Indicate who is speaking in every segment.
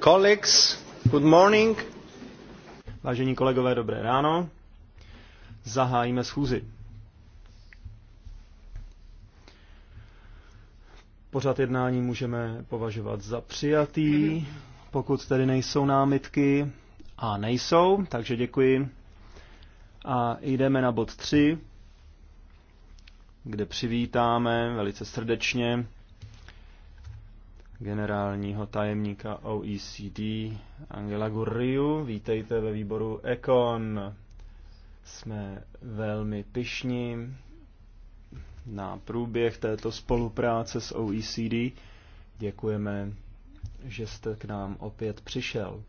Speaker 1: Colleagues, good morning. Vážení kolegové, dobré ráno. Zahájíme schůzi. Pořad jednání můžeme považovat za přijatý, pokud tedy nejsou námitky a nejsou, takže děkuji a jdeme na bod 3, kde přivítáme velice srdečně generálního tajemníka OECD Angela Gurriu. Vítejte ve výboru Econ. Jsme velmi pyšní na průběh této spolupráce s OECD. Děkujeme, že jste k nám opět přišel.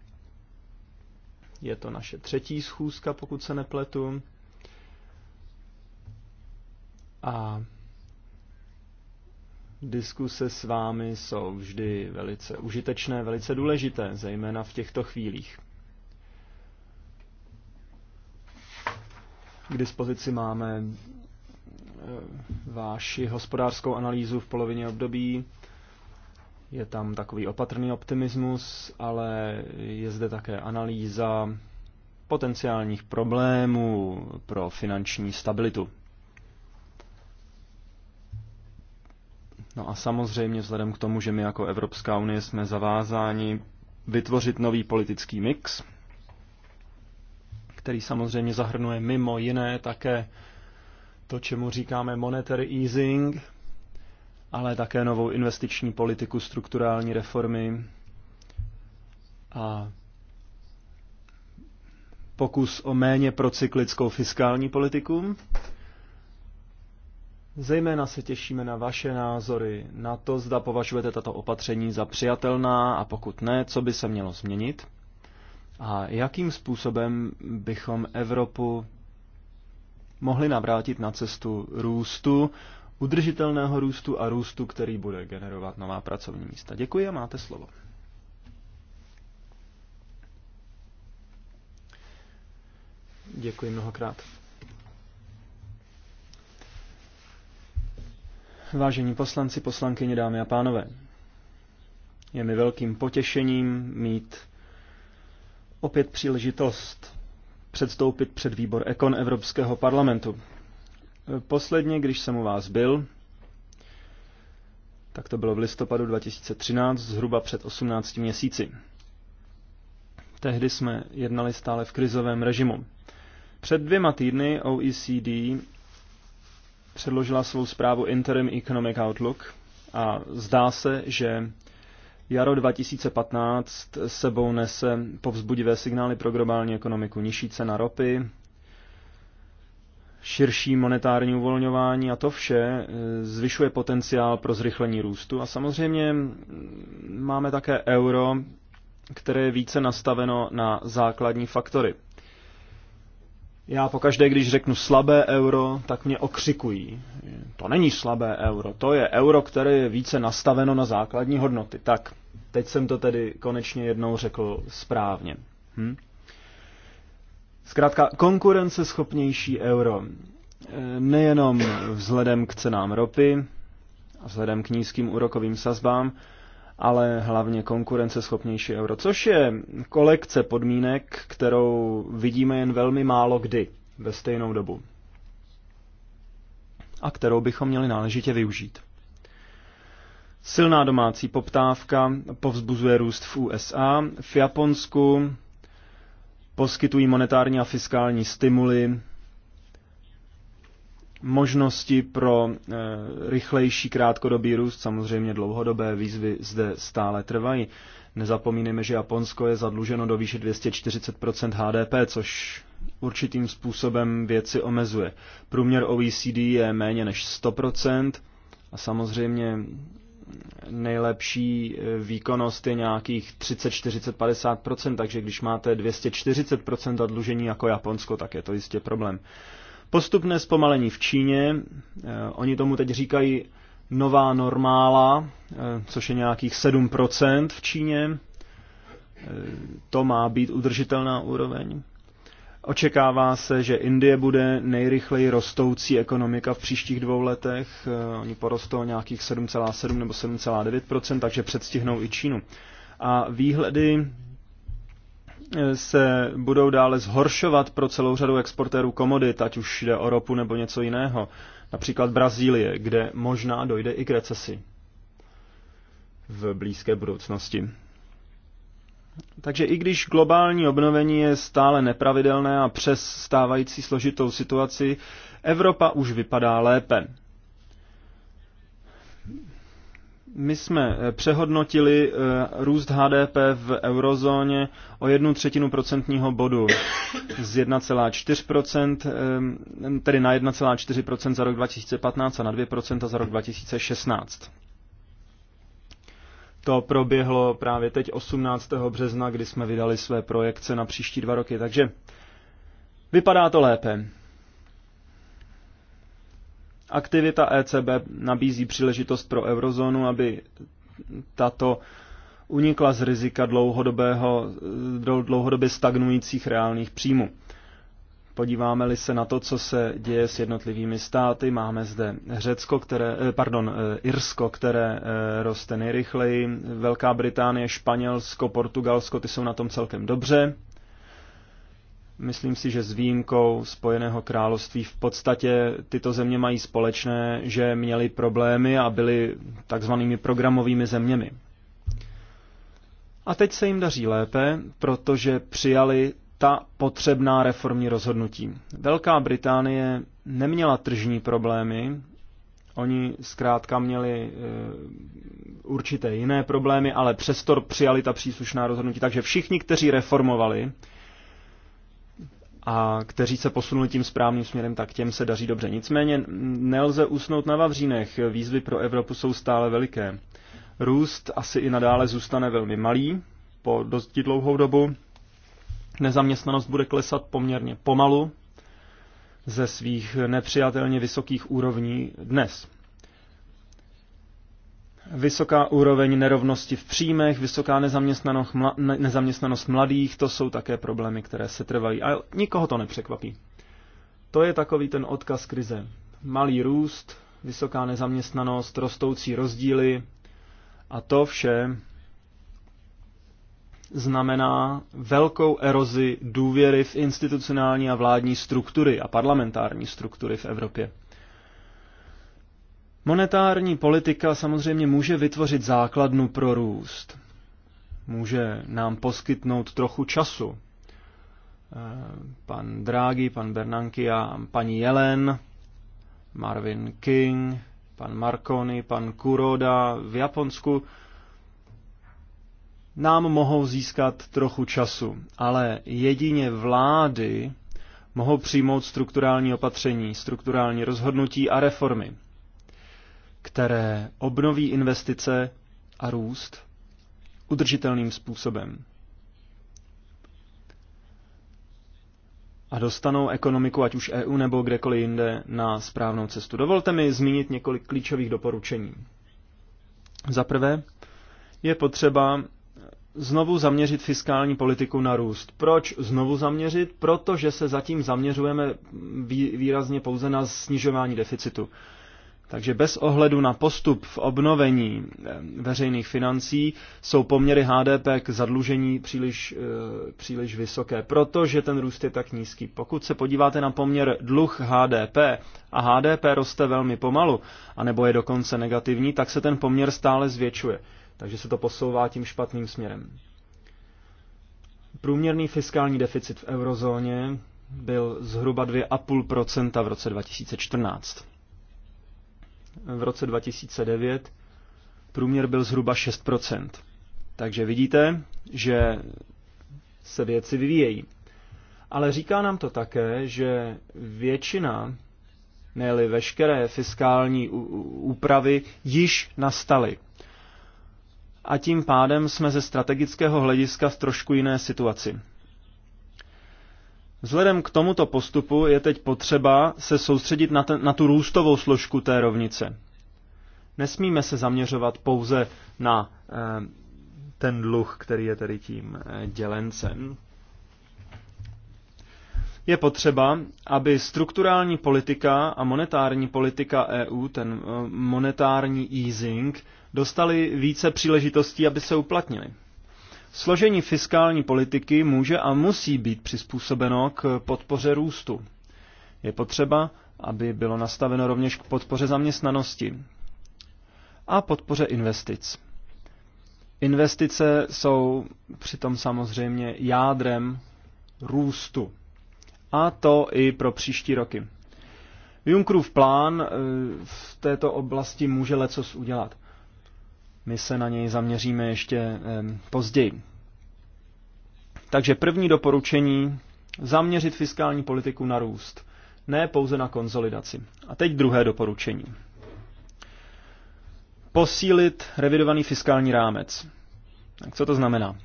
Speaker 1: Je to naše třetí schůzka, pokud se nepletu. A diskuse s vámi jsou vždy velice užitečné, velice důležité, zejména v těchto chvílích. K dispozici máme eh, váši hospodářskou analýzu v polovině období, je tam takový opatrný optimismus, ale je zde také analýza potenciálních problémů pro finanční stabilitu. No a samozřejmě vzhledem k tomu, že my jako Evropská unie jsme zavázáni vytvořit nový politický mix, který samozřejmě zahrnuje mimo jiné také to, čemu říkáme monetary easing, ale také novou investiční politiku, strukturální reformy a pokus o méně procyklickou fiskální politiku. Zejména se těšíme na vaše názory, na to, zda považujete tato opatření za přijatelná a pokud ne, co by se mělo změnit a jakým způsobem bychom Evropu mohli navrátit na cestu růstu udržitelného růstu a růstu, který bude generovat nová pracovní místa. Děkuji a máte slovo. Děkuji mnohokrát. Vážení poslanci, poslankyně, dámy a pánové, je mi velkým potěšením mít opět příležitost předstoupit před výbor Ekon Evropského parlamentu. Posledně, když jsem u vás byl, tak to bylo v listopadu 2013, zhruba před 18 měsíci. Tehdy jsme jednali stále v krizovém režimu. Před dvěma týdny OECD předložila svou zprávu Interim Economic Outlook a zdá se, že jaro 2015 sebou nese povzbudivé signály pro globální ekonomiku, nižší cena ropy, širší monetární uvolňování a to vše eh, zvyšuje potenciál pro zrychlení růstu. A samozřejmě mm, máme také euro, které je více nastaveno na základní faktory. Já pokaždé, když řeknu slabé euro, tak mě okřikují. To není slabé euro, to je euro, které je více nastaveno na základní hodnoty. Tak, teď jsem to tedy konečně jednou řekl správně. Hm? Zkrátka konkurenceschopnější euro. E, nejenom vzhledem k cenám ropy a vzhledem k nízkým úrokovým sazbám, ale hlavně konkurenceschopnější euro, což je kolekce podmínek, kterou vidíme jen velmi málo kdy ve stejnou dobu a kterou bychom měli náležitě využít. Silná domácí poptávka povzbuzuje růst v USA, v Japonsku poskytují monetární a fiskální stimuly, možnosti pro e, rychlejší krátkodobý růst, samozřejmě dlouhodobé výzvy zde stále trvají. Nezapomínejme, že Japonsko je zadluženo do výše 240 HDP, což určitým způsobem věci omezuje. Průměr OECD je méně než 100 a samozřejmě nejlepší eh, výkonnost je nějakých 30, 40, 50 takže když máte 240 zadlužení jako Japonsko, tak je to jistě problém. Postupné zpomalení v Číně, eh, oni tomu teď říkají nová normála, eh, což je nějakých 7 v Číně, to má být udržitelná úroveň. Očekává se, že Indie bude nejrychleji rostoucí ekonomika v příštích dvou letech. Eh, oni porostou nějakých 7,7 nebo 7,9 takže předstihnou i Čínu. A výhledy eh, se budou dále zhoršovat pro celou řadu exportérů komodit, ať už jde o ropu nebo něco jiného. Například Brazílie, kde možná dojde i k recesi v blízké budoucnosti. Takže i když globální obnovení je stále nepravidelné a přes stávající složitou situaci, Evropa už vypadá lépe. My jsme eh, přehodnotili eh, růst HDP v eurozóně o jednu třetinu procentního bodu z 1,4%, eh, tedy na 1,4% za rok 2015 a na 2% za rok 2016. To proběhlo právě teď 18. března, kdy jsme vydali své projekce na příští dva roky, takže vypadá to lépe. Aktivita ECB nabízí příležitost pro eurozónu, aby tato unikla z rizika dlouhodobého, dlouhodobě stagnujících reálných příjmů. Podíváme-li se na to, co se děje s jednotlivými státy, máme zde Řecko, které, eh, pardon, eh, Irsko, které eh, roste nejrychleji, Velká Británie, Španělsko, Portugalsko, ty jsou na tom celkem dobře. Myslím si, že s výjimkou Spojeného království v podstatě tyto země mají společné, že měly problémy a byly takzvanými programovými zeměmi. A teď se jim daří lépe, protože přijali ta potřebná reformní rozhodnutí. Velká Británie neměla tržní problémy, oni zkrátka měli eh, určité jiné problémy, ale přesto přijali ta příslušná rozhodnutí. Takže všichni, kteří reformovali a kteří se posunuli tím správným směrem, tak těm se daří dobře. Nicméně nelze usnout na Vavřínech. Výzvy pro Evropu jsou stále veliké. Růst asi i nadále zůstane velmi malý po dosti dlouhou dobu Nezaměstnanost bude klesat poměrně pomalu ze svých nepřijatelně vysokých úrovní dnes. Vysoká úroveň nerovnosti v příjmech, vysoká nezaměstnanost, mla, nezaměstnanost mladých, to jsou také problémy, které se trvají. A nikoho to nepřekvapí. To je takový ten odkaz krize. Malý růst, vysoká nezaměstnanost, rostoucí rozdíly a to vše znamená velkou erozi důvěry v institucionální a vládní struktury a parlamentární struktury v Evropě. Monetární politika samozřejmě může vytvořit základnu pro růst. Může nám poskytnout trochu času. Eh, pan Draghi, pan Bernanke a paní Jelen, Marvin King, pan Marconi, pan Kuroda v Japonsku nám mohou získat trochu času, ale jedině vlády mohou přijmout strukturální opatření, strukturální rozhodnutí a reformy, které obnoví investice a růst udržitelným způsobem. A dostanou ekonomiku, ať už EU nebo kdekoliv jinde, na správnou cestu. Dovolte mi zmínit několik klíčových doporučení. Za prvé, je potřeba znovu zaměřit fiskální politiku na růst. Proč znovu zaměřit? Protože se zatím zaměřujeme výrazně pouze na snižování deficitu. Takže bez ohledu na postup v obnovení eh, veřejných financí jsou poměry HDP k zadlužení příliš, eh, příliš vysoké, protože ten růst je tak nízký. Pokud se podíváte na poměr dluh HDP a HDP roste velmi pomalu, anebo je dokonce negativní, tak se ten poměr stále zvětšuje. Takže se to posouvá tím špatným směrem. Průměrný fiskální deficit v eurozóně byl zhruba 2,5% v roce 2014. V roce 2009 průměr byl zhruba 6%. Takže vidíte, že se věci vyvíjejí. Ale říká nám to také, že většina, ne veškeré fiskální úpravy již nastaly a tím pádem jsme ze strategického hlediska v trošku jiné situaci. Vzhledem k tomuto postupu je teď potřeba se soustředit na, ten, na tu růstovou složku té rovnice. Nesmíme se zaměřovat pouze na eh, ten dluh, který je tedy tím eh, dělencem. Je potřeba, aby strukturální politika a monetární politika EU, ten eh, monetární easing, dostali více příležitostí, aby se uplatnili. Složení fiskální politiky může a musí být přizpůsobeno k podpoře růstu. Je potřeba, aby bylo nastaveno rovněž k podpoře zaměstnanosti a podpoře investic. Investice jsou přitom samozřejmě jádrem růstu a to i pro příští roky. Junckerův plán e, v této oblasti může lecos udělat. My se na něj zaměříme ještě e, později. Takže první doporučení zaměřit fiskální politiku na růst, ne pouze na konzolidaci. A teď druhé doporučení. Posílit revidovaný fiskální rámec. Tak co to znamená?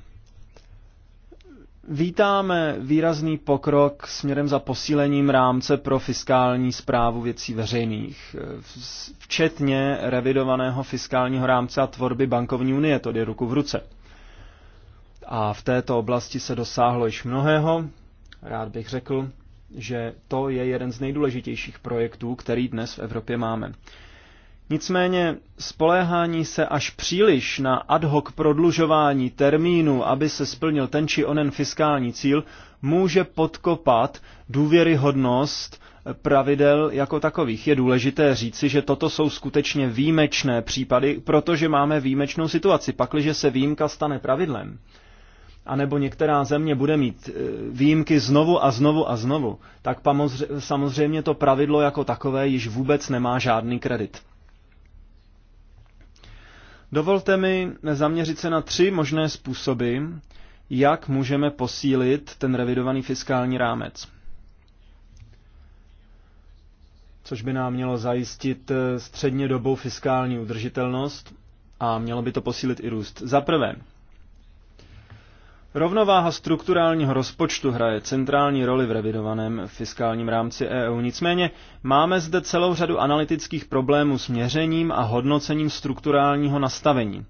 Speaker 1: Vítáme výrazný pokrok směrem za posílením rámce pro fiskální zprávu věcí veřejných, včetně revidovaného fiskálního rámce a tvorby bankovní unie, to je ruku v ruce. A v této oblasti se dosáhlo již mnohého. Rád bych řekl, že to je jeden z nejdůležitějších projektů, který dnes v Evropě máme. Nicméně spoléhání se až příliš na ad hoc prodlužování termínu, aby se splnil ten či onen fiskální cíl, může podkopat důvěryhodnost pravidel jako takových. Je důležité říci, že toto jsou skutečně výjimečné případy, protože máme výjimečnou situaci. Pakliže se výjimka stane pravidlem, anebo některá země bude mít e, výjimky znovu a znovu a znovu, tak samozřejmě to pravidlo jako takové již vůbec nemá žádný kredit. Dovolte mi zaměřit se na tři možné způsoby, jak můžeme posílit ten revidovaný fiskální rámec. Což by nám mělo zajistit eh, střednědobou fiskální udržitelnost a mělo by to posílit i růst. Za prvé, Rovnováha strukturálního rozpočtu hraje centrální roli v revidovaném fiskálním rámci EU. Nicméně máme zde celou řadu analytických problémů s měřením a hodnocením strukturálního nastavení.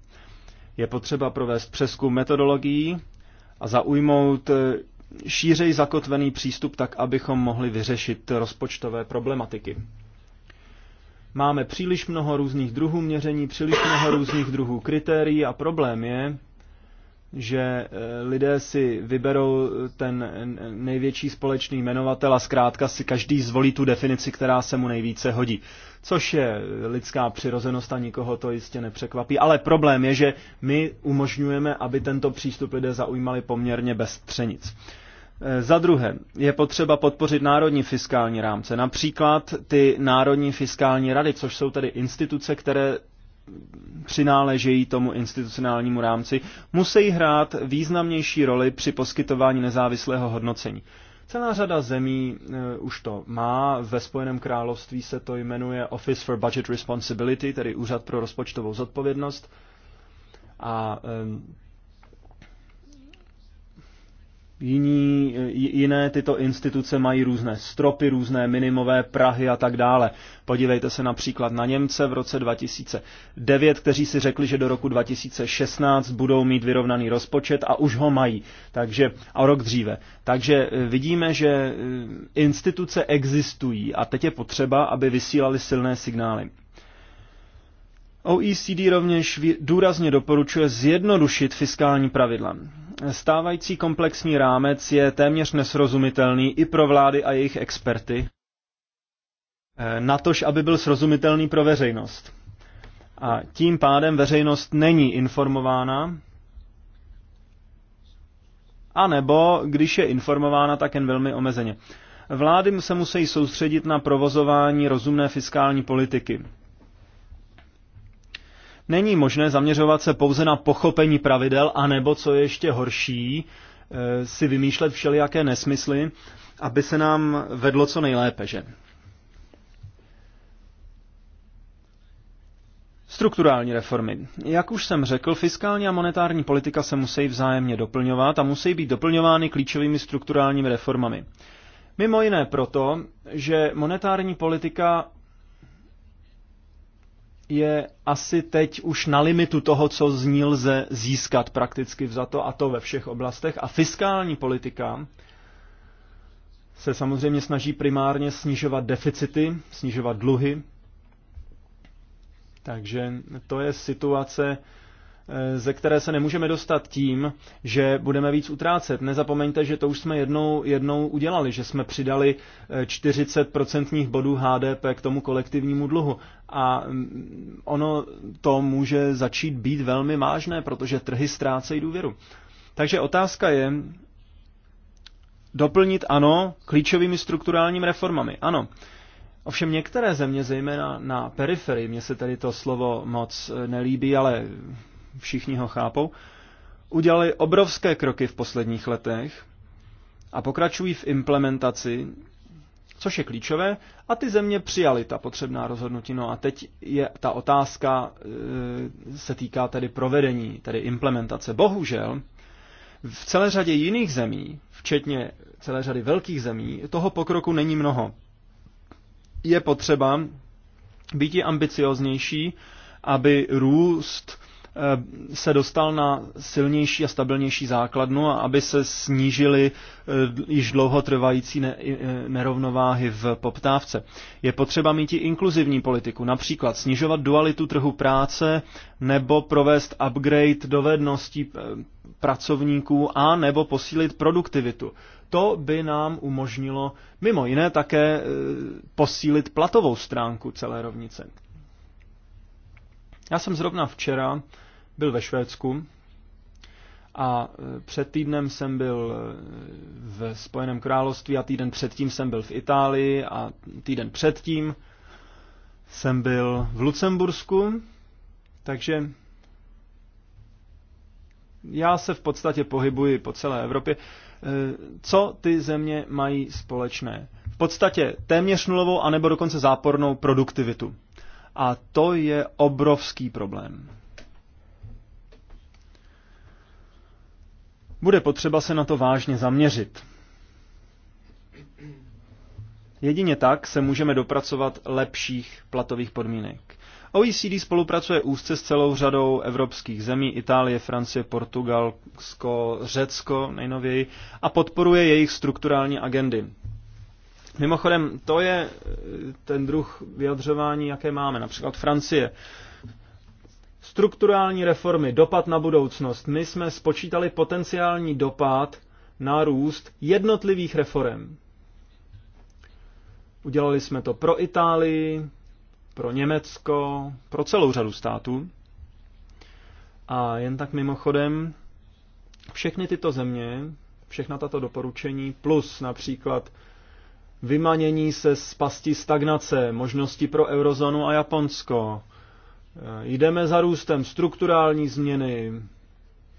Speaker 1: Je potřeba provést přeskum metodologií a zaujmout eh, šířej zakotvený přístup tak, abychom mohli vyřešit rozpočtové problematiky. Máme příliš mnoho různých druhů měření, příliš mnoho různých druhů kritérií a problém je, že eh, lidé si vyberou eh, ten eh, největší společný jmenovatel a zkrátka si každý zvolí tu definici, která se mu nejvíce hodí. Což je lidská přirozenost a nikoho to jistě nepřekvapí. Ale problém je, že my umožňujeme, aby tento přístup lidé zaujímali poměrně bez třenic. Za druhé, je potřeba podpořit národní fiskální rámce, například ty národní fiskální rady, což jsou tedy instituce, které přináležejí tomu institucionálnímu rámci, musí hrát významnější roli při poskytování nezávislého hodnocení. Celá řada zemí eh, už to má. Ve Spojeném království se to jmenuje Office for Budget Responsibility, tedy Úřad pro rozpočtovou zodpovědnost. A ehm, Jiní, eh, jiné tyto instituce mají různé stropy, různé minimové prahy a tak dále. Podívejte se například na Němce v roce 2009, kteří si řekli, že do roku 2016 budou mít vyrovnaný rozpočet a už ho mají. Takže a rok dříve. Takže eh, vidíme, že eh, instituce existují a teď je potřeba, aby vysílali silné signály. OECD rovněž důrazně doporučuje zjednodušit fiskální pravidla. Stávající komplexní rámec je téměř nesrozumitelný i pro vlády a jejich experty, eh, natož aby byl srozumitelný pro veřejnost. A tím pádem veřejnost není informována, anebo když je informována, tak jen velmi omezeně. Vlády se musí soustředit na provozování rozumné fiskální politiky Není možné zaměřovat se pouze na pochopení pravidel, anebo, co je ještě horší, eh, si vymýšlet všelijaké nesmysly, aby se nám vedlo co nejlépe, že? Strukturální reformy. Jak už jsem řekl, fiskální a monetární politika se musí vzájemně doplňovat a musí být doplňovány klíčovými strukturálními reformami. Mimo jiné proto, že monetární politika je asi teď už na limitu toho, co z ní lze získat prakticky vzato a to ve všech oblastech. A fiskální politika se samozřejmě snaží primárně snižovat deficity, snižovat dluhy. Takže to je situace, Eh, ze které se nemůžeme dostat tím, že budeme víc utrácet. Nezapomeňte, že to už jsme jednou, jednou udělali, že jsme přidali 40% eh, bodů HDP k tomu kolektivnímu dluhu. A mm, ono to může začít být velmi vážné, protože trhy ztrácejí důvěru. Takže otázka je, doplnit ano klíčovými strukturálními reformami. Ano. Ovšem některé země, zejména na periferii, mně se tady to slovo moc nelíbí, ale všichni ho chápou, udělali obrovské kroky v posledních letech a pokračují v implementaci, což je klíčové, a ty země přijali ta potřebná rozhodnutí. No a teď je ta otázka e, se týká tedy provedení, tedy implementace. Bohužel v celé řadě jiných zemí, včetně celé řady velkých zemí, toho pokroku není mnoho. Je potřeba být ambicioznější, aby růst Eh, se dostal na silnější a stabilnější základnu a aby se snížily eh, již dlouho trvající eh, nerovnováhy v poptávce. Je potřeba mít i inkluzivní politiku, například snižovat dualitu trhu práce nebo provést upgrade dovedností pracovníků a nebo posílit produktivitu. To by nám umožnilo mimo jiné také posílit platovou stránku celé rovnice. Já jsem zrovna včera byl ve Švédsku a e, před týdnem jsem byl e, v Spojeném království a týden předtím jsem byl v Itálii a týden předtím jsem byl v Lucembursku, takže já se v podstatě pohybuji po celé Evropě. E, co ty země mají společné? V podstatě téměř nulovou anebo dokonce zápornou produktivitu. A to je obrovský problém. Bude potřeba se na to vážně zaměřit. Jedině tak se můžeme dopracovat lepších platových podmínek. OECD spolupracuje úzce s celou řadou evropských zemí, Itálie, Francie, Portugalsko, Řecko nejnověji, a podporuje jejich strukturální agendy. Mimochodem, to je eh, ten druh vyjadřování, jaké máme. Například Francie Strukturální reformy, dopad na budoucnost. My jsme spočítali potenciální dopad na růst jednotlivých reform. Udělali jsme to pro Itálii, pro Německo, pro celou řadu států. A jen tak mimochodem, všechny tyto země, všechna tato doporučení, plus například vymanění se z pasti stagnace, možnosti pro eurozónu a Japonsko, jdeme za růstem strukturální změny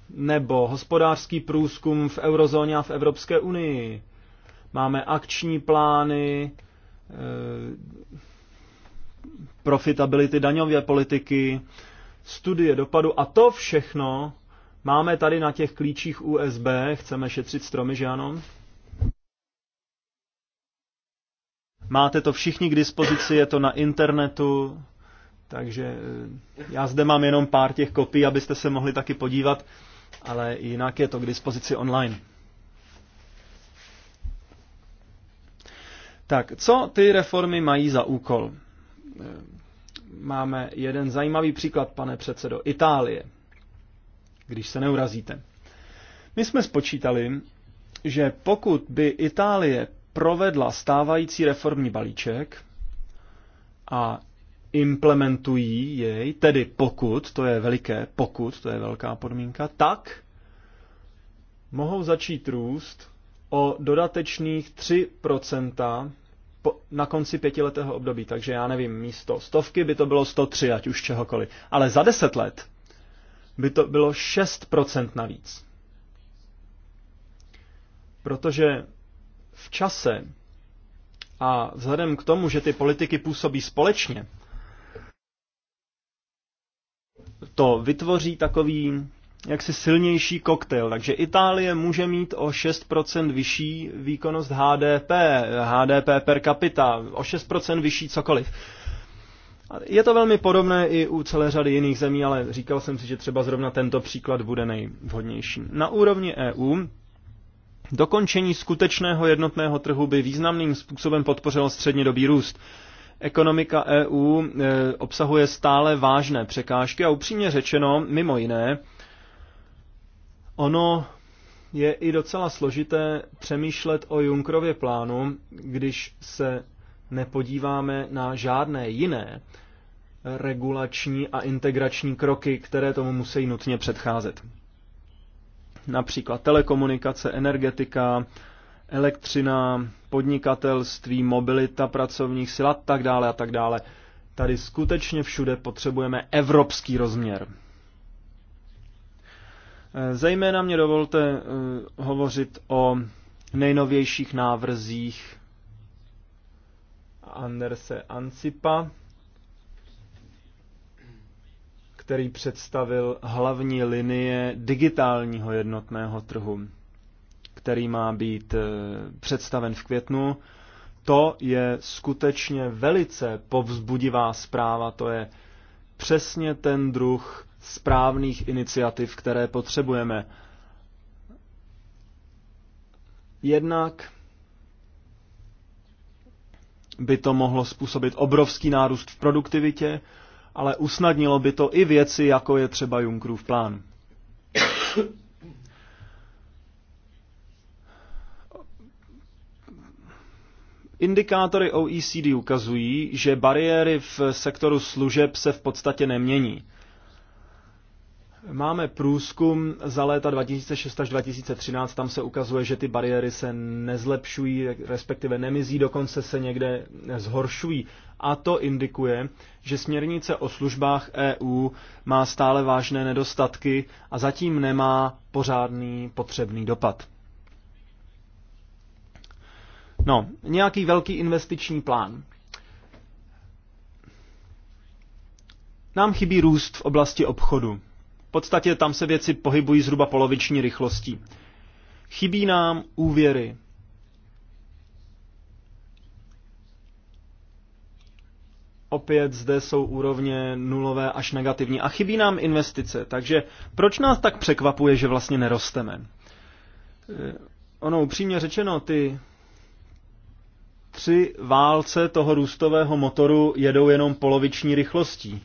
Speaker 1: nebo hospodářský průzkum v eurozóně a v Evropské unii. Máme akční plány, eh, profitability daňové politiky, studie dopadu a to všechno máme tady na těch klíčích USB. Chceme šetřit stromy, že ano? Máte to všichni k dispozici, je to na internetu, takže eh, já zde mám jenom pár těch kopií, abyste se mohli taky podívat, ale jinak je to k dispozici online. Tak, co ty reformy mají za úkol? Eh, máme jeden zajímavý příklad, pane předsedo. Itálie, když se neurazíte. My jsme spočítali, že pokud by Itálie provedla stávající reformní balíček a implementují jej, tedy pokud, to je veliké pokud, to je velká podmínka, tak mohou začít růst o dodatečných 3% po, na konci pětiletého období. Takže já nevím, místo stovky by to bylo 103, ať už čehokoliv. Ale za 10 let by to bylo 6% navíc. Protože v čase a vzhledem k tomu, že ty politiky působí společně, to vytvoří takový jaksi silnější koktejl. Takže Itálie může mít o 6% vyšší výkonnost HDP, HDP per capita, o 6% vyšší cokoliv. Je to velmi podobné i u celé řady jiných zemí, ale říkal jsem si, že třeba zrovna tento příklad bude nejvhodnější. Na úrovni EU dokončení skutečného jednotného trhu by významným způsobem podpořilo střednědobý růst. Ekonomika EU e, obsahuje stále vážné překážky a upřímně řečeno, mimo jiné, ono je i docela složité přemýšlet o Junkrově plánu, když se nepodíváme na žádné jiné regulační a integrační kroky, které tomu musí nutně předcházet. Například telekomunikace, energetika, elektřina, podnikatelství, mobilita pracovních sil a tak dále a tak dále. Tady skutečně všude potřebujeme evropský rozměr. Eh, zejména mě dovolte eh, hovořit o nejnovějších návrzích Anderse Ancipa, který představil hlavní linie digitálního jednotného trhu který má být eh, představen v květnu. To je skutečně velice povzbudivá zpráva, to je přesně ten druh správných iniciativ, které potřebujeme. Jednak by to mohlo způsobit obrovský nárůst v produktivitě, ale usnadnilo by to i věci, jako je třeba Junckerův plán. Indikátory OECD ukazují, že bariéry v sektoru služeb se v podstatě nemění. Máme průzkum za léta 2006 až 2013, tam se ukazuje, že ty bariéry se nezlepšují, respektive nemizí, dokonce se někde zhoršují. A to indikuje, že směrnice o službách EU má stále vážné nedostatky a zatím nemá pořádný potřebný dopad. No, nějaký velký investiční plán. Nám chybí růst v oblasti obchodu. V podstatě tam se věci pohybují zhruba poloviční rychlostí. Chybí nám úvěry. Opět zde jsou úrovně nulové až negativní. A chybí nám investice. Takže proč nás tak překvapuje, že vlastně nerosteme? Eh, ono upřímně řečeno, ty při válce toho růstového motoru jedou jenom poloviční rychlostí.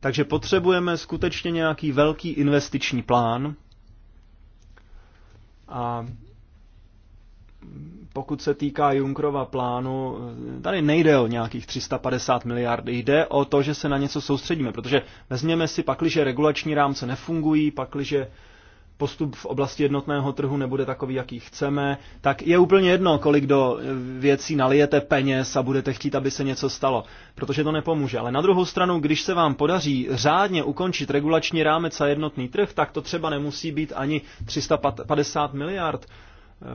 Speaker 1: Takže potřebujeme skutečně nějaký velký investiční plán. A pokud se týká Junkrova plánu, tady nejde o nějakých 350 miliard, jde o to, že se na něco soustředíme, protože vezměme si pakliže regulační rámce nefungují, pakliže postup v oblasti jednotného trhu nebude takový, jaký chceme, tak je úplně jedno, kolik do eh, věcí nalijete peněz a budete chtít, aby se něco stalo, protože to nepomůže. Ale na druhou stranu, když se vám podaří řádně ukončit regulační rámec a jednotný trh, tak to třeba nemusí být ani 350 miliard. Eh,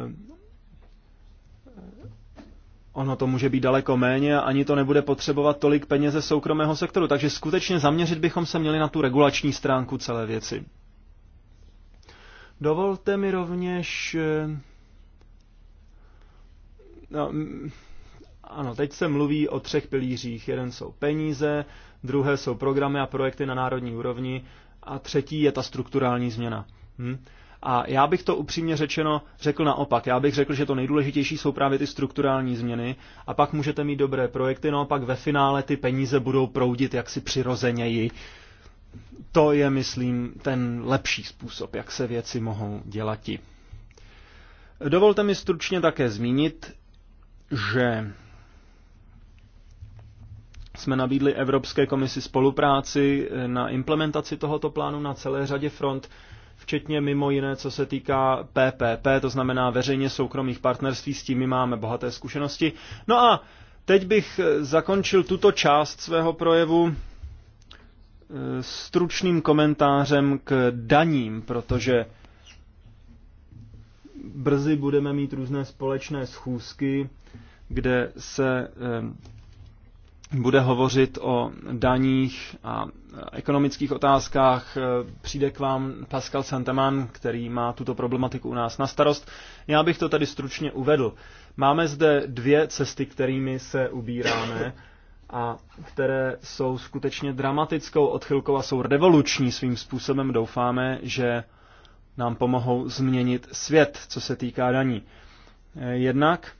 Speaker 1: ono to může být daleko méně a ani to nebude potřebovat tolik peněze soukromého sektoru. Takže skutečně zaměřit bychom se měli na tu regulační stránku celé věci. Dovolte mi rovněž... Eh, no, ano, teď se mluví o třech pilířích. Jeden jsou peníze, druhé jsou programy a projekty na národní úrovni a třetí je ta strukturální změna. Hm? A já bych to upřímně řečeno řekl naopak. Já bych řekl, že to nejdůležitější jsou právě ty strukturální změny a pak můžete mít dobré projekty, no a pak ve finále ty peníze budou proudit jaksi přirozeněji to je, myslím, ten lepší způsob, jak se věci mohou dělati. Dovolte mi stručně také zmínit, že jsme nabídli Evropské komisi spolupráci na implementaci tohoto plánu na celé řadě front, včetně mimo jiné, co se týká PPP, to znamená veřejně soukromých partnerství, s tím máme bohaté zkušenosti. No a teď bych zakončil tuto část svého projevu stručným komentářem k daním, protože brzy budeme mít různé společné schůzky, kde se eh, bude hovořit o daních a ekonomických otázkách. Eh, přijde k vám Pascal Santeman, který má tuto problematiku u nás na starost. Já bych to tady stručně uvedl. Máme zde dvě cesty, kterými se ubíráme a které jsou skutečně dramatickou odchylkou a jsou revoluční svým způsobem. Doufáme, že nám pomohou změnit svět, co se týká daní. Eh, jednak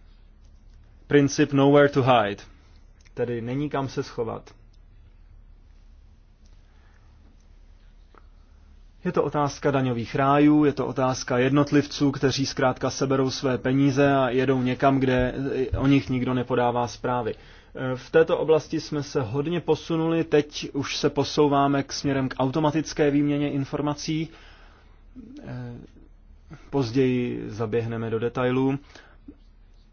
Speaker 1: princip nowhere to hide, tedy není kam se schovat. Je to otázka daňových rájů, je to otázka jednotlivců, kteří zkrátka seberou své peníze a jedou někam, kde eh, o nich nikdo nepodává zprávy. V této oblasti jsme se hodně posunuli, teď už se posouváme k směrem k automatické výměně informací. Eh, později zaběhneme do detailů.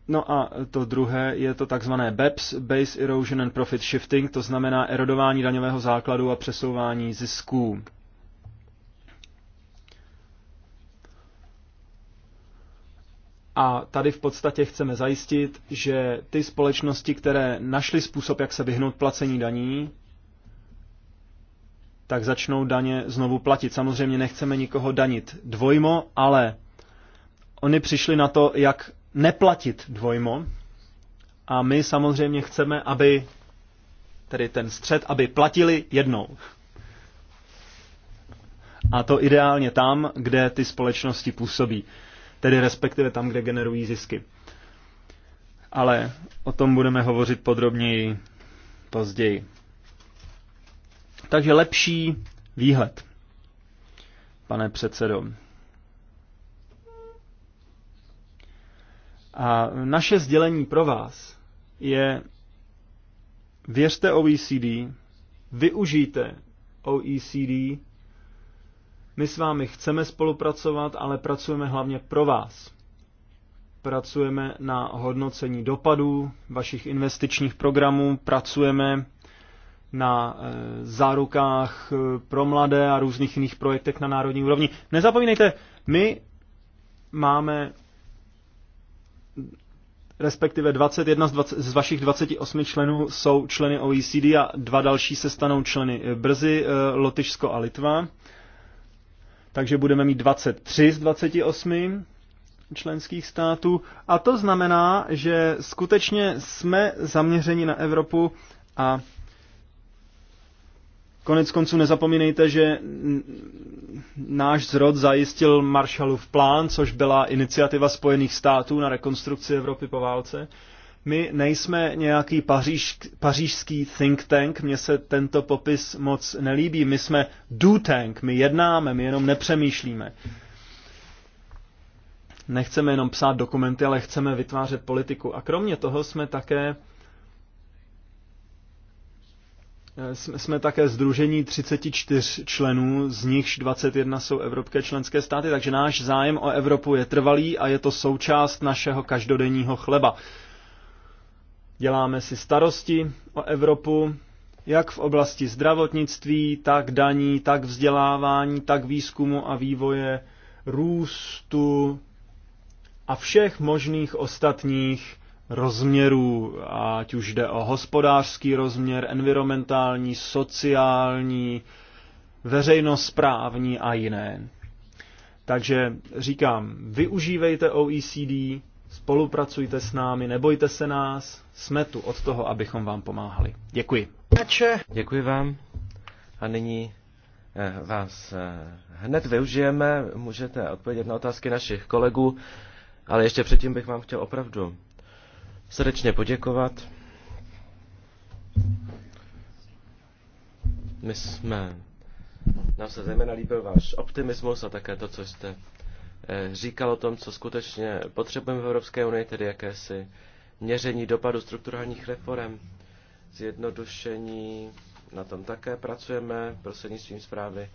Speaker 1: No a to druhé je to takzvané BEPS, Base Erosion and Profit Shifting, to znamená erodování daňového základu a přesouvání zisků. A tady v podstatě chceme zajistit, že ty společnosti, které našly způsob, jak se vyhnout placení daní, tak začnou daně znovu platit. Samozřejmě nechceme nikoho danit dvojmo, ale oni přišli na to, jak neplatit dvojmo. A my samozřejmě chceme, aby tedy ten střed, aby platili jednou. A to ideálně tam, kde ty společnosti působí tedy respektive tam, kde generují zisky. Ale o tom budeme hovořit podrobněji později. Takže lepší výhled, pane předsedo. A naše sdělení pro vás je, věřte OECD, využijte OECD my s vámi chceme spolupracovat, ale pracujeme hlavně pro vás. Pracujeme na hodnocení dopadů vašich investičních programů, pracujeme na e, zárukách e, pro mladé a různých jiných projektech na národní úrovni. Nezapomínejte, my máme respektive 21 z, 20, z vašich 28 členů jsou členy OECD a dva další se stanou členy e, brzy, Lotyšsko a Litva takže budeme mít 23 z 28 členských států. A to znamená, že skutečně jsme zaměřeni na Evropu a konec konců nezapomínejte, že náš zrod zajistil Marshallův plán, což byla iniciativa Spojených států na rekonstrukci Evropy po válce. My nejsme nějaký paříž, pařížský think tank, mně se tento popis moc nelíbí. My jsme do tank, my jednáme, my jenom nepřemýšlíme. Nechceme jenom psát dokumenty, ale chceme vytvářet politiku. A kromě toho jsme také eh, jsme také združení 34 členů, z nichž 21 jsou evropské členské státy, takže náš zájem o Evropu je trvalý a je to součást našeho každodenního chleba. Děláme si starosti o Evropu, jak v oblasti zdravotnictví, tak daní, tak vzdělávání, tak výzkumu a vývoje, růstu a všech možných ostatních rozměrů, ať už jde o hospodářský rozměr, environmentální, sociální, veřejnosprávní a jiné. Takže říkám, využívejte OECD, spolupracujte s námi, nebojte se
Speaker 2: nás, jsme tu od toho, abychom vám pomáhali. Děkuji. Děkuji vám a nyní eh, vás eh, hned využijeme, můžete odpovědět na otázky našich kolegů, ale ještě předtím bych vám chtěl opravdu srdečně poděkovat. My jsme, nám se zejména líbil váš optimismus a také to, co jste Eh, říkal o tom, co skutečně potřebujeme v Evropské unii, tedy jakési měření dopadu strukturálních reform, zjednodušení, na tom také pracujeme prostřednictvím zprávy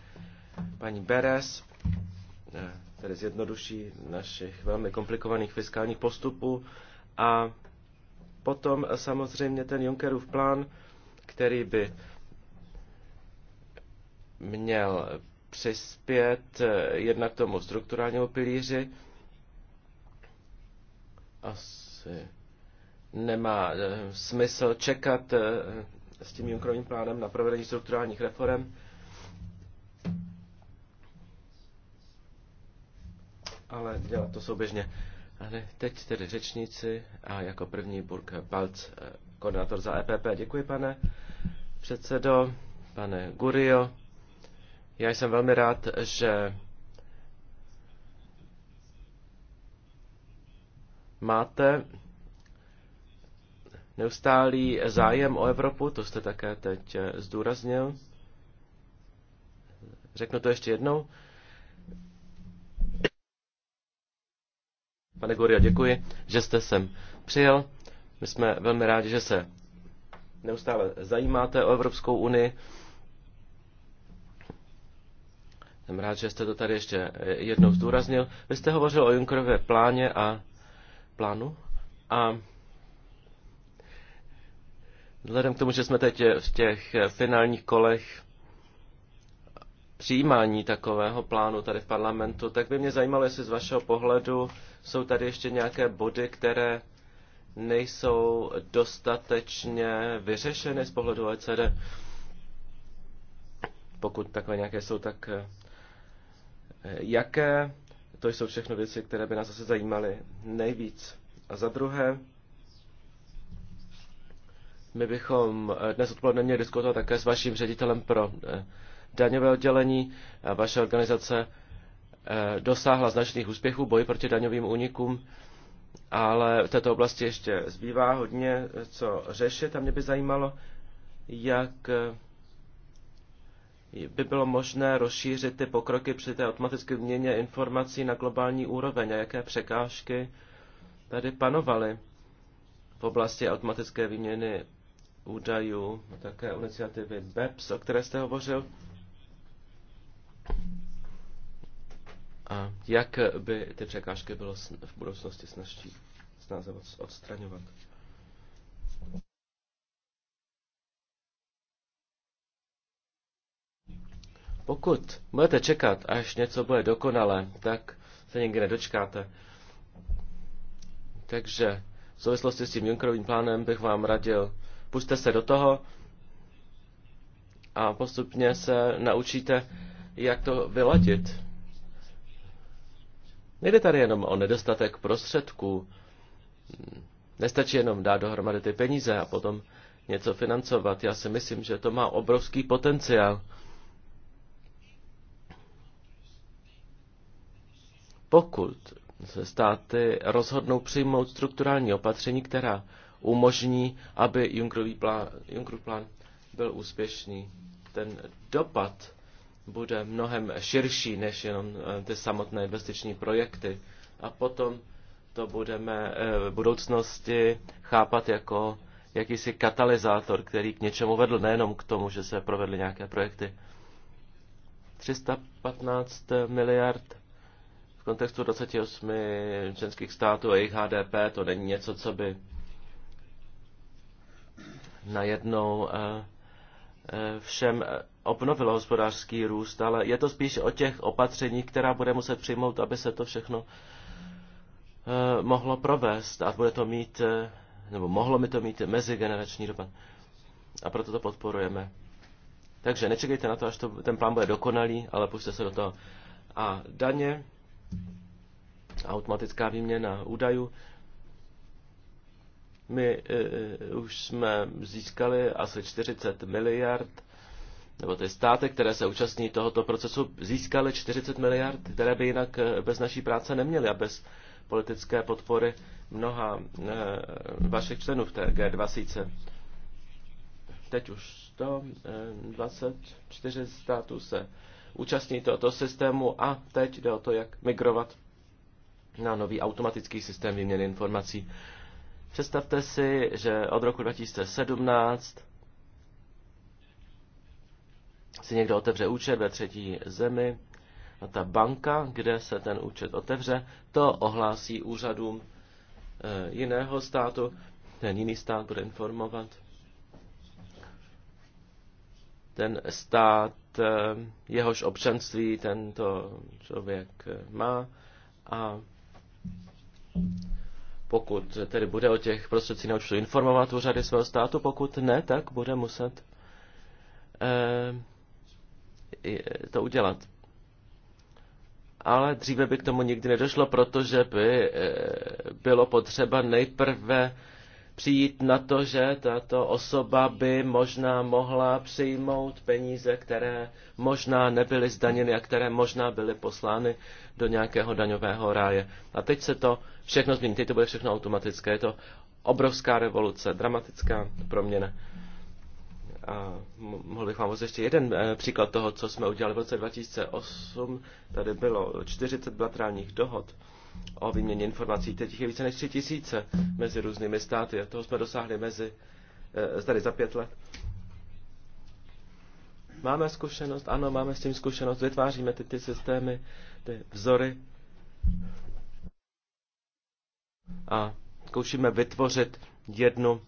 Speaker 2: paní Beres, eh, tedy zjednoduší našich velmi komplikovaných fiskálních postupů a potom samozřejmě ten Junckerův plán, který by měl přispět eh, jednak tomu strukturálnímu pilíři. Asi nemá eh, smysl čekat eh, s tím Junckerovým plánem na provedení strukturálních reform. Ale dělat to souběžně. Ale teď tedy řečníci a jako první Burka Balc, koordinátor za EPP. Děkuji, pane předsedo, pane Gurio. Já jsem velmi rád, že máte neustálý zájem o Evropu, to jste také teď eh, zdůraznil. Řeknu to ještě jednou. Pane Gorio, děkuji, že jste sem přijel. My jsme velmi rádi, že se neustále zajímáte o Evropskou unii. Jsem rád, že jste to tady ještě eh, jednou zdůraznil. Vy jste hovořil o Junkerově pláně a plánu a vzhledem k tomu, že jsme teď v těch finálních kolech přijímání takového plánu tady v parlamentu, tak by mě zajímalo, jestli z vašeho pohledu jsou tady ještě nějaké body, které nejsou dostatečně vyřešeny z pohledu OECD. Pokud takové nějaké jsou, tak eh, jaké. To jsou všechno věci, které by nás zase zajímaly nejvíc. A za druhé, my bychom eh, dnes odpoledne měli diskutovat také s vaším ředitelem pro eh, daňové oddělení. Vaše organizace eh, dosáhla značných úspěchů boji proti daňovým únikům, ale v této oblasti ještě zbývá hodně co řešit a mě by zajímalo, jak by bylo možné rozšířit ty pokroky při té automatické změně informací na globální úroveň a jaké překážky tady panovaly v oblasti automatické výměny údajů, také iniciativy BEPS, o které jste hovořil. A jak by ty překážky bylo v budoucnosti snažší snáze odstraňovat? Pokud budete čekat, až něco bude dokonalé, tak se nikdy nedočkáte. Takže v souvislosti s tím Junckerovým plánem bych vám radil, puste se do toho a postupně se naučíte, jak to vyladit. Nejde tady jenom o nedostatek prostředků. Nestačí jenom dát dohromady ty peníze a potom něco financovat. Já si myslím, že to má obrovský potenciál. pokud se státy rozhodnou přijmout strukturální opatření, která umožní, aby Junckerův plán, plán byl úspěšný. Ten dopad bude mnohem širší než jenom eh, ty samotné investiční projekty. A potom to budeme eh, v budoucnosti chápat jako jakýsi katalyzátor, který k něčemu vedl, nejenom k tomu, že se provedly nějaké projekty. 315 miliard kontextu 28 členských států a jejich HDP to není něco, co by najednou eh, eh, všem eh, obnovilo hospodářský růst, ale je to spíš o těch opatřeních, která bude muset přijmout, aby se to všechno mohlo provést a bude to mít, nebo mohlo mi to mít mezigenerační dopad. A proto to podporujeme. Takže nečekejte na to, až to, ten plán bude dokonalý, ale pusťte se do toho. A daně, automatická výměna údajů. My uh, už jsme získali asi 40 miliard, nebo ty státy, které se účastní tohoto procesu, získaly 40 miliard, které by jinak e, bez naší práce neměly a bez politické podpory mnoha uh, vašich členů v té G20. Teď už 124 států se účastní tohoto systému a teď jde o to, jak migrovat na nový automatický systém výměny informací. Představte si, že od roku 2017 si někdo otevře účet ve třetí zemi a ta banka, kde se ten účet otevře, to ohlásí úřadům eh, jiného státu, ten jiný stát bude informovat ten stát Eh, jehož občanství tento člověk eh, má a pokud tedy bude o těch prostředcích naučtu informovat úřady svého státu, pokud ne, tak bude muset eh, to udělat. Ale dříve by k tomu nikdy nedošlo, protože by bylo potřeba nejprve přijít na to, že tato osoba by možná mohla přijmout peníze, které možná nebyly zdaněny a které možná byly poslány do nějakého daňového ráje. A teď se to všechno změní, teď to bude všechno automatické. Je to obrovská revoluce, dramatická proměna. A mohl bych vám ještě jeden eh, příklad toho, co jsme udělali v roce 2008. Tady bylo 40 bilaterálních dohod o výměně informací. Teď je více než tři tisíce mezi různými státy a toho jsme dosáhli mezi, eh, tady za pět let. Máme zkušenost, ano, máme s tím zkušenost, vytváříme ty, ty systémy, ty vzory a zkoušíme vytvořit jednu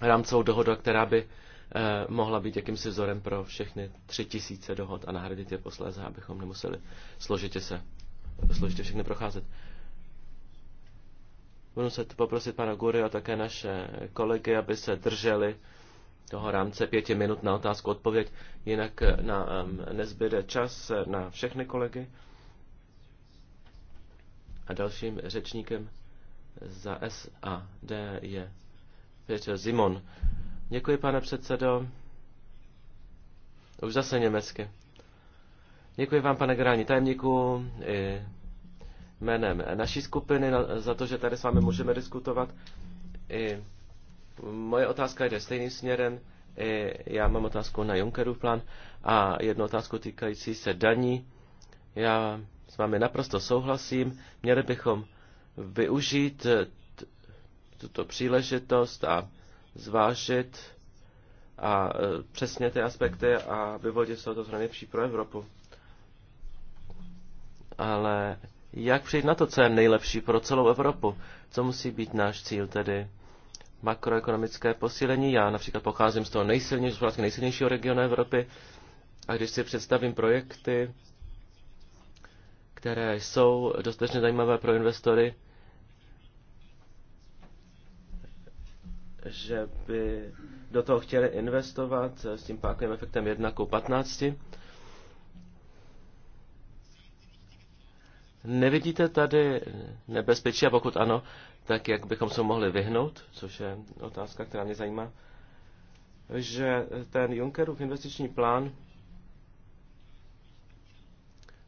Speaker 2: rámcovou dohodu, která by eh, mohla být jakýmsi vzorem pro všechny tři tisíce dohod a nahradit je posléze, abychom nemuseli složitě se složitě všechny procházet. Budu se poprosit pana Gury a také naše kolegy, aby se drželi toho rámce pěti minut na otázku odpověď, jinak um, nezbyde čas eh, na všechny kolegy. A dalším řečníkem za SAD je Petr Zimon. Děkuji, pane předsedo. Už zase německy. Děkuji vám, pane generální tajemníku, i jménem naší skupiny za to, že tady s vámi můžeme diskutovat. I moje otázka jde stejným směrem. I já mám otázku na Junckerův plán a jednu otázku týkající se daní. Já s vámi naprosto souhlasím. Měli bychom využít tuto příležitost a zvážit a e, přesně ty aspekty a vyvodit z toho to nejlepší pro Evropu ale jak přijít na to, co je nejlepší pro celou Evropu? Co musí být náš cíl tedy? Makroekonomické posílení. Já například pocházím z toho nejsilnějšího, nejsilnějšího regionu Evropy a když si představím projekty, které jsou dostatečně zajímavé pro investory, že by do toho chtěli investovat s tím pákovým efektem 1 k 15, Nevidíte tady nebezpečí a pokud ano, tak jak bychom se mohli vyhnout, což je otázka, která mě zajímá, že ten Junckerův investiční plán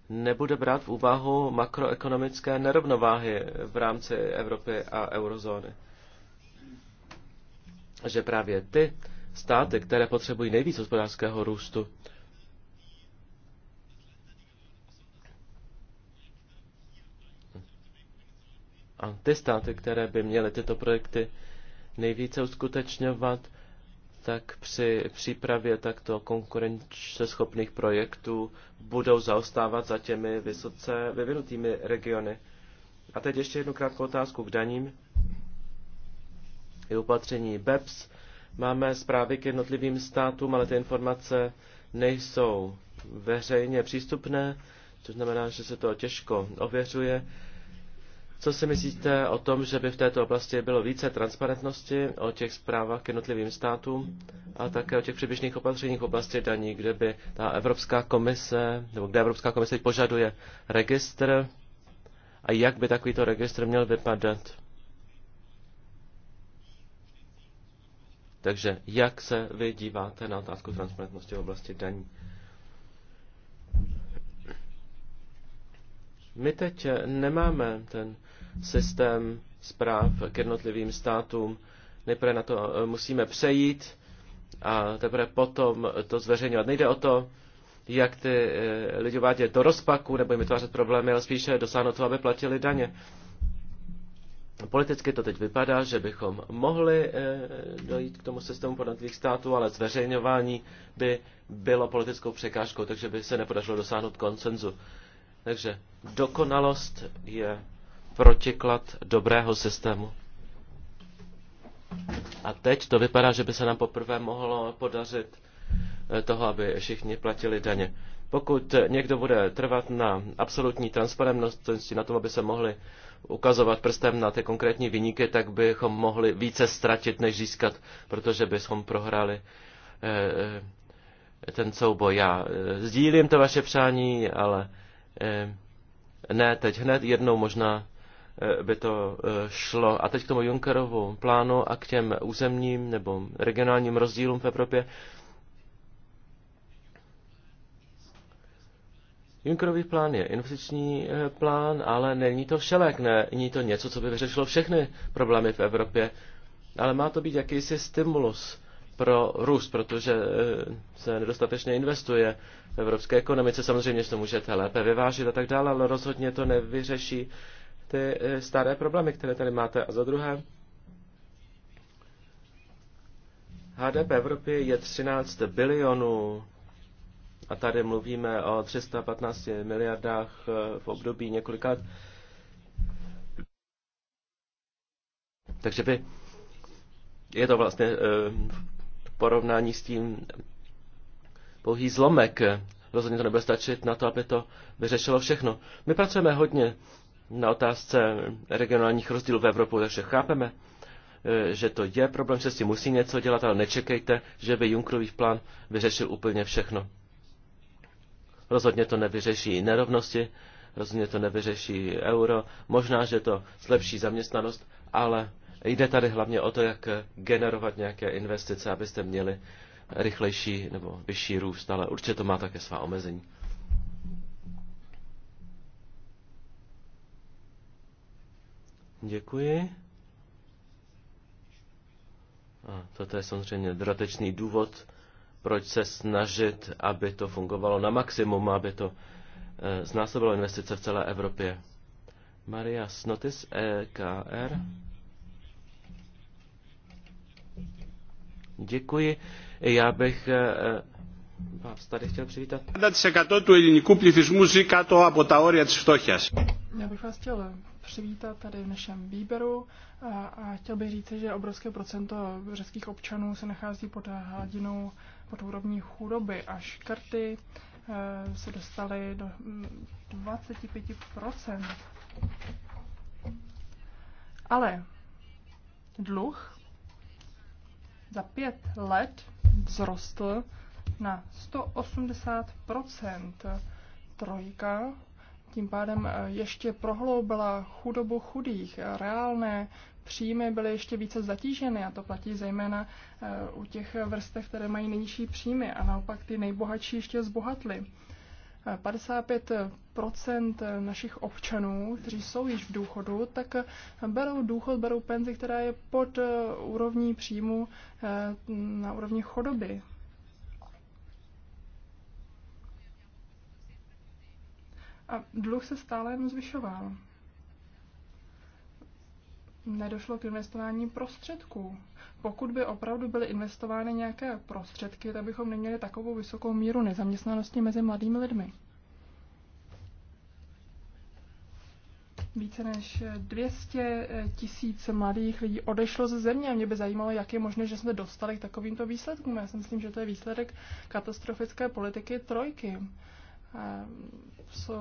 Speaker 2: nebude brát v úvahu makroekonomické nerovnováhy v rámci Evropy a eurozóny. Že právě ty státy, které potřebují nejvíc hospodářského růstu, A ty státy, které by měly tyto projekty nejvíce uskutečňovat, tak při přípravě takto schopných projektů budou zaostávat za těmi vysoce vyvinutými regiony. A teď ještě jednu krátkou otázku k daním. Je upatření BEPS. Máme zprávy k jednotlivým státům, ale ty informace nejsou veřejně přístupné, což znamená, že se to těžko ověřuje. Co si myslíte o tom, že by v této oblasti bylo více transparentnosti o těch zprávách k jednotlivým státům a také o těch přibližných opatřeních v oblasti daní, kde by ta Evropská komise, nebo kde Evropská komise požaduje registr a jak by takovýto registr měl vypadat? Takže jak se vy díváte na otázku transparentnosti v oblasti daní? My teď nemáme ten systém zpráv k jednotlivým státům. Nejprve na to eh, musíme přejít a teprve potom to zveřejňovat. Nejde o to, jak ty eh, lidi vádět do rozpaku nebo jim vytvářet problémy, ale spíše dosáhnout toho, aby platili daně. Politicky to teď vypadá, že bychom mohli eh, dojít k tomu systému podnotlivých států, ale zveřejňování by bylo politickou překážkou, takže by se nepodařilo dosáhnout koncenzu takže dokonalost je protiklad dobrého systému. A teď to vypadá, že by se nám poprvé mohlo podařit eh, toho, aby všichni platili daně. Pokud někdo bude trvat na absolutní transparentnosti, na tom, aby se mohli ukazovat prstem na ty konkrétní vyníky, tak bychom mohli více ztratit, než získat, protože bychom prohráli eh, eh, ten souboj. Já sdílím to vaše přání, ale Eh, ne teď hned, jednou možná eh, by to eh, šlo. A teď k tomu Junckerovu plánu a k těm územním nebo regionálním rozdílům v Evropě. Junckerový plán je investiční plán, ale není to všelek, ne, není to něco, co by vyřešilo všechny problémy v Evropě, ale má to být jakýsi stimulus pro růst, protože eh, se nedostatečně investuje v evropské ekonomice. Samozřejmě, že to můžete lépe vyvážit a tak dále, ale rozhodně to nevyřeší ty eh, staré problémy, které tady máte. A za druhé, HDP v Evropě je 13 bilionů a tady mluvíme o 315 miliardách eh, v období několika let. Takže by je to vlastně porovnání s tím pouhý zlomek. Rozhodně to nebude stačit na to, aby to vyřešilo všechno. My pracujeme hodně na otázce regionálních rozdílů v Evropu, takže chápeme, eh, že to je problém, že si musí něco dělat, ale nečekejte, že by Junkrový plán vyřešil úplně všechno. Rozhodně to nevyřeší nerovnosti, rozhodně to nevyřeší euro, možná, že to zlepší zaměstnanost, ale Jde tady hlavně o to, jak generovat nějaké investice, abyste měli rychlejší nebo vyšší růst, ale určitě to má také svá omezení. Děkuji. A toto je samozřejmě dodatečný důvod, proč se snažit, aby to fungovalo na maximum, aby to eh, znásobilo investice v celé Evropě. Maria Snotis, EKR. Děkuji. Já bych eh, eh, vás tady chtěl přivítat. 50% του ελληνικού πληθυσμού ζει κάτω από τα όρια της φτώχειας.
Speaker 3: Já bych vás chtěl přivítat tady v našem výběru a, a chtěl bych říct, že obrovské procento řeckých občanů se nachází pod hladinou, pod úrovní chudoby a škrty e, eh, se dostaly do 25%. Hm, Ale dluh za pět let vzrostl na 180 Trojka tím pádem eh, ještě prohloubila chudobu chudých. Reálné příjmy byly ještě více zatíženy a to platí zejména eh, u těch vrstev, které mají nejnižší příjmy a naopak ty nejbohatší ještě zbohatly. 55 našich občanů, kteří jsou již v důchodu, tak berou důchod, berou penzi, která je pod eh, úrovní příjmu eh, na úrovni chodoby. A dluh se stále jen zvyšoval. Nedošlo k investování prostředků pokud by opravdu byly investovány nějaké prostředky, tak bychom neměli takovou vysokou míru nezaměstnanosti mezi mladými lidmi. Více než 200 tisíc mladých lidí odešlo ze země a mě by zajímalo, jak je možné, že jsme dostali k takovýmto výsledkům. Já si myslím, že to je výsledek katastrofické politiky trojky. Ehm, jsou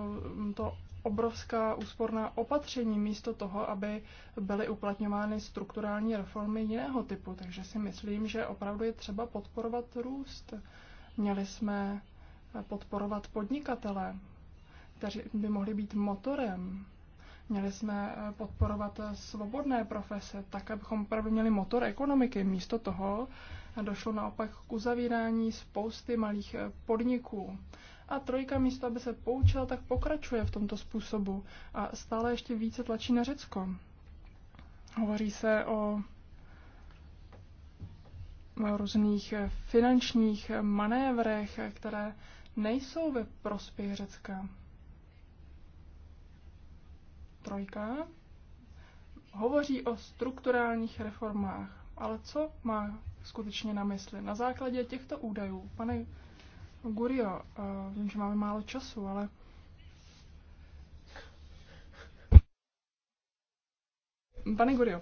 Speaker 3: to obrovská úsporná opatření místo toho, aby byly uplatňovány strukturální reformy jiného typu. Takže si myslím, že opravdu je třeba podporovat růst. Měli jsme podporovat podnikatele, kteří by mohli být motorem. Měli jsme podporovat svobodné profese, tak abychom opravdu měli motor ekonomiky. Místo toho došlo naopak k uzavírání spousty malých podniků. A trojka místo, aby se poučila, tak pokračuje v tomto způsobu a stále ještě více tlačí na Řecko. Hovoří se o různých finančních manévrech, které nejsou ve prospěch Řecka. Trojka hovoří o strukturálních reformách, ale co má skutečně na mysli? Na základě těchto údajů, pane Gurio, eh, vím, že máme málo času, ale Pane Gurio,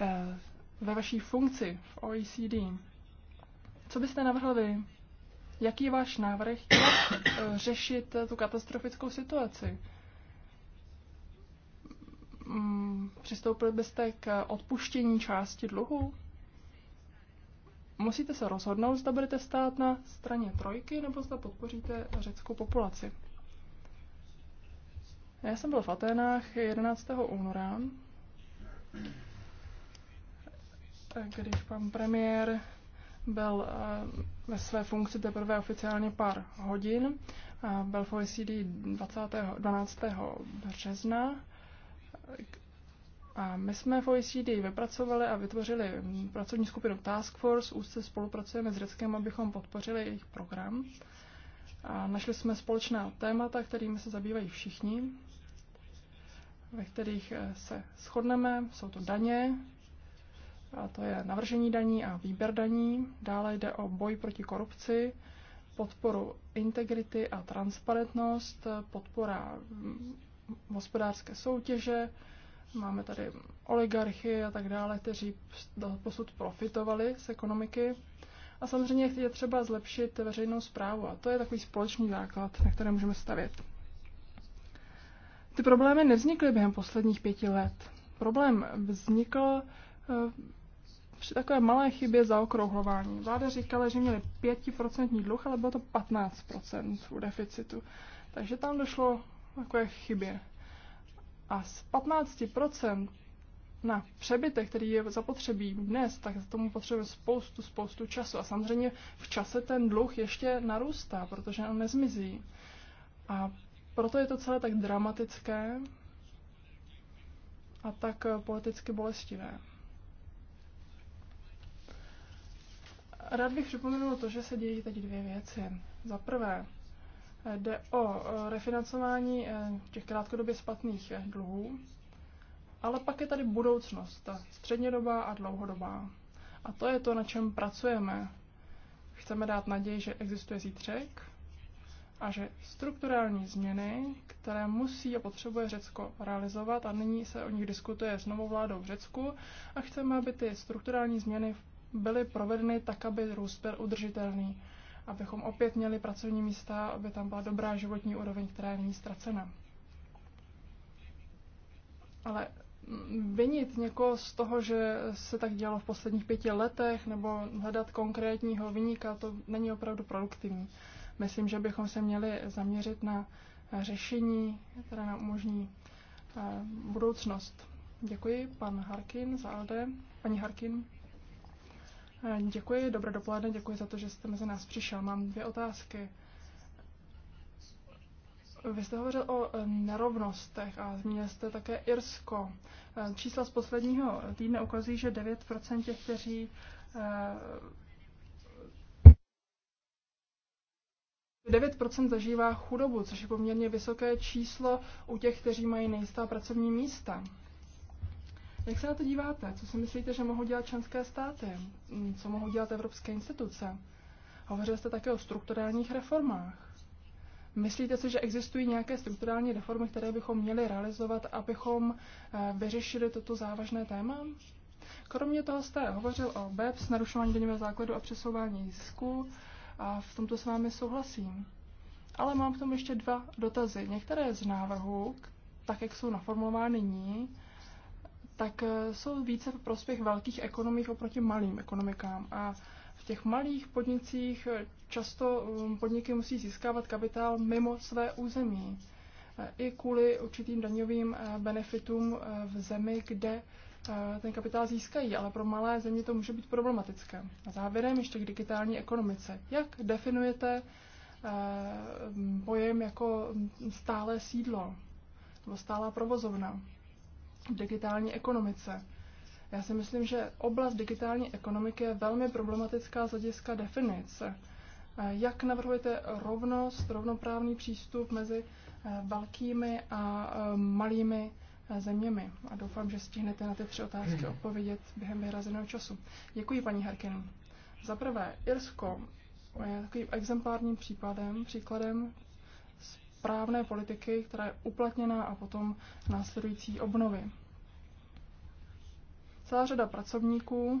Speaker 3: eh, ve vaší funkci v OECD, co byste navrhl vy? Jaký je váš návrh, jak eh, řešit tu katastrofickou situaci? Mm, přistoupil byste k odpuštění části dluhu? Musíte se rozhodnout, zda budete stát na straně trojky, nebo zda podpoříte řeckou populaci. Já jsem byl v Aténách 11. února, když pan premiér byl eh, ve své funkci teprve oficiálně pár hodin. Byl v OECD 20. 12. března, a my jsme v OECD vypracovali a vytvořili pracovní skupinu Task Force, úzce spolupracujeme s Řeckem, abychom podpořili jejich program. A našli jsme společná témata, kterými se zabývají všichni, ve kterých eh, se shodneme. Jsou to daně, a to je navržení daní a výběr daní. Dále jde o boj proti korupci, podporu integrity a transparentnost, podpora hm, hospodářské soutěže, Máme tady oligarchy a tak dále, kteří posud profitovali z ekonomiky. A samozřejmě je třeba zlepšit veřejnou zprávu a to je takový společný základ, na které můžeme stavět. Ty problémy nevznikly během posledních pěti let. Problém vznikl eh, při takové malé chybě zaokrouhlování. Vláda říkala, že měli 5% dluh, ale bylo to 15% u deficitu. Takže tam došlo takové chybě a z 15% na přebytek, který je zapotřebí dnes, tak tomu potřebujeme spoustu, spoustu času. A samozřejmě v čase ten dluh ještě narůstá, protože on nezmizí. A proto je to celé tak dramatické a tak eh, politicky bolestivé. Rád bych připomenul to, že se dějí teď dvě věci. Za prvé, Jde o eh, refinancování eh, těch krátkodobě splatných eh, dluhů, ale pak je tady budoucnost, ta střednědobá a dlouhodobá. A to je to, na čem pracujeme. Chceme dát naději, že existuje zítřek a že strukturální změny, které musí a potřebuje Řecko realizovat, a nyní se o nich diskutuje s novou vládou v Řecku, a chceme, aby ty strukturální změny byly provedeny tak, aby růst byl udržitelný abychom opět měli pracovní místa, aby tam byla dobrá životní úroveň, která není ztracena. Ale mm, vinit někoho z toho, že se tak dělo v posledních pěti letech, nebo hledat konkrétního vyníka, to není opravdu produktivní. Myslím, že bychom se měli zaměřit na řešení, které nám umožní eh, budoucnost. Děkuji, pan Harkin za Alde. Paní Harkin. Děkuji, dobré dopoledne, děkuji za to, že jste mezi nás přišel. Mám dvě otázky. Vy jste hovořil o eh, nerovnostech a zmínil jste také Irsko. Eh, čísla z posledního týdne ukazují, že 9% těch, kteří eh, 9% zažívá chudobu, což je poměrně vysoké číslo u těch, kteří mají nejistá pracovní místa. Jak se na to díváte? Co si myslíte, že mohou dělat členské státy? Mm, co mohou dělat evropské instituce? Hovořili jste také o strukturálních reformách. Myslíte si, že existují nějaké strukturální reformy, které bychom měli realizovat, abychom eh, vyřešili toto závažné téma? Kromě toho jste hovořil o BEPS, narušování denního základu a přesouvání zisku a v tomto s vámi souhlasím. Ale mám k tomu ještě dva dotazy. Některé z návrhů, tak jak jsou naformulovány nyní, tak eh, jsou více v prospěch velkých ekonomik oproti malým ekonomikám. A v těch malých podnicích eh, často um, podniky musí získávat kapitál mimo své území. Eh, I kvůli určitým daňovým benefitům v zemi, kde ten kapitál získají, ale pro malé země to může být problematické. A závěrem ještě k digitální ekonomice. Jak definujete pojem jako stále sídlo nebo stálá provozovna? digitální ekonomice. Já si myslím, že oblast digitální ekonomiky je velmi problematická z hlediska definice. Eh, jak navrhujete rovnost, rovnoprávný přístup mezi eh, velkými a eh, malými zeměmi? A doufám, že stihnete na ty tři otázky mhm. odpovědět během vyhrazeného času. Děkuji, paní Herkin. Za prvé, Irsko je takovým exemplárním případem, příkladem správné politiky, která je uplatněná a potom následující obnovy. Celá řada pracovníků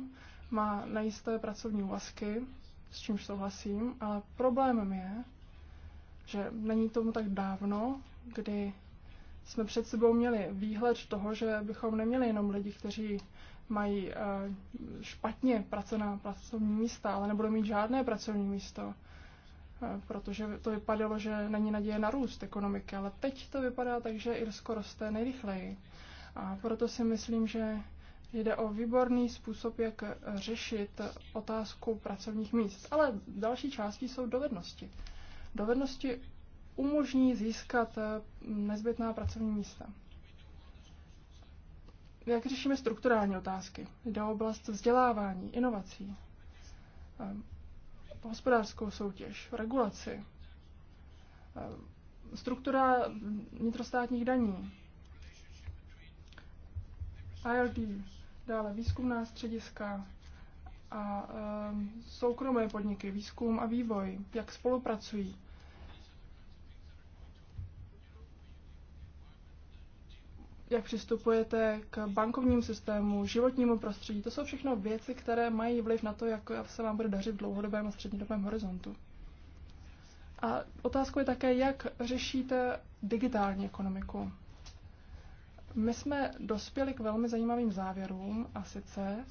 Speaker 3: má nejisté pracovní úvazky, s čímž souhlasím, ale problémem je, že není tomu tak dávno, kdy jsme před sebou měli výhled toho, že bychom neměli jenom lidi, kteří mají eh, špatně pracená pracovní místa, ale nebudou mít žádné pracovní místo. Eh, protože to vypadalo, že není naděje na růst ekonomiky, ale teď to vypadá tak, že Irsko roste nejrychleji. A proto si myslím, že jde o výborný způsob, jak řešit otázku pracovních míst. Ale další částí jsou dovednosti. Dovednosti umožní získat eh, nezbytná pracovní místa. Jak řešíme strukturální otázky? Jde o oblast vzdělávání, inovací, ehm, hospodářskou soutěž, regulaci, eh, struktura vnitrostátních daní, IRD, dále výzkumná střediska a eh, soukromé podniky, výzkum a vývoj, jak spolupracují, jak přistupujete k bankovnímu systému, životnímu prostředí. To jsou všechno věci, které mají vliv na to, jak se vám bude dařit v dlouhodobém a střednědobém horizontu. A otázkou je také, jak řešíte digitální ekonomiku. My jsme dospěli k velmi zajímavým závěrům, a sice,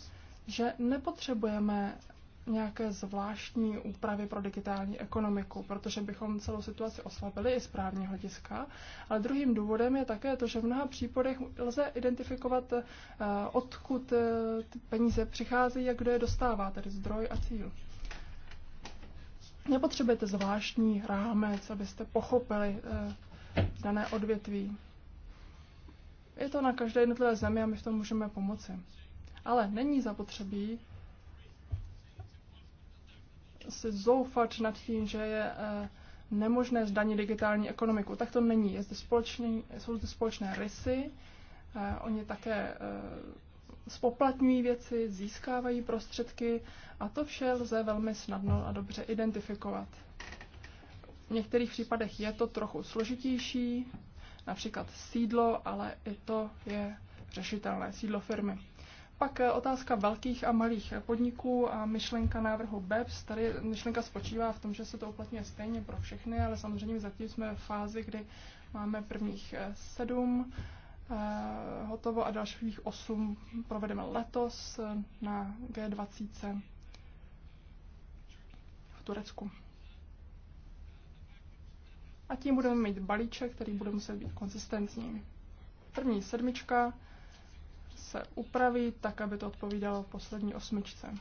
Speaker 3: že nepotřebujeme nějaké zvláštní úpravy pro digitální ekonomiku, protože bychom celou situaci oslabili i z právního hlediska. Ale druhým důvodem je také to, že v mnoha případech lze identifikovat, eh, odkud eh, ty peníze přicházejí a kdo je dostává, tedy zdroj a cíl. Nepotřebujete zvláštní rámec, abyste pochopili eh, dané odvětví. Je to na každé jednotlivé zemi a my v tom můžeme pomoci. Ale není zapotřebí si zoufat nad tím, že je eh, nemožné zdanit digitální ekonomiku. Tak to není. Je zde společný, jsou zde společné rysy, eh, oni také eh, spoplatňují věci, získávají prostředky a to vše lze velmi snadno a dobře identifikovat. V některých případech je to trochu složitější, například sídlo, ale i to je řešitelné, sídlo firmy. Pak eh, otázka velkých a malých eh, podniků a myšlenka návrhu BEPS. Tady myšlenka spočívá v tom, že se to uplatňuje stejně pro všechny, ale samozřejmě zatím jsme v fázi, kdy máme prvních eh, sedm hotovo a dalších osm provedeme letos na G20 v Turecku. A tím budeme mít balíček, který bude muset být konzistentní. První sedmička se upraví tak, aby to odpovídalo poslední osmičce.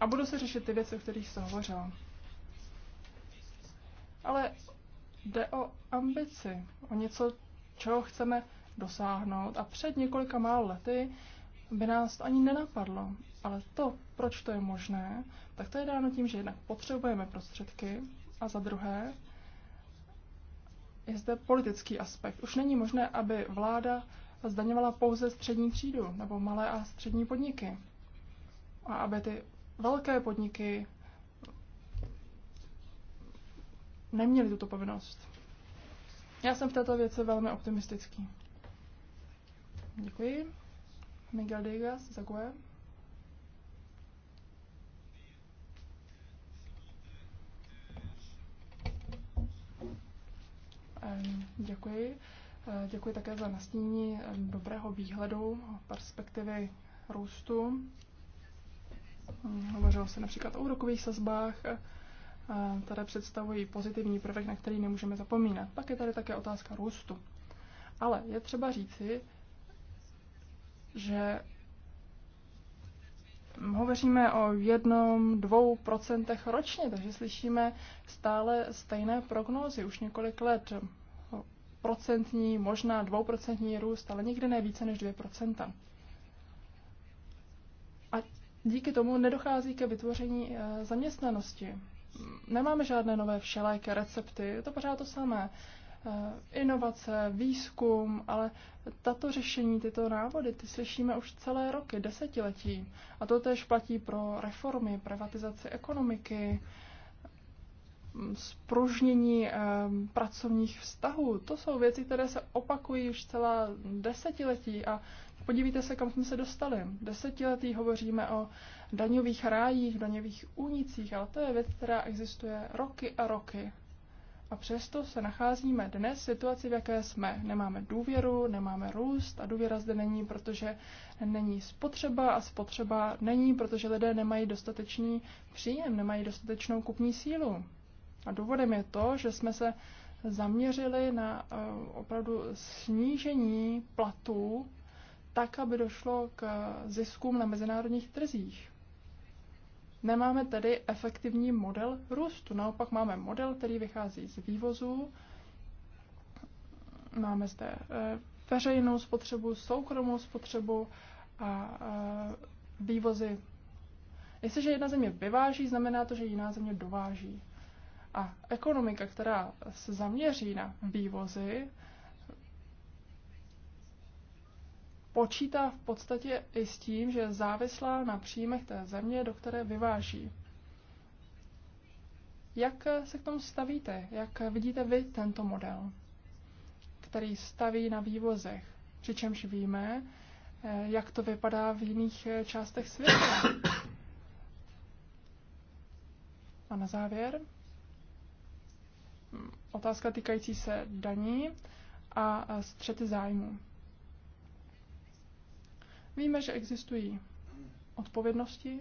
Speaker 3: A budu se řešit ty věci, o kterých se hovořila. Ale jde o ambici, o něco, čeho chceme dosáhnout a před několika málo lety by nás to ani nenapadlo. Ale to, proč to je možné, tak to je dáno tím, že jednak potřebujeme prostředky a za druhé je zde politický aspekt. Už není možné, aby vláda zdaňovala pouze střední třídu nebo malé a střední podniky. A aby ty velké podniky neměly tuto povinnost. Já jsem v této věci velmi optimistický. Děkuji. Miguel Degas, Zagué. Děkuji. Eh, děkuji také za nastínění eh, dobrého výhledu, perspektivy růstu. Mm, hovořilo se například o úrokových sazbách, eh, které představují pozitivní prvek, na který nemůžeme zapomínat. Pak je tady také otázka růstu. Ale je třeba říci, že hovoříme o jednom, dvou procentech ročně, takže slyšíme stále stejné prognózy už několik let procentní, možná dvouprocentní růst, ale nikdy ne více než 2%. A díky tomu nedochází ke vytvoření eh, zaměstnanosti. Nemáme žádné nové všeléké recepty, je to pořád to samé. Eh, inovace, výzkum, ale tato řešení, tyto návody, ty slyšíme už celé roky, desetiletí. A to tež platí pro reformy, privatizaci ekonomiky, spružnění eh, pracovních vztahů. To jsou věci, které se opakují už celá desetiletí a podívejte se, kam jsme se dostali. Desetiletí hovoříme o daňových rájích, daňových únicích, ale to je věc, která existuje roky a roky. A přesto se nacházíme dnes v situaci, v jaké jsme. Nemáme důvěru, nemáme růst a důvěra zde není, protože není spotřeba a spotřeba není, protože lidé nemají dostatečný příjem, nemají dostatečnou kupní sílu. A důvodem je to, že jsme se zaměřili na eh, opravdu snížení platů tak, aby došlo k ziskům na mezinárodních trzích. Nemáme tedy efektivní model růstu, naopak máme model, který vychází z vývozu. Máme zde eh, veřejnou spotřebu, soukromou spotřebu a eh, vývozy. Jestliže jedna země vyváží, znamená to, že jiná země dováží. A ekonomika, která se zaměří na vývozy, počítá v podstatě i s tím, že je závislá na příjmech té země, do které vyváží. Jak se k tomu stavíte? Jak vidíte vy tento model, který staví na vývozech? Přičemž víme, eh, jak to vypadá v jiných eh, částech světa. A na závěr otázka týkající se daní a střety zájmů. Víme, že existují odpovědnosti.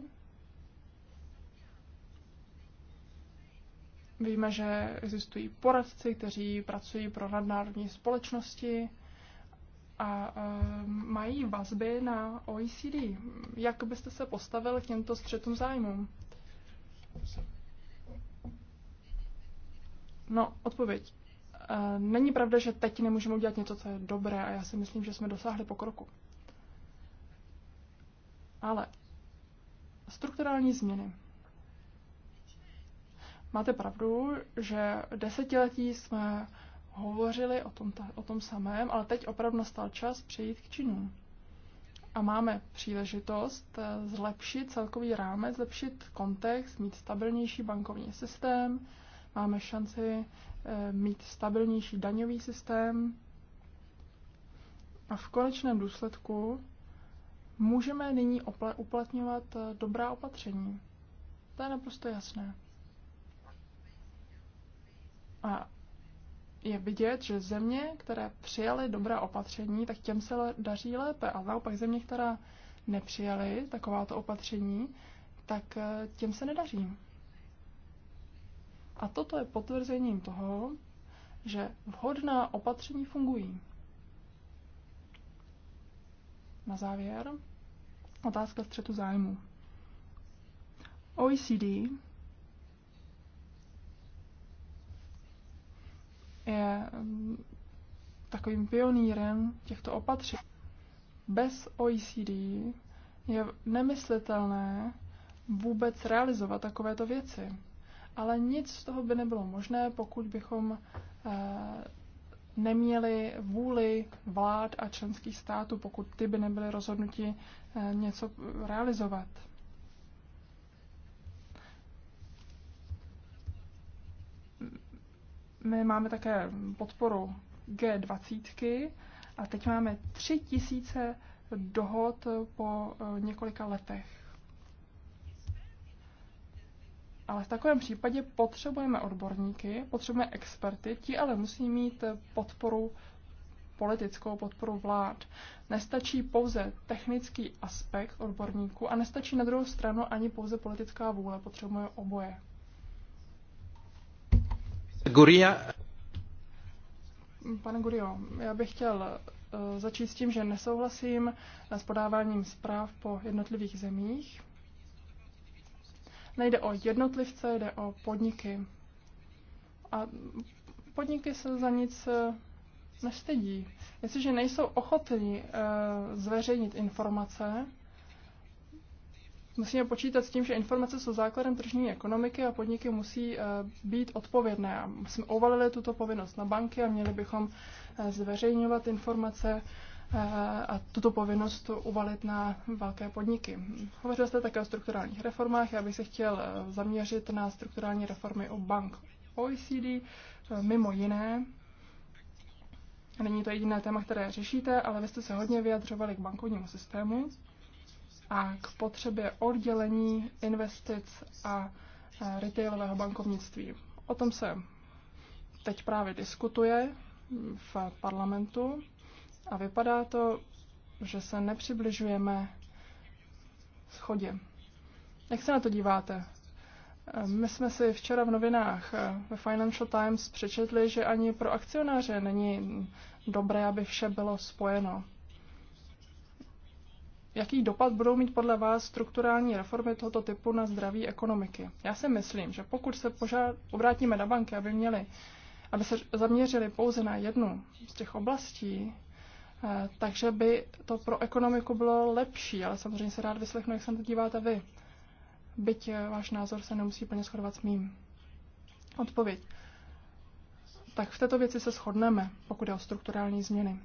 Speaker 3: Víme, že existují poradci, kteří pracují pro nadnárodní společnosti a mají vazby na OECD. Jak byste se postavil k těmto střetům zájmů? No, odpověď. Eh, není pravda, že teď nemůžeme udělat něco, co je dobré a já si myslím, že jsme dosáhli pokroku. Ale strukturální změny. Máte pravdu, že desetiletí jsme hovořili o tom, o tom samém, ale teď opravdu nastal čas přejít k činům. A máme příležitost eh, zlepšit celkový rámec, zlepšit kontext, mít stabilnější bankovní systém, máme šanci eh, mít stabilnější daňový systém a v konečném důsledku můžeme nyní uplatňovat eh, dobrá opatření. To je naprosto jasné. A je vidět, že země, které přijaly dobrá opatření, tak těm se daří lépe. A naopak země, která nepřijaly takováto opatření, tak eh, těm se nedaří. A toto je potvrzením toho, že vhodná opatření fungují. Na závěr otázka střetu zájmu. OECD je mm, takovým pionýrem těchto opatření. Bez OECD je nemyslitelné vůbec realizovat takovéto věci ale nic z toho by nebylo možné, pokud bychom eh, neměli vůli vlád a členských států, pokud ty by nebyly rozhodnuti eh, něco realizovat. My máme také podporu G20 a teď máme tři tisíce dohod po eh, několika letech. Ale v takovém případě potřebujeme odborníky, potřebujeme experty, ti ale musí mít podporu, politickou podporu vlád. Nestačí pouze technický aspekt odborníků a nestačí na druhou stranu ani pouze politická vůle, potřebujeme oboje. Guria. Pane Gurio, já bych chtěl eh, začít s tím, že nesouhlasím s podáváním zpráv po jednotlivých zemích. Nejde o jednotlivce, jde o podniky. A podniky se za nic eh, nestydí. Jestliže nejsou ochotní eh, zveřejnit informace, musíme počítat s tím, že informace jsou základem tržní ekonomiky a podniky musí eh, být odpovědné. A jsme uvalili tuto povinnost na banky a měli bychom zveřejňovat informace Eh, a tuto povinnost uvalit na velké podniky. Hovořil jste také o strukturálních reformách. Já bych se chtěl eh, zaměřit na strukturální reformy o bank e OECD, eh, mimo jiné. Není to jediné téma, které řešíte, ale vy jste se hodně vyjadřovali k bankovnímu systému a k potřebě oddělení investic a retailového bankovnictví. O tom se teď právě diskutuje v parlamentu a vypadá to, že se nepřibližujeme schodě. Jak se na to díváte? Eh, my jsme si včera v novinách eh, ve Financial Times přečetli, že ani pro akcionáře není dobré, aby vše bylo spojeno. Jaký dopad budou mít podle vás strukturální reformy tohoto typu na zdraví ekonomiky? Já si myslím, že pokud se požád, obrátíme na banky, aby měli, aby se zaměřili pouze na jednu z těch oblastí, Eh, takže by to pro ekonomiku bylo lepší, ale samozřejmě se rád vyslechnu, jak se na to díváte vy. Byť eh, váš názor se nemusí plně shodovat s mým. Odpověď. Tak v této věci se shodneme, pokud je o strukturální změny.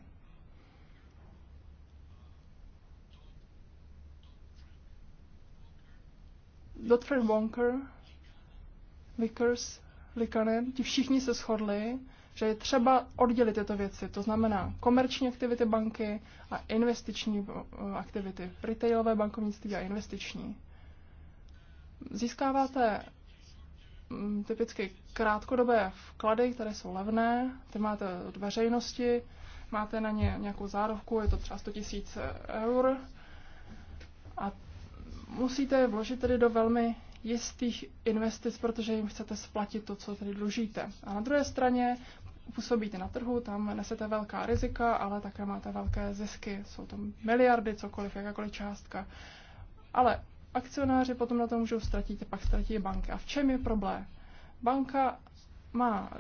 Speaker 3: Dr. Wonker, Vickers, Likanen, ti všichni se shodli, že je třeba oddělit tyto věci. To znamená komerční aktivity banky a investiční eh, aktivity, retailové bankovnictví a investiční. Získáváte mm, typicky krátkodobé vklady, které jsou levné, ty máte od veřejnosti, máte na ně nějakou zárovku, je to třeba 100 000 eur a musíte je vložit tedy do velmi jistých investic, protože jim chcete splatit to, co tedy dlužíte. A na druhé straně působíte na trhu, tam nesete velká rizika, ale také máte velké zisky. Jsou tam miliardy, cokoliv, jakákoliv částka. Ale akcionáři potom na to můžou ztratit a pak ztratí banky. A v čem je problém? Banka má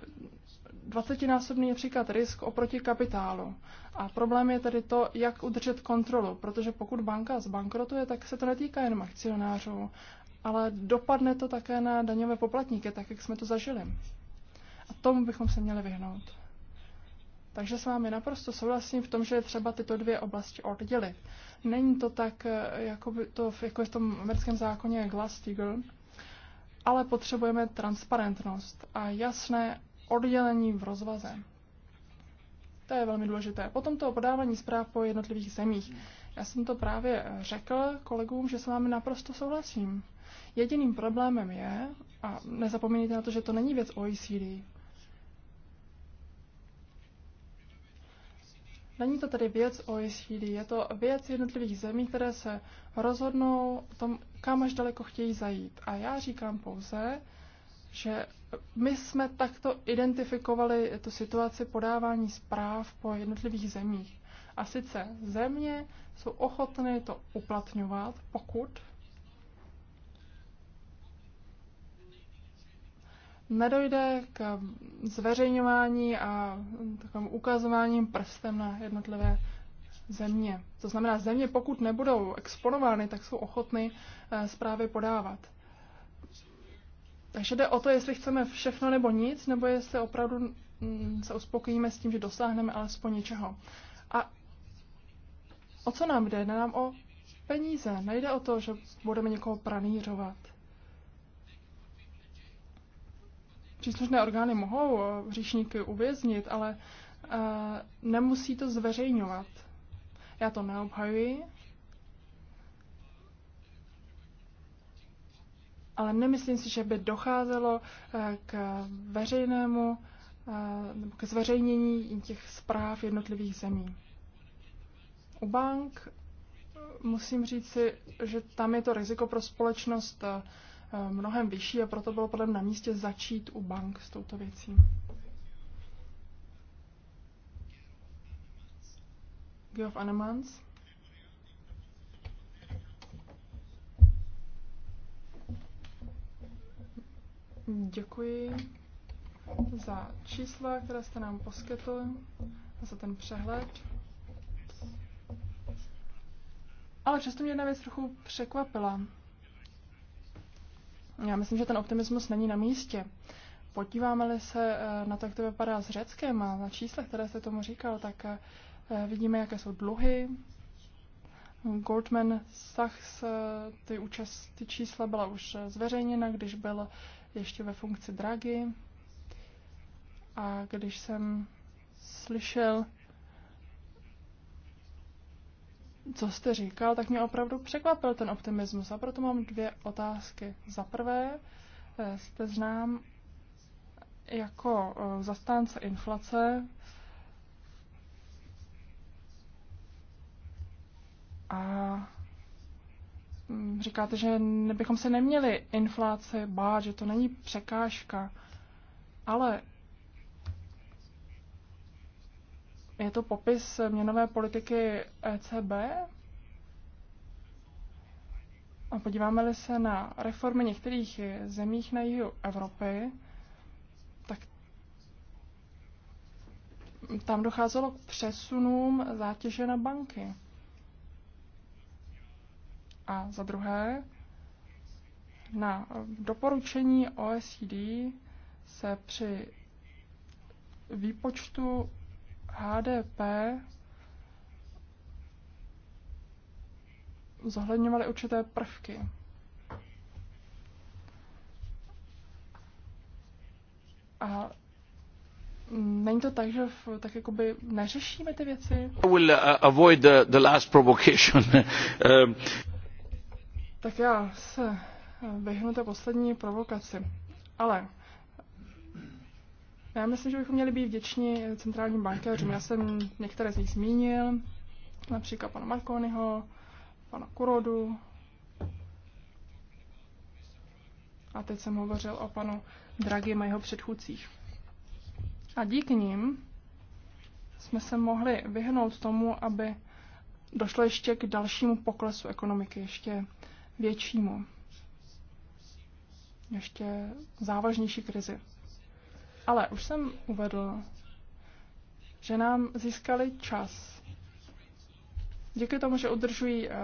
Speaker 3: 20-násobný například risk oproti kapitálu. A problém je tedy to, jak udržet kontrolu, protože pokud banka zbankrotuje, tak se to netýká jenom akcionářů, ale dopadne to také na daňové poplatníky, tak jak jsme to zažili. A tomu bychom se měli vyhnout. Takže s vámi naprosto souhlasím v tom, že je třeba tyto dvě oblasti oddělit. Není to tak, eh, jako, by to, jako je v tom americkém zákoně Glass-Steagall, ale potřebujeme transparentnost a jasné oddělení v rozvaze. To je velmi důležité. Potom to podávání zpráv po jednotlivých zemích. Já jsem to právě eh, řekl kolegům, že s vámi naprosto souhlasím. Jediným problémem je, a nezapomeňte na to, že to není věc OECD, Není to tedy věc OECD, je to věc jednotlivých zemí, které se rozhodnou o tom, kam až daleko chtějí zajít. A já říkám pouze, že my jsme takto identifikovali tu situaci podávání zpráv po jednotlivých zemích. A sice země jsou ochotné to uplatňovat, pokud nedojde k zveřejňování a takovým ukazováním prstem na jednotlivé země. To znamená, země, pokud nebudou exponovány, tak jsou ochotny eh, zprávy podávat. Takže jde o to, jestli chceme všechno nebo nic, nebo jestli opravdu mm, se uspokojíme s tím, že dosáhneme alespoň něčeho. A o co nám jde? Jde nám o peníze. Nejde o to, že budeme někoho pranířovat. příslušné orgány mohou eh, hříšníky uvěznit, ale eh, nemusí to zveřejňovat. Já to neobhajuji, ale nemyslím si, že by docházelo eh, k veřejnému k zveřejnění těch zpráv jednotlivých zemí. U bank musím říci, že tam je to riziko pro společnost Eh, mnohem vyšší a proto bylo podle mě na místě začít u bank s touto věcí. Geoff Anemans. Děkuji za čísla, které jste nám poskytl a za ten přehled. Ale často mě jedna věc trochu překvapila. Já myslím, že ten optimismus není na místě. Podíváme-li se eh, na to, jak to vypadá s Řeckem a na číslech, které jste tomu říkal, tak eh, vidíme, jaké jsou dluhy. Goldman Sachs, eh, ty, účast, ty čísla byla už zveřejněna, když byl ještě ve funkci Draghi. A když jsem slyšel co jste říkal, tak mě opravdu překvapil ten optimismus. A proto mám dvě otázky. Za prvé, eh, jste znám jako eh, zastánce inflace a mm, říkáte, že bychom se neměli inflace bát, že to není překážka, ale Je to popis měnové politiky ECB. A podíváme-li se na reformy některých zemích na jihu Evropy, tak tam docházelo k přesunům zátěže na banky. A za druhé, na doporučení OECD se při výpočtu HDP zohledňovaly určité prvky. A není to tak, že v, tak jakoby neřešíme ty věci?
Speaker 2: I will uh, avoid the, the last provocation. um.
Speaker 3: Tak já se vyhnu té poslední provokaci. Ale já myslím, že bychom měli být vděční centrálním bankéřům. Já jsem některé z nich zmínil, například pana Marconiho, pana Kurodu. A teď jsem hovořil o panu Dragi a jeho předchůdcích. A díky nim jsme se mohli vyhnout tomu, aby došlo ještě k dalšímu poklesu ekonomiky, ještě většímu, ještě závažnější krizi. Ale už jsem uvedl, že nám získali čas. Díky tomu, že udržují eh,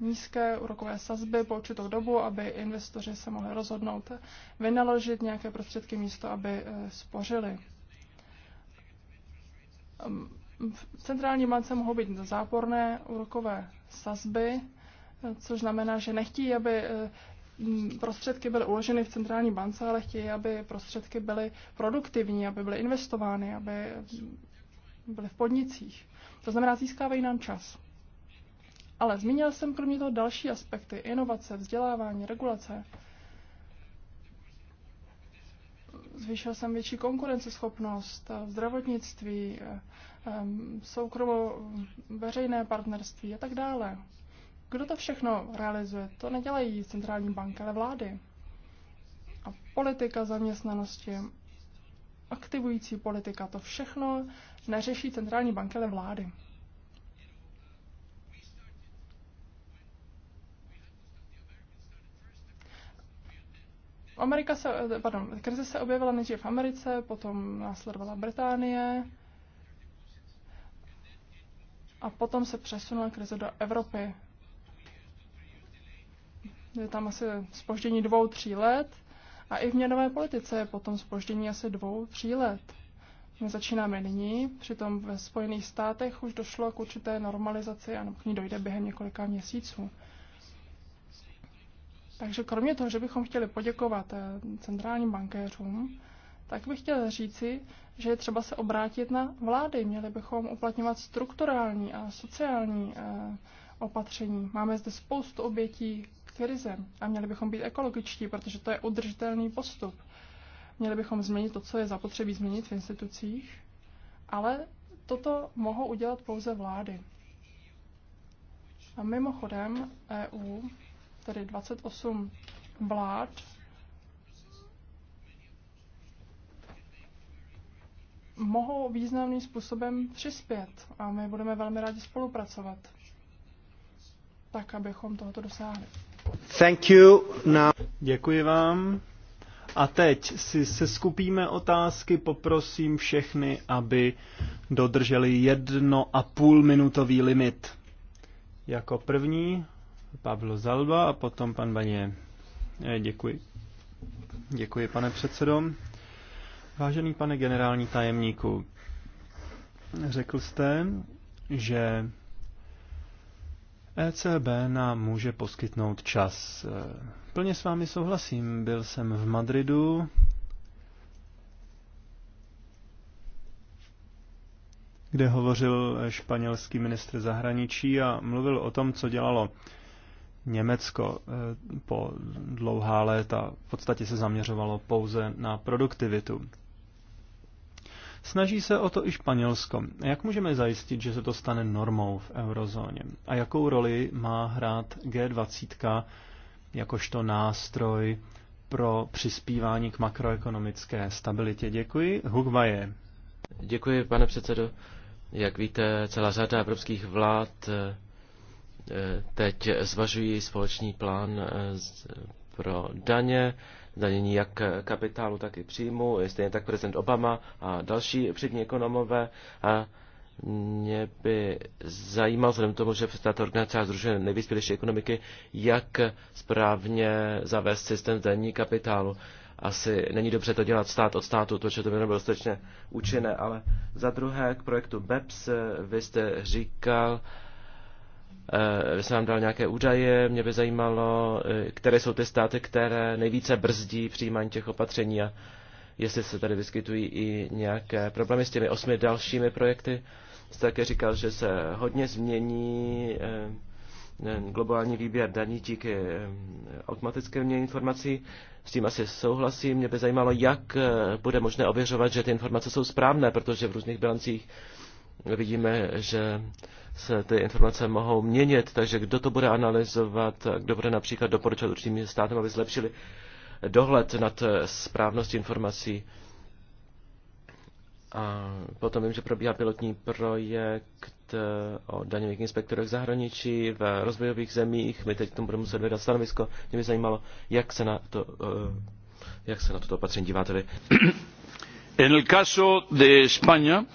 Speaker 3: nízké úrokové sazby po určitou dobu, aby investoři se mohli rozhodnout vynaložit nějaké prostředky místo, aby eh, spořili. Ehm, v centrální bance mohou být záporné úrokové sazby, což znamená, že nechtí, aby eh, Mm, prostředky byly uloženy v centrální bance, ale chtějí, aby prostředky byly produktivní, aby byly investovány, aby byly v podnicích. To znamená, získávají nám čas. Ale zmínil jsem kromě toho další aspekty, inovace, vzdělávání, regulace. Zvýšil jsem větší konkurenceschopnost, eh, zdravotnictví, eh, eh, soukromo veřejné partnerství a tak dále. Kdo to všechno realizuje? To nedělají centrální banky, ale vlády. A politika zaměstnanosti, aktivující politika, to všechno neřeší centrální banky, ale vlády. Amerika se, eh, pardon, krize se objevila nejdřív v Americe, potom následovala Británie a potom se přesunula krize do Evropy je tam asi spoždění dvou, tří let. A i v měnové politice je potom spoždění asi dvou, tří let. My začínáme nyní, přitom ve Spojených státech už došlo k určité normalizaci a k ní dojde během několika měsíců. Takže kromě toho, že bychom chtěli poděkovat eh, centrálním bankéřům, tak bych chtěl říci, že je třeba se obrátit na vlády. Měli bychom uplatňovat strukturální a sociální eh, opatření. Máme zde spoustu obětí krize a měli bychom být ekologičtí, protože to je udržitelný postup. Měli bychom změnit to, co je zapotřebí změnit v institucích, ale toto mohou udělat pouze vlády. A mimochodem EU, tedy 28 vlád, mohou významným způsobem přispět a my budeme velmi rádi spolupracovat, tak abychom tohoto dosáhli.
Speaker 1: Děkuji vám. A teď si se skupíme otázky, poprosím všechny, aby dodrželi jedno a půl minutový limit. Jako první Pavlo Zalba a potom pan Baně. Eh, děkuji. Děkuji, pane předsedo. Vážený pane generální tajemníku, řekl jste, že ECB nám může poskytnout čas. E, plně s vámi souhlasím. Byl jsem v Madridu. kde hovořil e, španělský ministr zahraničí a mluvil o tom, co dělalo Německo e, po dlouhá léta. V podstatě se zaměřovalo pouze na produktivitu. Snaží se o to i Španělsko. Jak můžeme zajistit, že se to stane normou v eurozóně? A jakou roli má hrát G20 jakožto nástroj pro přispívání k makroekonomické stabilitě? Děkuji. Hugvaje.
Speaker 2: Děkuji, pane předsedo. Jak víte, celá řada evropských vlád eh, eh, teď zvažují společný plán eh, pro daně zdanění jak kapitálu, tak i příjmu, stejně tak prezident Obama a další přední ekonomové. A mě by zajímal, vzhledem tomu, že tato organizace združuje nejvyspělejší ekonomiky, jak správně zavést systém zdanění kapitálu. Asi není dobře to dělat stát od státu, protože to by nebylo dostatečně účinné, ale za druhé k projektu BEPS vy jste říkal, Eh, vy jste nám dal nějaké údaje, mě by zajímalo, eh, které jsou ty státy, které nejvíce brzdí přijímání těch opatření a jestli se tady vyskytují i nějaké problémy s těmi osmi dalšími projekty. Jste také říkal, že se hodně změní eh, globální výběr daní díky automatické měně informací. S tím asi souhlasím. Mě by zajímalo, jak bude možné ověřovat, že ty informace jsou správné, protože v různých bilancích vidíme, že se ty informace mohou měnit, takže kdo to bude analyzovat, kdo bude například doporučovat určitým státům, aby zlepšili dohled nad správností informací. A potom vím, že probíhá pilotní projekt eh, o daňových inspektorech zahraničí v rozvojových zemích. My teď k tomu budeme muset vydat stanovisko. Mě by zajímalo, jak se na, to, eh, jak se na toto opatření díváte vy.
Speaker 3: En el caso de España,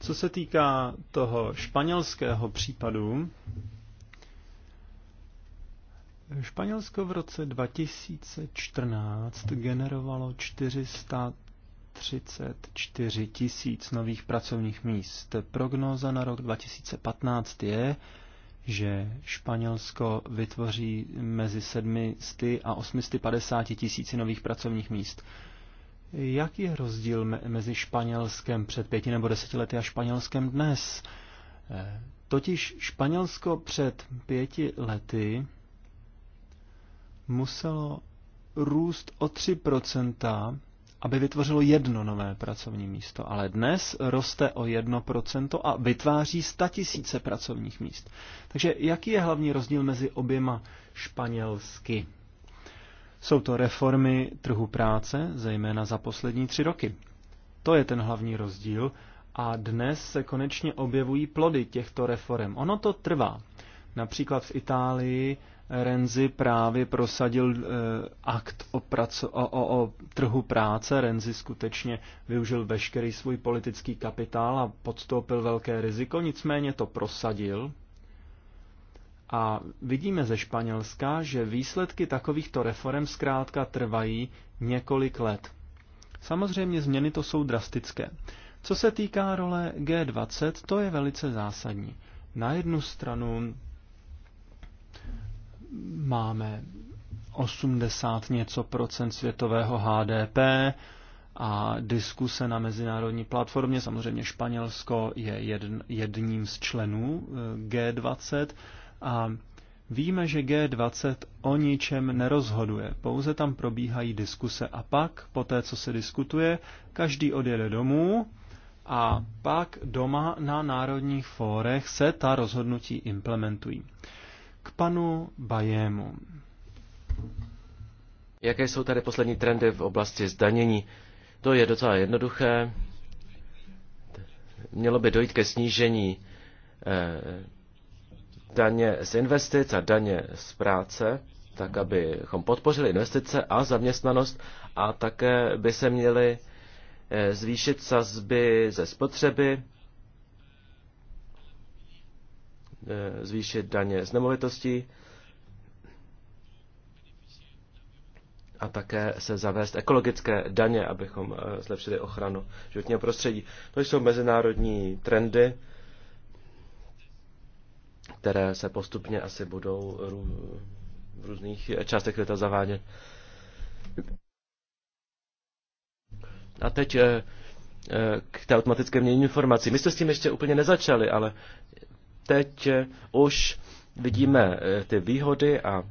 Speaker 1: co se týká toho španělského případu, Španělsko v roce 2014 generovalo 434 tisíc nových pracovních míst. Prognóza na rok 2015 je, že Španělsko vytvoří mezi 700 a 850 tisíci nových pracovních míst. Jaký je rozdíl mezi Španělskem před pěti nebo deseti lety a Španělskem dnes? Eh, totiž Španělsko před pěti lety muselo růst o 3%, aby vytvořilo jedno nové pracovní místo, ale dnes roste o 1% a vytváří 100 tisíce pracovních míst. Takže jaký je hlavní rozdíl mezi oběma španělsky? Jsou to reformy trhu práce, zejména za poslední tři roky. To je ten hlavní rozdíl a dnes se konečně objevují plody těchto reform. Ono to trvá. Například v Itálii Renzi právě prosadil eh, akt o, praco- o, o, o trhu práce. Renzi skutečně využil veškerý svůj politický kapitál a podstoupil velké riziko, nicméně to prosadil a vidíme ze Španělska, že výsledky takovýchto reform zkrátka trvají několik let. Samozřejmě změny to jsou drastické. Co se týká role G20, to je velice zásadní. Na jednu stranu máme 80 něco procent světového HDP a diskuse na mezinárodní platformě. Samozřejmě Španělsko je jedn, jedním z členů eh, G20 a víme, že G20 o ničem nerozhoduje, pouze tam probíhají diskuse a pak, po té, co se diskutuje, každý odjede domů a pak doma na národních fórech se ta rozhodnutí implementují. K panu Bajému.
Speaker 2: Jaké jsou tady poslední trendy v oblasti zdanění? To je docela jednoduché. Mělo by dojít ke snížení eh, daně z investic a daně z práce, tak abychom podpořili investice a zaměstnanost a také by se měly eh, zvýšit sazby ze spotřeby, eh, zvýšit daně z nemovitostí a také se zavést ekologické daně, abychom eh, zlepšili ochranu životního prostředí. To jsou mezinárodní trendy, které se postupně asi budou v různých částech světa zavádět. A teď eh, eh, k té automatické mění informací. My jsme s tím ještě úplně nezačali, ale teď eh, už vidíme ty výhody a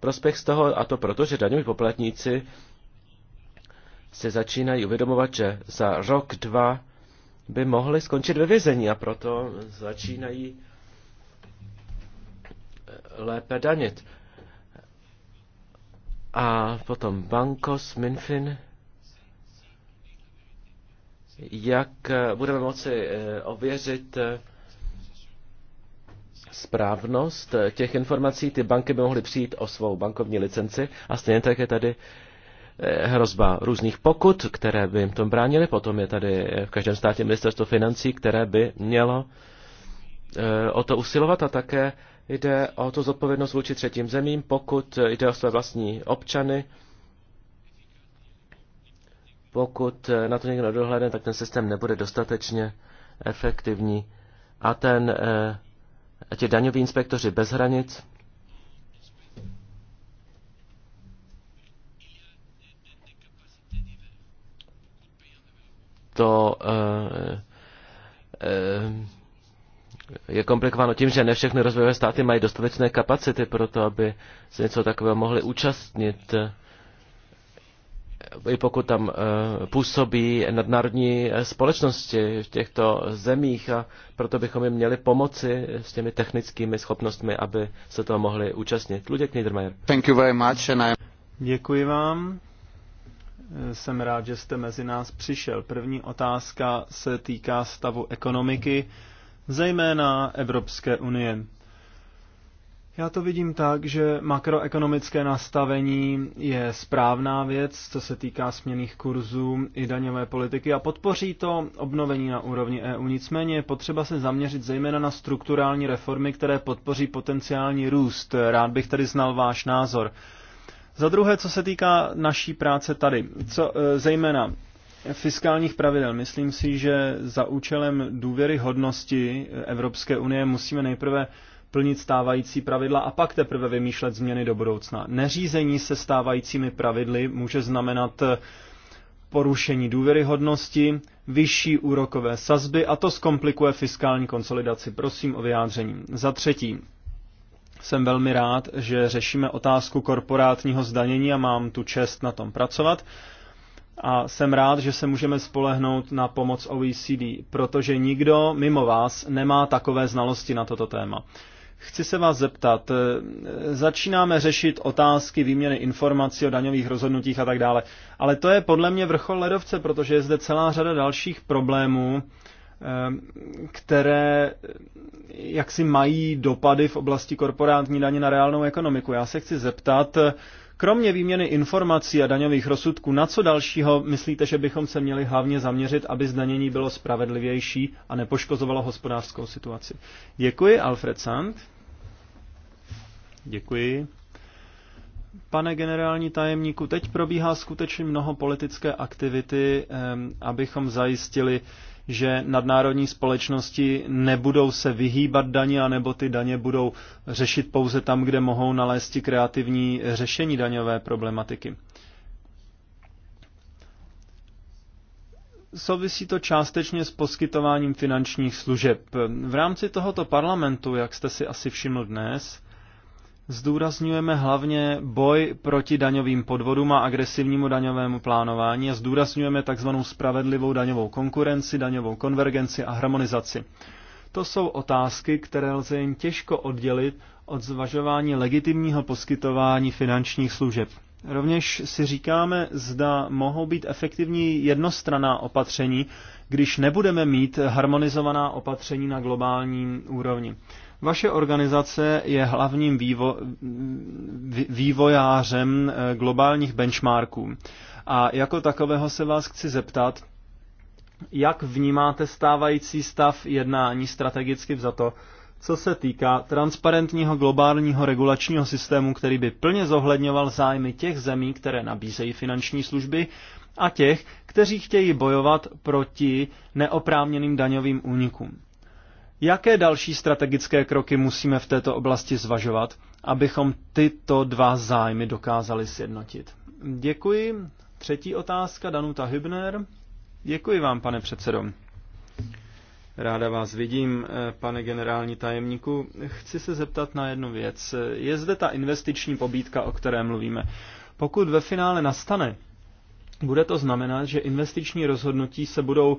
Speaker 2: prospěch z toho, a to proto, že daňoví poplatníci se začínají uvědomovat, že za rok, dva by mohli skončit ve vězení a proto začínají lépe danit. A potom Bankos, Minfin, jak eh, budeme moci eh, ověřit eh, správnost těch informací, ty banky by mohly přijít o svou bankovní licenci a stejně tak je tady hrozba různých pokut, které by jim tom bránili, Potom je tady v každém státě ministerstvo financí, které by mělo o to usilovat a také Jde o tu zodpovědnost vůči třetím zemím, pokud jde o své vlastní občany. Pokud na to někdo dohledne, tak ten systém nebude dostatečně efektivní. A ten, eh, ti daňoví inspektoři bez hranic, to uh, uh, je komplikováno tím, že ne všechny rozvojové státy mají dostatečné kapacity pro to, aby se něco takového mohli účastnit. I pokud tam eh, působí nadnárodní eh, společnosti v těchto zemích a proto bychom jim měli pomoci s těmi technickými schopnostmi, aby se toho mohli účastnit. Luděk Niedermayer. Thank you very much and I...
Speaker 1: Děkuji vám. Eh, jsem rád, že jste mezi nás přišel. První otázka se týká stavu ekonomiky zejména Evropské unie. Já to vidím tak, že makroekonomické nastavení je správná věc, co se týká směných kurzů i daňové politiky a podpoří to obnovení na úrovni EU. Nicméně je potřeba se zaměřit zejména na strukturální reformy, které podpoří potenciální růst. Rád bych tady znal váš názor. Za druhé, co se týká naší práce tady, co, e, zejména fiskálních pravidel. Myslím si, že za účelem důvěryhodnosti Evropské unie musíme nejprve plnit stávající pravidla a pak teprve vymýšlet změny do budoucna. Neřízení se stávajícími pravidly může znamenat porušení důvěryhodnosti, vyšší úrokové sazby a to zkomplikuje fiskální konsolidaci. Prosím o vyjádření. Za třetí, jsem velmi rád, že řešíme otázku korporátního zdanění a mám tu čest na tom pracovat a jsem rád, že se můžeme spolehnout na pomoc OECD, protože nikdo mimo vás nemá takové znalosti na toto téma. Chci se vás zeptat, eh, začínáme řešit otázky výměny informací o daňových rozhodnutích a tak dále, ale to je podle mě vrchol ledovce, protože je zde celá řada dalších problémů, eh, které eh, jaksi mají dopady v oblasti korporátní daně na reálnou ekonomiku. Já se chci zeptat, Kromě výměny informací a daňových rozsudků, na co dalšího myslíte, že bychom se měli hlavně zaměřit, aby zdanění bylo spravedlivější a nepoškozovalo hospodářskou situaci? Děkuji, Alfred Sand. Děkuji. Pane generální tajemníku, teď probíhá skutečně mnoho politické aktivity, ehm, abychom zajistili že nadnárodní společnosti nebudou se vyhýbat daně, anebo ty daně budou řešit pouze tam, kde mohou nalézt kreativní řešení daňové problematiky. Souvisí to částečně s poskytováním finančních služeb. V rámci tohoto parlamentu, jak jste si asi všiml dnes, zdůrazňujeme hlavně boj proti daňovým podvodům a agresivnímu daňovému plánování a zdůrazňujeme tzv. spravedlivou daňovou konkurenci, daňovou konvergenci a harmonizaci. To jsou otázky, které lze jen těžko oddělit od zvažování legitimního poskytování finančních služeb. Rovněž si říkáme, zda mohou být efektivní jednostraná opatření, když nebudeme mít harmonizovaná opatření na globální úrovni. Vaše organizace je hlavním vývo, vývojářem eh, globálních benchmarků. A jako takového se vás chci zeptat, jak vnímáte stávající stav jednání strategicky to, co se týká transparentního globálního regulačního systému, který by plně zohledňoval zájmy těch zemí, které nabízejí finanční služby, a těch, kteří chtějí bojovat proti neoprávněným daňovým únikům. Jaké další strategické kroky musíme v této oblasti zvažovat, abychom tyto dva zájmy dokázali sjednotit? Děkuji. Třetí otázka, Danuta Hübner. Děkuji vám, pane předsedo. Ráda vás vidím, eh, pane generální tajemníku. Chci se zeptat na jednu věc. Je zde ta investiční pobídka, o které mluvíme. Pokud ve finále nastane, bude to znamenat, že investiční rozhodnutí se budou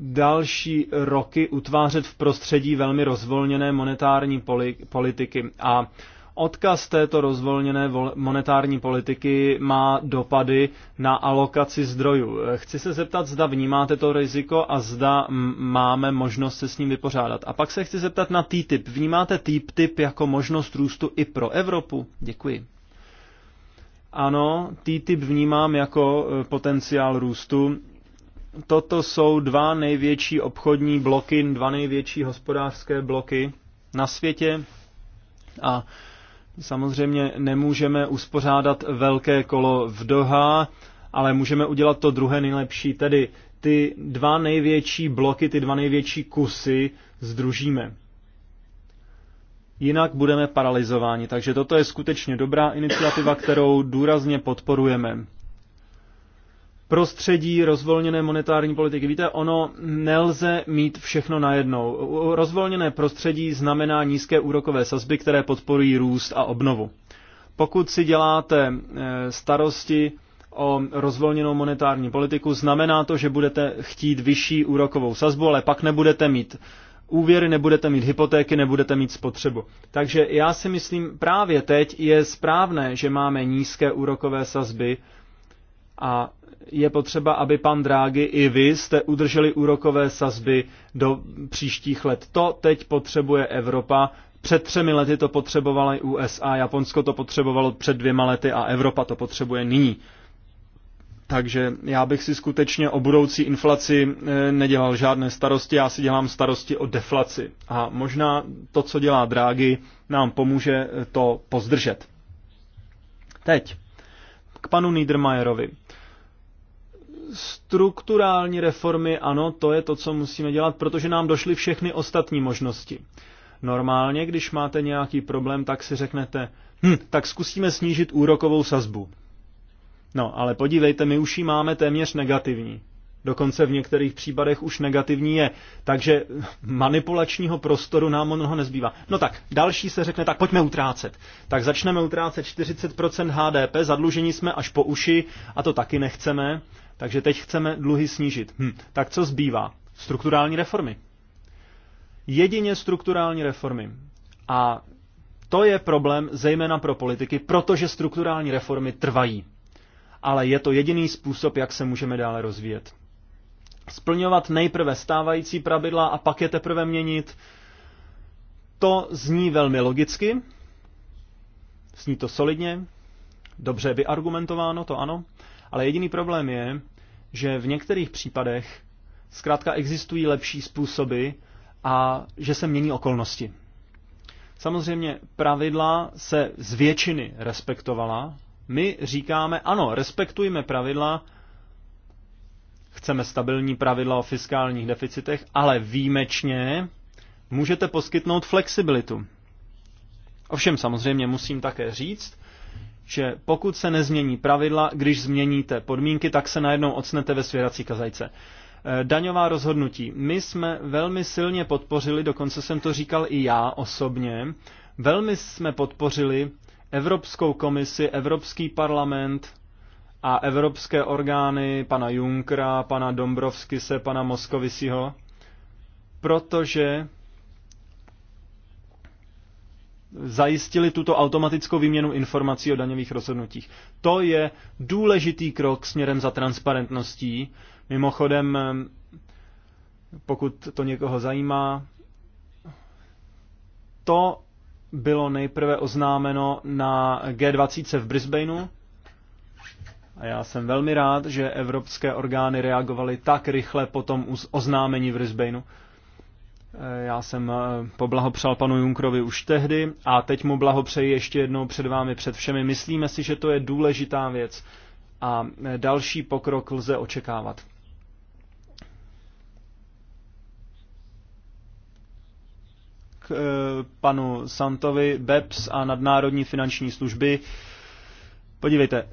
Speaker 1: další roky utvářet v prostředí velmi rozvolněné monetární politiky. A odkaz této rozvolněné monetární politiky má dopady na alokaci zdrojů. Chci se zeptat, zda vnímáte to riziko a zda máme možnost se s ním vypořádat. A pak se chci zeptat na TTIP. Vnímáte TTIP jako možnost růstu i pro Evropu? Děkuji. Ano, TTIP vnímám jako eh, potenciál růstu toto jsou dva největší obchodní bloky, dva největší hospodářské bloky na světě a samozřejmě nemůžeme uspořádat velké kolo v Doha, ale můžeme udělat to druhé nejlepší, tedy ty dva největší bloky, ty dva největší kusy združíme. Jinak budeme paralizováni. Takže toto je skutečně dobrá iniciativa, kterou důrazně podporujeme prostředí rozvolněné monetární politiky. Víte, ono nelze mít všechno najednou. Rozvolněné prostředí znamená nízké úrokové sazby, které podporují růst a obnovu. Pokud si děláte eh, starosti o rozvolněnou monetární politiku, znamená to, že budete chtít vyšší úrokovou sazbu, ale pak nebudete mít úvěry, nebudete mít hypotéky, nebudete mít spotřebu. Takže já si myslím, právě teď je správné, že máme nízké úrokové sazby a je potřeba, aby pan Drágy i vy jste udrželi úrokové sazby do příštích let. To teď potřebuje Evropa. Před třemi lety to potřebovala i USA, Japonsko to potřebovalo před dvěma lety a Evropa to potřebuje nyní. Takže já bych si skutečně o budoucí inflaci e, nedělal žádné starosti, já si dělám starosti o deflaci. A možná to, co dělá Drágy, nám pomůže e, to pozdržet. Teď k panu Niedermayerovi strukturální reformy, ano, to je to, co musíme dělat, protože nám došly všechny ostatní možnosti. Normálně, když máte nějaký problém, tak si řeknete, hm, tak zkusíme snížit úrokovou sazbu. No, ale podívejte, my už ji máme téměř negativní. Dokonce v některých případech už negativní je. Takže manipulačního prostoru nám mnoho nezbývá. No tak, další se řekne, tak pojďme utrácet. Tak začneme utrácet 40% HDP, zadlužení jsme až po uši a to taky nechceme. Takže teď chceme dluhy snížit. Hm, tak co zbývá? Strukturální reformy. Jedině strukturální reformy. A to je problém zejména pro politiky, protože strukturální reformy trvají. Ale je to jediný způsob, jak se můžeme dále rozvíjet. Splňovat nejprve stávající pravidla a pak je teprve měnit, to zní velmi logicky, zní to solidně, dobře vyargumentováno, to ano, ale jediný problém je, že v některých případech zkrátka existují lepší způsoby a že se mění okolnosti. Samozřejmě pravidla se z většiny respektovala. My říkáme, ano, respektujme pravidla, chceme stabilní pravidla o fiskálních deficitech, ale výjimečně můžete poskytnout flexibilitu. Ovšem samozřejmě musím také říct, že pokud se nezmění pravidla, když změníte podmínky, tak se najednou ocnete ve svěrací kazajce. E, daňová rozhodnutí. My jsme velmi silně podpořili, dokonce jsem to říkal i já osobně, velmi jsme podpořili Evropskou komisi, Evropský parlament a evropské orgány pana Junkra, pana Dombrovskise, pana Moskovisiho, protože zajistili tuto automatickou výměnu informací o daňových rozhodnutích. To je důležitý krok směrem za transparentností. Mimochodem, pokud to někoho zajímá, to bylo nejprve oznámeno na G20 v Brisbaneu. A já jsem velmi rád, že evropské orgány reagovaly tak rychle po tom oznámení v Brisbaneu já jsem eh, poblahopřál panu Junkrovi už tehdy a teď mu blahopřeji ještě jednou před vámi, před všemi. Myslíme si, že to je důležitá věc a eh, další pokrok lze očekávat. K eh, panu Santovi, BEPS a nadnárodní finanční služby. Podívejte,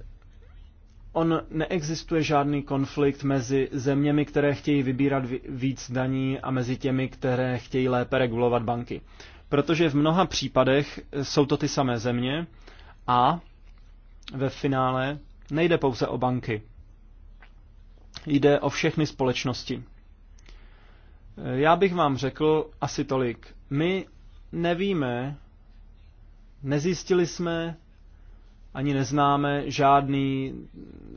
Speaker 1: on neexistuje žádný konflikt mezi zeměmi, které chtějí vybírat víc daní a mezi těmi, které chtějí lépe regulovat banky. Protože v mnoha případech jsou to ty samé země a ve finále nejde pouze o banky. Jde o všechny společnosti. Já bych vám řekl asi tolik. My nevíme, nezjistili jsme, ani neznáme žádný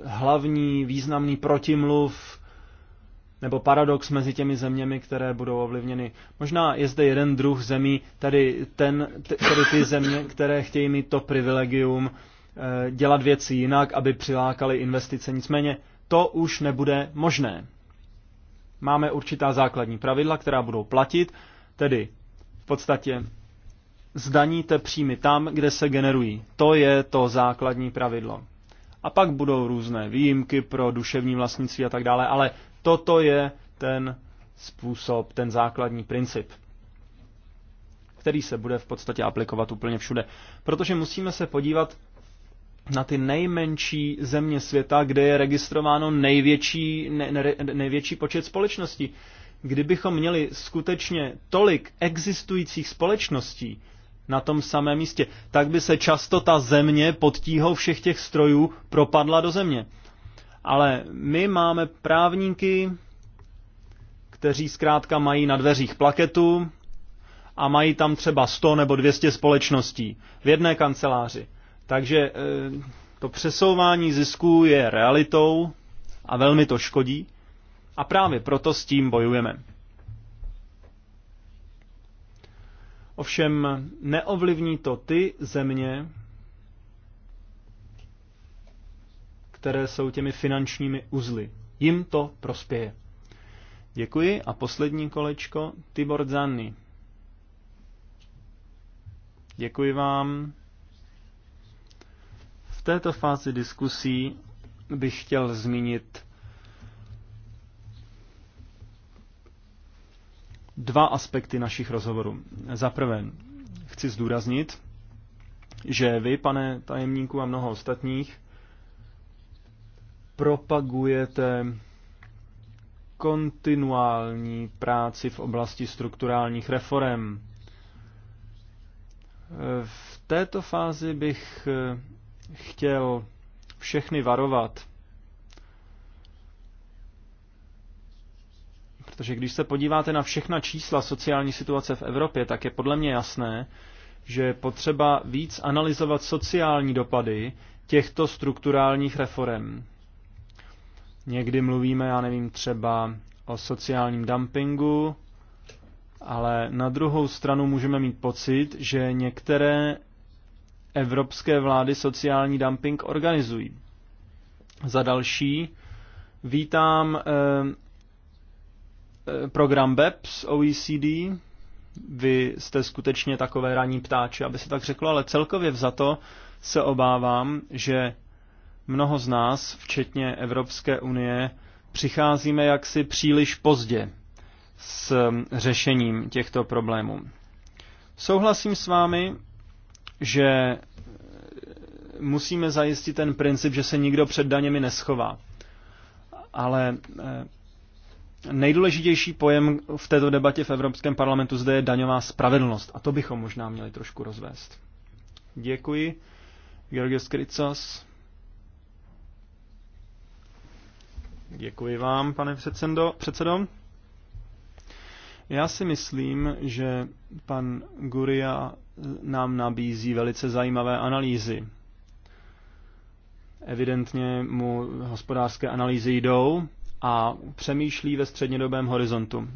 Speaker 1: hlavní významný protimluv nebo paradox mezi těmi zeměmi, které budou ovlivněny. Možná je zde jeden druh zemí, tedy, ten, tedy ty země, které chtějí mít to privilegium eh, dělat věci jinak, aby přilákali investice. Nicméně to už nebude možné. Máme určitá základní pravidla, která budou platit, tedy v podstatě zdaníte příjmy tam, kde se generují. To je to základní pravidlo. A pak budou různé výjimky pro duševní vlastnictví a tak dále, ale toto je ten způsob, ten základní princip, který se bude v podstatě aplikovat úplně všude. Protože musíme se podívat na ty nejmenší země světa, kde je registrováno největší, ne, ne, největší počet společností. Kdybychom měli skutečně tolik existujících společností, na tom samém místě. Tak by se často ta země pod tíhou všech těch strojů propadla do země. Ale my máme právníky, kteří zkrátka mají na dveřích plaketu a mají tam třeba 100 nebo 200 společností v jedné kanceláři. Takže eh, to přesouvání zisků je realitou a velmi to škodí a právě proto s tím bojujeme. Ovšem neovlivní to ty země, které jsou těmi finančními uzly. Jim to prospěje. Děkuji a poslední kolečko Tibor Zanny. Děkuji vám. V této fázi diskusí bych chtěl zmínit dva aspekty našich rozhovorů. Za prvé, chci zdůraznit, že vy, pane tajemníku a mnoho ostatních, propagujete kontinuální práci v oblasti strukturálních reform. V této fázi bych eh, chtěl všechny varovat Protože když se podíváte na všechna čísla sociální situace v Evropě, tak je podle mě jasné, že je potřeba víc analyzovat sociální dopady těchto strukturálních reform. Někdy mluvíme, já nevím, třeba o sociálním dumpingu, ale na druhou stranu můžeme mít pocit, že některé evropské vlády sociální dumping organizují. Za další, vítám eh, Eh, program BEPS OECD. Vy jste skutečně takové ranní ptáče, aby se tak řeklo, ale celkově vzato se obávám, že mnoho z nás, včetně Evropské unie, přicházíme jaksi příliš pozdě s řešením těchto problémů. Souhlasím s vámi, že musíme zajistit ten princip, že se nikdo před daněmi neschová. Ale eh, nejdůležitější pojem v této debatě v Evropském parlamentu zde je daňová spravedlnost. A to bychom možná měli trošku rozvést. Děkuji. Georgios Kricas. Děkuji vám, pane předsendo, předsedo. Já si myslím, že pan Guria nám nabízí velice zajímavé analýzy. Evidentně mu hospodářské analýzy jdou, a přemýšlí ve střednědobém horizontu.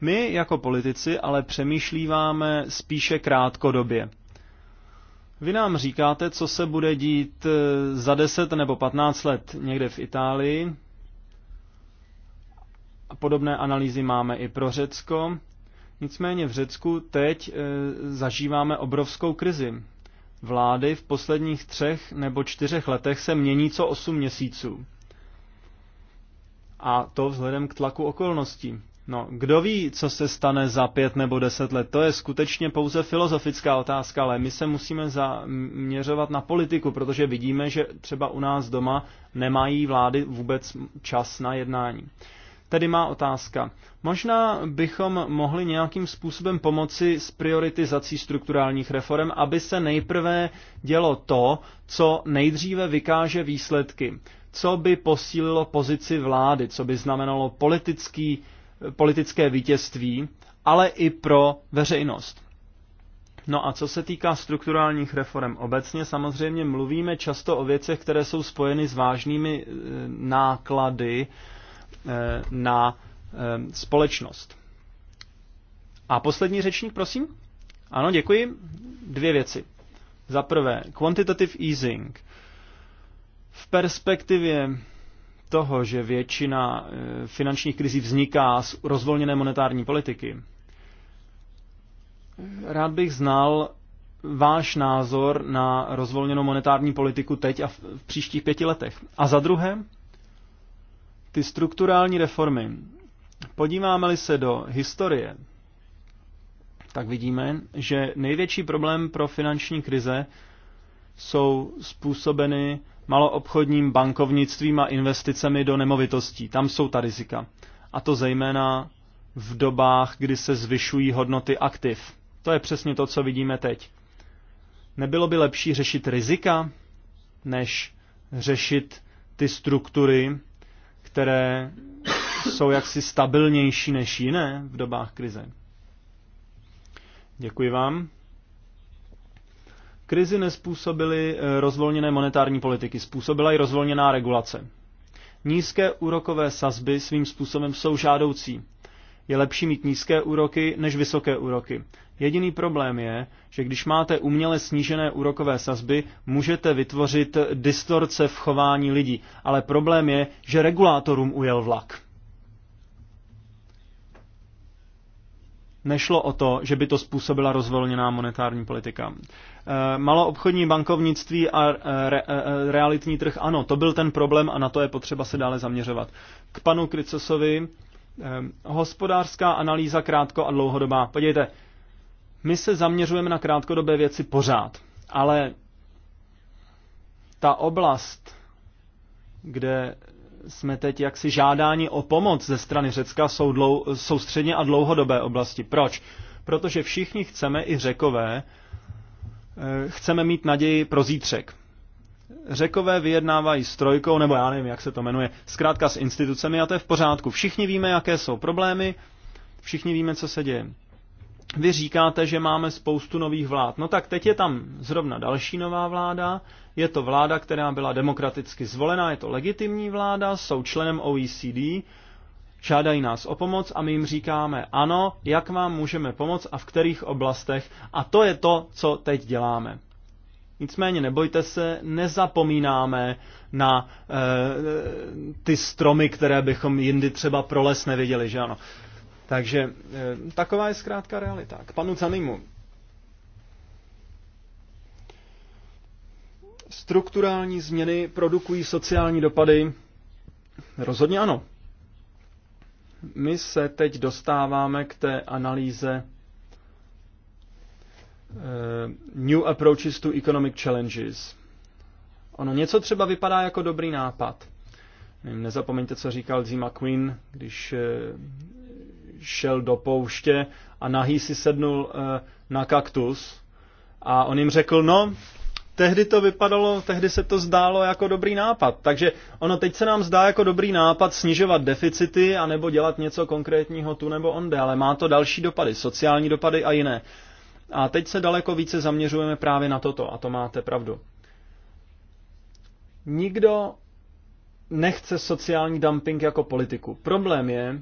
Speaker 1: My jako politici ale přemýšlíváme spíše krátkodobě. Vy nám říkáte, co se bude dít eh, za 10 nebo 15 let někde v Itálii. Podobné analýzy máme i pro Řecko. Nicméně v Řecku teď eh, zažíváme obrovskou krizi. Vlády v posledních třech nebo čtyřech letech se mění co 8 měsíců. A to vzhledem k tlaku okolností. No, kdo ví, co se stane za pět nebo deset let? To je skutečně pouze filozofická otázka, ale my se musíme zaměřovat na politiku, protože vidíme, že třeba u nás doma nemají vlády vůbec čas na jednání. Tedy má otázka. Možná bychom mohli nějakým způsobem pomoci s prioritizací strukturálních reform, aby se nejprve dělo to, co nejdříve vykáže výsledky co by posílilo pozici vlády, co by znamenalo politický, politické vítězství, ale i pro veřejnost. No a co se týká strukturálních reform obecně, samozřejmě mluvíme často o věcech, které jsou spojeny s vážnými eh, náklady eh, na eh, společnost. A poslední řečník, prosím? Ano, děkuji. Dvě věci. Za prvé, quantitative easing. V perspektivě toho, že většina eh, finančních krizí vzniká z rozvolněné monetární politiky, rád bych znal váš názor na rozvolněnou monetární politiku teď a v příštích pěti letech. A za druhé, ty strukturální reformy. Podíváme-li se do historie, tak vidíme, že největší problém pro finanční krize jsou způsobeny maloobchodním bankovnictvím a investicemi do nemovitostí. Tam jsou ta rizika. A to zejména v dobách, kdy se zvyšují hodnoty aktiv. To je přesně to, co vidíme teď. Nebylo by lepší řešit rizika, než řešit ty struktury, které jsou jaksi stabilnější než jiné v dobách krize. Děkuji vám. Krizi nespůsobily eh, rozvolněné monetární politiky, způsobila i rozvolněná regulace. Nízké úrokové sazby svým způsobem jsou žádoucí. Je lepší mít nízké úroky než vysoké úroky. Jediný problém je, že když máte uměle snížené úrokové sazby, můžete vytvořit distorce v chování lidí. Ale problém je, že regulátorům ujel vlak. nešlo o to, že by to způsobila rozvolněná monetární politika. Eh, maloobchodní bankovnictví a eh, re, eh, realitní trh, ano, to byl ten problém a na to je potřeba se dále zaměřovat. K panu Krycosovi, hospodářská analýza krátko a dlouhodobá. Podívejte, my se zaměřujeme na krátkodobé věci pořád, ale ta oblast, kde jsme teď jaksi žádáni o pomoc ze strany Řecka jsou, dlou, jsou středně a dlouhodobé oblasti. Proč? Protože všichni chceme, i Řekové, eh, chceme mít naději pro zítřek. Řekové vyjednávají s trojkou, nebo já nevím, jak se to jmenuje, zkrátka s institucemi a to je v pořádku. Všichni víme, jaké jsou problémy, všichni víme, co se děje vy říkáte, že máme spoustu nových vlád. No tak teď je tam zrovna další nová vláda. Je to vláda, která byla demokraticky zvolená, je to legitimní vláda, jsou členem OECD, žádají nás o pomoc a my jim říkáme ano, jak vám můžeme pomoct a v kterých oblastech. A to je to, co teď děláme. Nicméně nebojte se, nezapomínáme na e, ty stromy, které bychom jindy třeba pro les neviděli, že ano. Takže eh, taková je zkrátka realita. K panu Canimu. Strukturální změny produkují sociální dopady? Rozhodně ano. My se teď dostáváme k té analýze eh, New Approaches to Economic Challenges. Ono něco třeba vypadá jako dobrý nápad. Nezapomeňte, co říkal Zima Quinn, když eh, šel do pouště a nahý si sednul eh, na kaktus a on jim řekl, no, tehdy to vypadalo, tehdy se to zdálo jako dobrý nápad. Takže ono teď se nám zdá jako dobrý nápad snižovat deficity nebo dělat něco konkrétního tu nebo onde, ale má to další dopady, sociální dopady a jiné. A teď se daleko více zaměřujeme právě na toto a to máte pravdu. Nikdo nechce sociální dumping jako politiku. Problém je,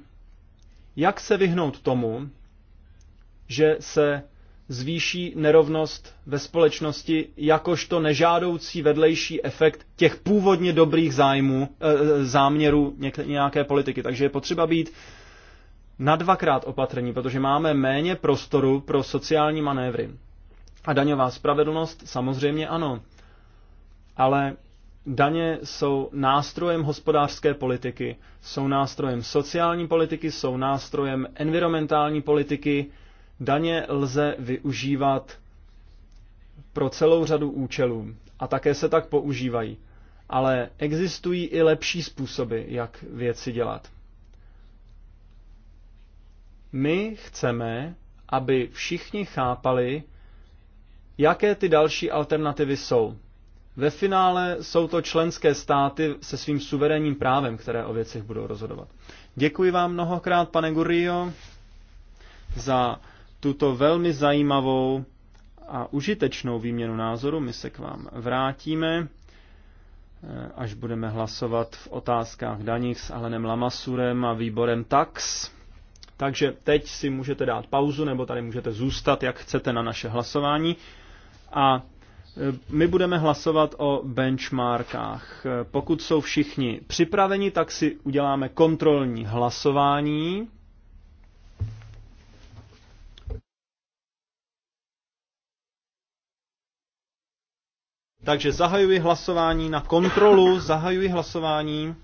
Speaker 1: jak se vyhnout tomu, že se zvýší nerovnost ve společnosti jakožto nežádoucí vedlejší efekt těch původně dobrých zájmů, eh, záměrů nějaké politiky. Takže je potřeba být na dvakrát opatrní, protože máme méně prostoru pro sociální manévry. A daňová spravedlnost samozřejmě ano. Ale Daně jsou nástrojem hospodářské politiky, jsou nástrojem sociální politiky, jsou nástrojem environmentální politiky. Daně lze využívat pro celou řadu účelů a také se tak používají. Ale existují i lepší způsoby, jak věci dělat. My chceme, aby všichni chápali, jaké ty další alternativy jsou. Ve finále jsou to členské státy se svým suverénním právem, které o věcech budou rozhodovat. Děkuji vám mnohokrát, pane Gurio, za tuto velmi zajímavou a užitečnou výměnu názoru. My se k vám vrátíme, eh, až budeme hlasovat v otázkách daních s Alenem Lamasurem a výborem TAX. Takže teď si můžete dát pauzu, nebo tady můžete zůstat, jak chcete, na naše hlasování. A my budeme hlasovat o benchmarkách. Pokud jsou všichni připraveni, tak si uděláme kontrolní hlasování. Takže zahajuji hlasování na kontrolu, zahajuji hlasování.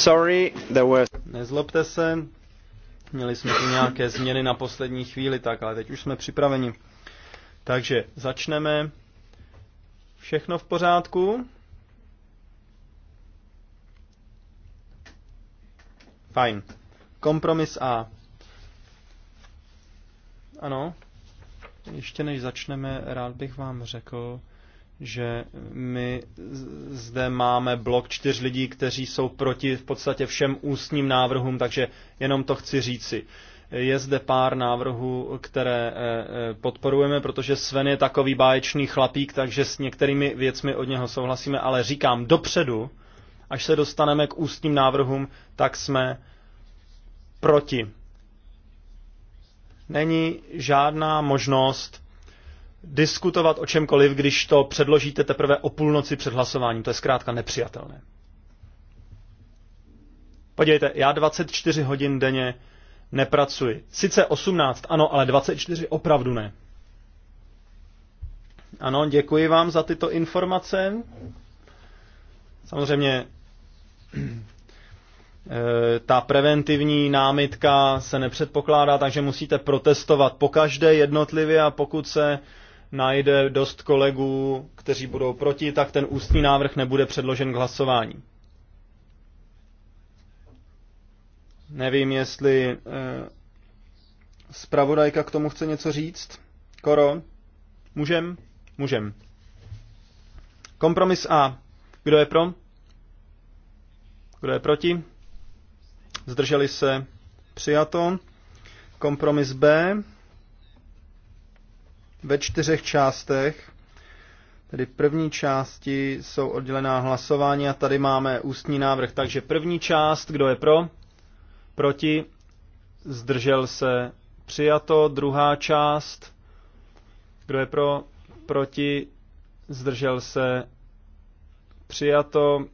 Speaker 1: sorry, there were... Nezlobte se, měli jsme tu nějaké změny na poslední chvíli, tak ale teď už jsme připraveni. Takže začneme. Všechno v pořádku? Fajn. Kompromis A. Ano. Ještě než začneme, rád bych vám řekl, že my zde máme blok čtyř lidí, kteří jsou proti v podstatě všem ústním návrhům, takže jenom to chci říci. Je zde pár návrhů, které eh, eh, podporujeme, protože Sven je takový báječný chlapík, takže s některými věcmi od něho souhlasíme, ale říkám dopředu, až se dostaneme k ústním návrhům, tak jsme proti. Není žádná možnost diskutovat o čemkoliv, když to předložíte teprve o půlnoci před hlasováním. To je zkrátka nepřijatelné. Podívejte, já 24 hodin denně nepracuji. Sice 18, ano, ale 24 opravdu ne. Ano, děkuji vám za tyto informace. Samozřejmě eh, ta preventivní námitka se nepředpokládá, takže musíte protestovat po každé jednotlivě a pokud se najde dost kolegů, kteří budou proti, tak ten ústní návrh nebude předložen k hlasování. Nevím, jestli Spravodajka eh, k tomu chce něco říct? Koro? Můžem? Můžem. Kompromis A. Kdo je pro? Kdo je proti? Zdrželi se? Přijato. Kompromis B ve čtyřech částech. Tedy první části jsou oddělená hlasování a tady máme ústní návrh. Takže první část, kdo je pro? Proti? Zdržel se? Přijato. Druhá část, kdo je pro? Proti? Zdržel se? Přijato.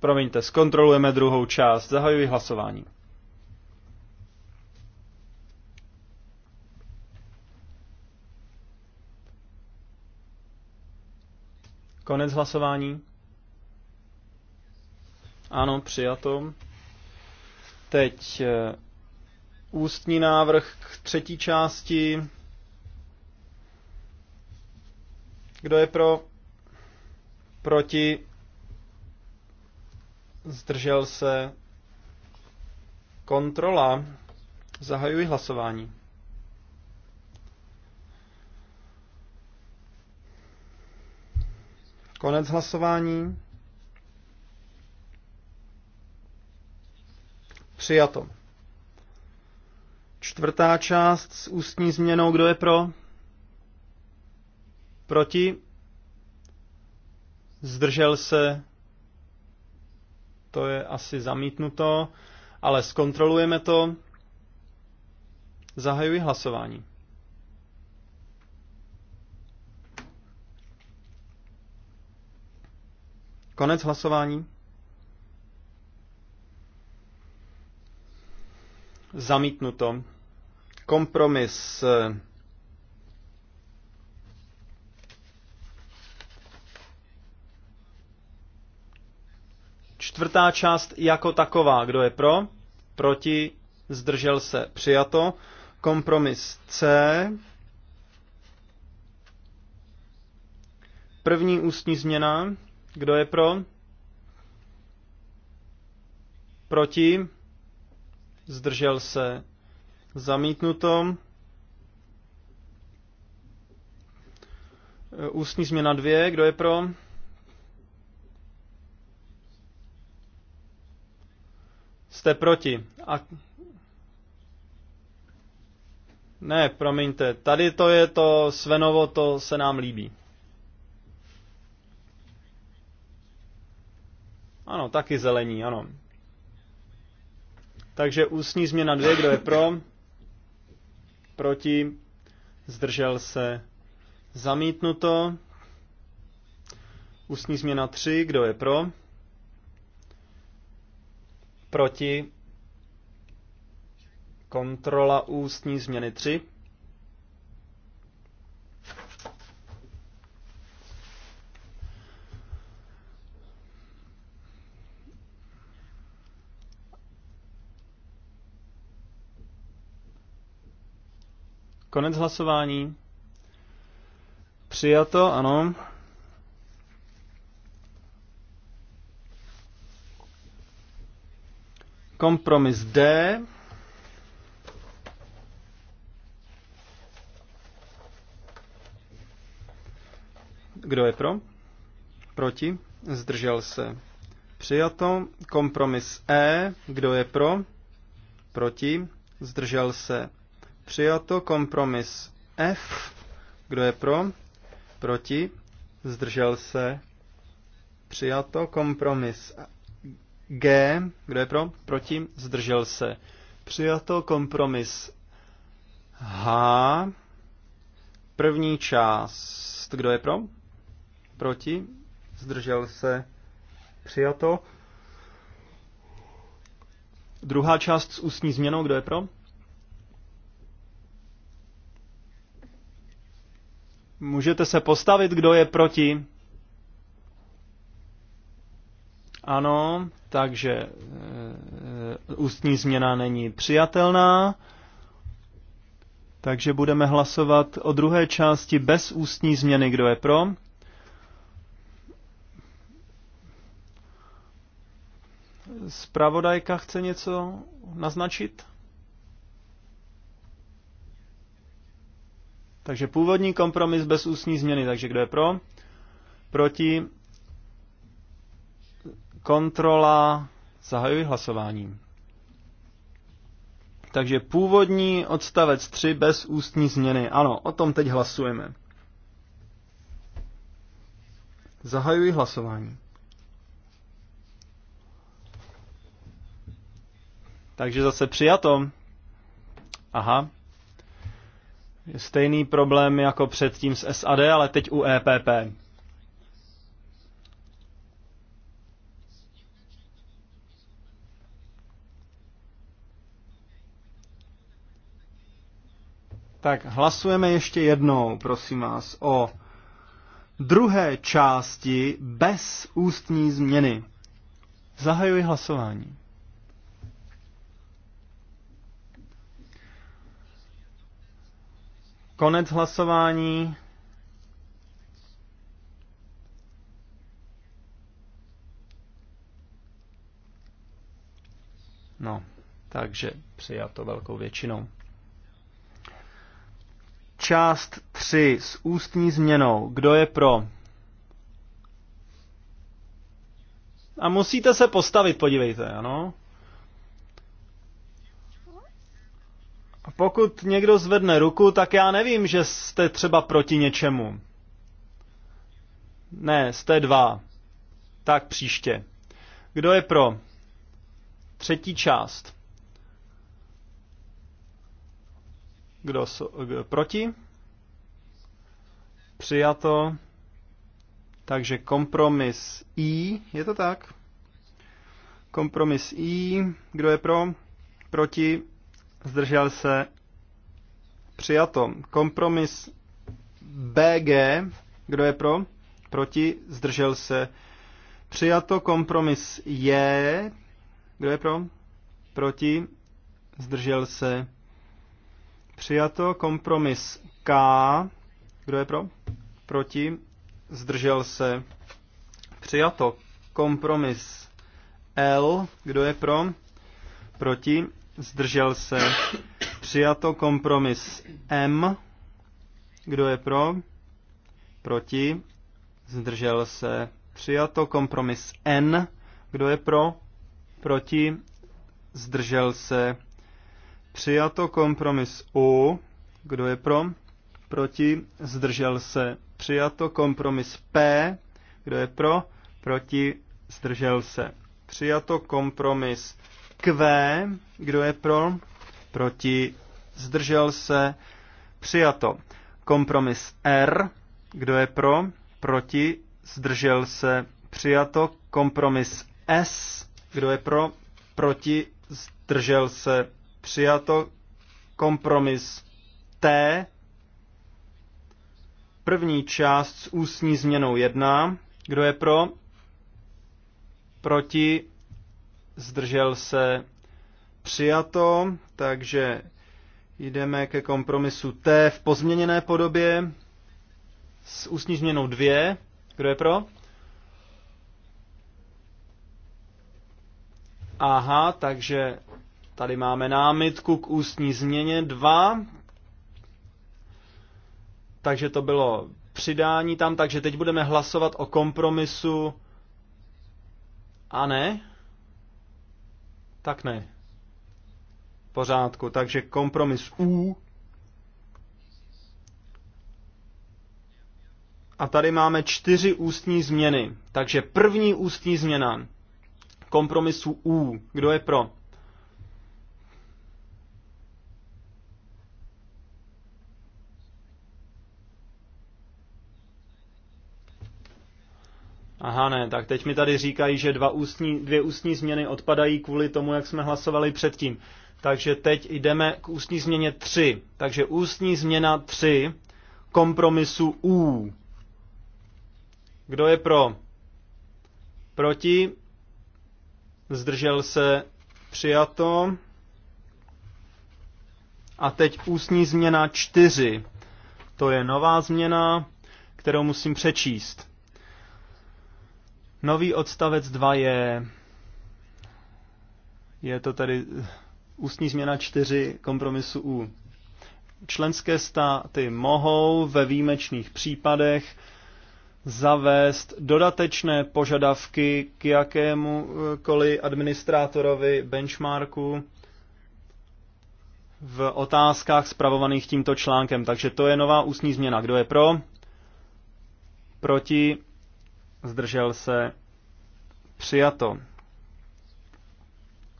Speaker 1: Promiňte, zkontrolujeme druhou část. Zahajuji hlasování. Konec hlasování. Ano, přijato. Teď eh, ústní návrh k třetí části. Kdo je pro? Proti? Zdržel se? Kontrola. Zahajuji hlasování. Konec hlasování. Přijato. Čtvrtá část s ústní změnou. Kdo je pro? Proti? Zdržel se? To je asi zamítnuto, ale zkontrolujeme to. Zahajuji hlasování. Konec hlasování. Zamítnuto. Kompromis. Eh, čtvrtá část jako taková. Kdo je pro? Proti? Zdržel se? Přijato. Kompromis C. První ústní změna. Kdo je pro? Proti? Zdržel se. Zamítnuto. E, ústní změna dvě. Kdo je pro? Jste proti. A... Ne, promiňte. Tady to je to Svenovo, to se nám líbí. Ano, taky zelení, ano. Takže ústní změna dvě, kdo je pro? Proti? Zdržel se? Zamítnuto. Ústní změna tři, kdo je pro? Proti? Kontrola ústní změny 3. Konec hlasování. Přijato, ano. Kompromis D. Kdo je pro? Proti? Zdržel se. Přijato. Kompromis E. Kdo je pro? Proti? Zdržel se. Přijato kompromis F. Kdo je pro? Proti? Zdržel se? Přijato kompromis G. Kdo je pro? Proti? Zdržel se? Přijato kompromis H. První část. Kdo je pro? Proti? Zdržel se? Přijato. Druhá část s ústní změnou. Kdo je pro? Můžete se postavit, kdo je proti? Ano, takže e, ústní změna není přijatelná. Takže budeme hlasovat o druhé části bez ústní změny. Kdo je pro? Spravodajka chce něco naznačit? Takže původní kompromis bez ústní změny. Takže kdo je pro? Proti? Kontrola. Zahajuji hlasování. Takže původní odstavec 3 bez ústní změny. Ano, o tom teď hlasujeme. Zahajuji hlasování. Takže zase přijato. Aha, stejný problém jako předtím s SAD, ale teď u EPP. Tak hlasujeme ještě jednou, prosím vás, o druhé části bez ústní změny. Zahajuji hlasování. Konec hlasování. No, takže přijato velkou většinou. Část 3 s ústní změnou. Kdo je pro? A musíte se postavit, podívejte, ano? Pokud někdo zvedne ruku, tak já nevím, že jste třeba proti něčemu. Ne, jste dva. Tak příště. Kdo je pro? Třetí část. Kdo, so, k, proti? Přijato. Takže kompromis I, je to tak? Kompromis I, kdo je pro? Proti? zdržel se, přijato. Kompromis BG, kdo je pro, proti, zdržel se, přijato. Kompromis J, kdo je pro, proti, zdržel se, přijato. Kompromis K, kdo je pro, proti, zdržel se, přijato. Kompromis L, kdo je pro, proti, zdržel se, přijato kompromis M, kdo je pro, proti, zdržel se, přijato kompromis N, kdo je pro, proti, zdržel se, přijato kompromis U, kdo je pro, proti, zdržel se, přijato kompromis P, kdo je pro, proti, zdržel se. Přijato kompromis Q, kdo je pro, proti, zdržel se, přijato. Kompromis R, kdo je pro, proti, zdržel se, přijato. Kompromis S, kdo je pro, proti, zdržel se, přijato. Kompromis T, první část s ústní změnou 1, kdo je pro, proti, zdržel se, přijato, takže jdeme ke kompromisu T v pozměněné podobě s ústní změnou 2. Kdo je pro? Aha, takže tady máme námitku k ústní změně 2. Takže to bylo přidání tam, takže teď budeme hlasovat o kompromisu. A ne? Tak ne. V pořádku. Takže kompromis U. A tady máme čtyři ústní změny. Takže první ústní změna kompromisu U. Kdo je pro? Aha, ne, tak teď mi tady říkají, že dva ústní, dvě ústní změny odpadají kvůli tomu, jak jsme hlasovali předtím. Takže teď jdeme k ústní změně 3. Takže ústní změna 3 kompromisu U. Kdo je pro? Proti? Zdržel se? Přijato. A teď ústní změna 4. To je nová změna, kterou musím přečíst. Nový odstavec 2 je, je to tady ústní změna 4 kompromisu U. Členské státy mohou ve výjimečných případech zavést dodatečné požadavky k jakémukoliv administrátorovi benchmarku v otázkách spravovaných tímto článkem. Takže to je nová ústní změna. Kdo je pro? Proti? zdržel se, přijato.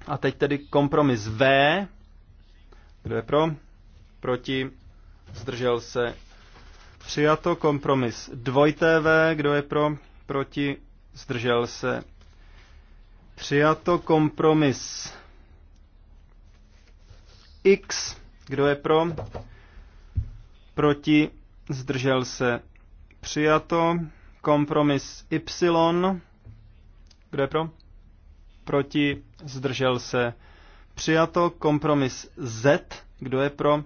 Speaker 1: A teď tedy kompromis V, kdo je pro, proti, zdržel se, přijato. Kompromis dvojité V, kdo je pro, proti, zdržel se, přijato. Kompromis X, kdo je pro, proti, zdržel se, přijato. Kompromis Y. Kdo je pro? Proti. Zdržel se. Přijato. Kompromis Z. Kdo je pro?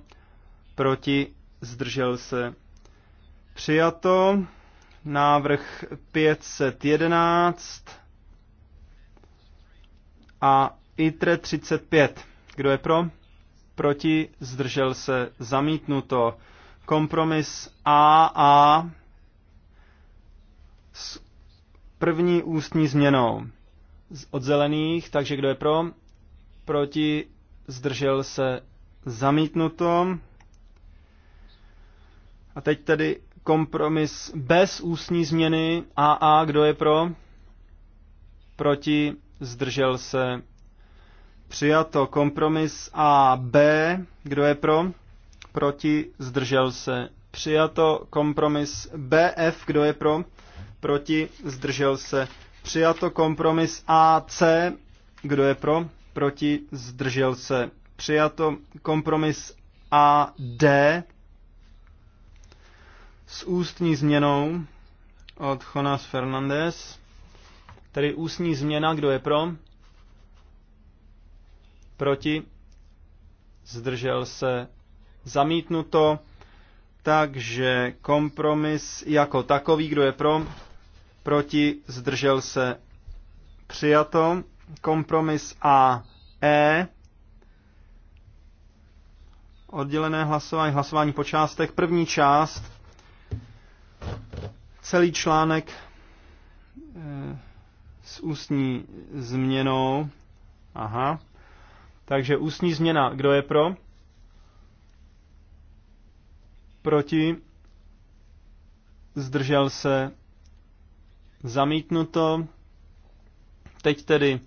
Speaker 1: Proti. Zdržel se. Přijato. Návrh 511 a ITRE 35. Kdo je pro? Proti. Zdržel se. Zamítnuto. Kompromis AA s první ústní změnou od zelených, takže kdo je pro? Proti, zdržel se zamítnuto. A teď tedy kompromis bez ústní změny AA, kdo je pro? Proti, zdržel se přijato. Kompromis AB, kdo je pro? Proti, zdržel se přijato. Kompromis BF, kdo je pro? proti, zdržel se, přijato. Kompromis AC, kdo je pro, proti, zdržel se, přijato. Kompromis AD s ústní změnou od Jonas Fernandez. Tedy ústní změna, kdo je pro? Proti? Zdržel se zamítnuto. Takže kompromis jako takový, kdo je pro? proti, zdržel se, přijato. Kompromis A, E, oddělené hlasování, hlasování po částech. První část, celý článek eh, s ústní změnou. Aha. Takže ústní změna, kdo je pro? Proti? Zdržel se? Zamítnuto. Teď tedy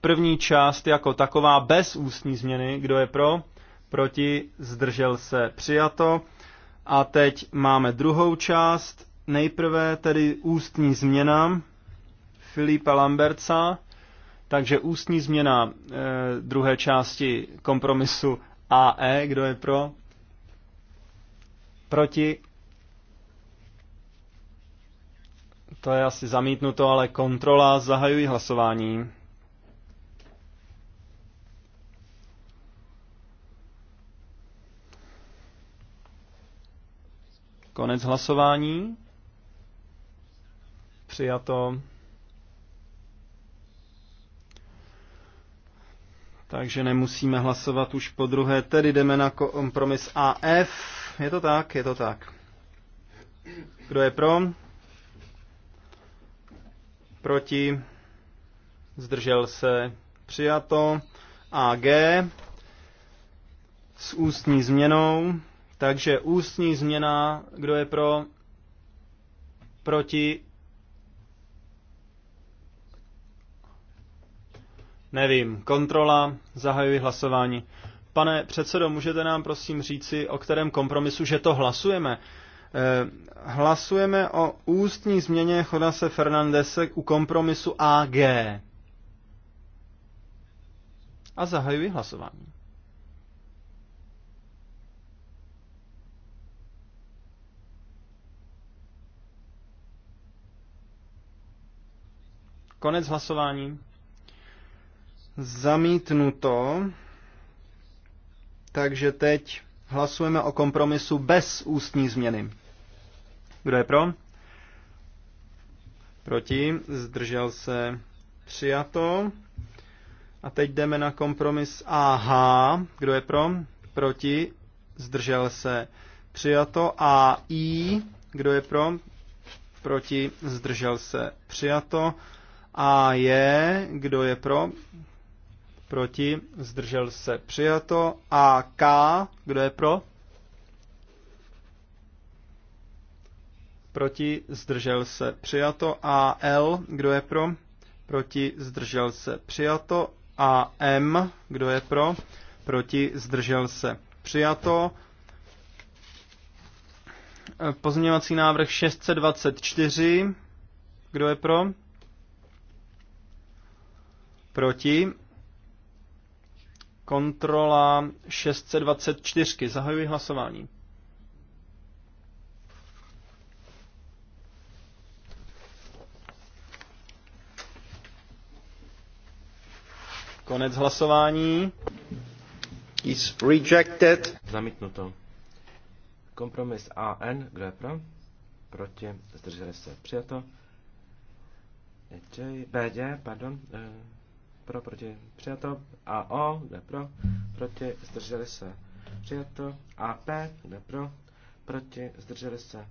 Speaker 1: první část jako taková bez ústní změny. Kdo je pro? Proti? Zdržel se? Přijato. A teď máme druhou část. Nejprve tedy ústní změna Filipa Lamberca. Takže ústní změna e, druhé části kompromisu AE. Kdo je pro? Proti? To je asi zamítnuto, ale kontrola. zahajují hlasování. Konec hlasování. Přijato. Takže nemusíme hlasovat už po druhé. Tedy jdeme na kompromis AF. Je to tak? Je to tak. Kdo je pro? proti, zdržel se, přijato. a G s ústní změnou, takže ústní změna, kdo je pro, proti, nevím, kontrola, zahajuji hlasování. Pane předsedo, můžete nám prosím říci, o kterém kompromisu, že to hlasujeme? Eh, hlasujeme o ústní změně Chodase Fernandese u kompromisu AG. A zahajuji hlasování. Konec hlasování. Zamítnuto. Takže teď hlasujeme o kompromisu bez ústní změny. Kdo je pro? Proti? Zdržel se? Přijato. A teď jdeme na kompromis AH. Kdo je pro? Proti? Zdržel se? Přijato. A I. Kdo je pro? Proti? Zdržel se? Přijato. A je. Kdo je pro? Proti? Zdržel se? Přijato. A K. Kdo je pro? proti, zdržel se, přijato. A L, kdo je pro, proti, zdržel se, přijato. A M, kdo je pro, proti, zdržel se, přijato. E, pozměňovací návrh 624, kdo je pro, proti, kontrola 624, zahajuji hlasování. Konec hlasování. Is rejected.
Speaker 2: Zamítnuto. Kompromis AN, kdo je pro? Proti, zdrželi se, přijato. J, e, BD, pardon, e, pro, proti, přijato. AO, kdo je pro? Proti, zdrželi se, přijato. AP, kdo je pro? Proti, zdrželi se,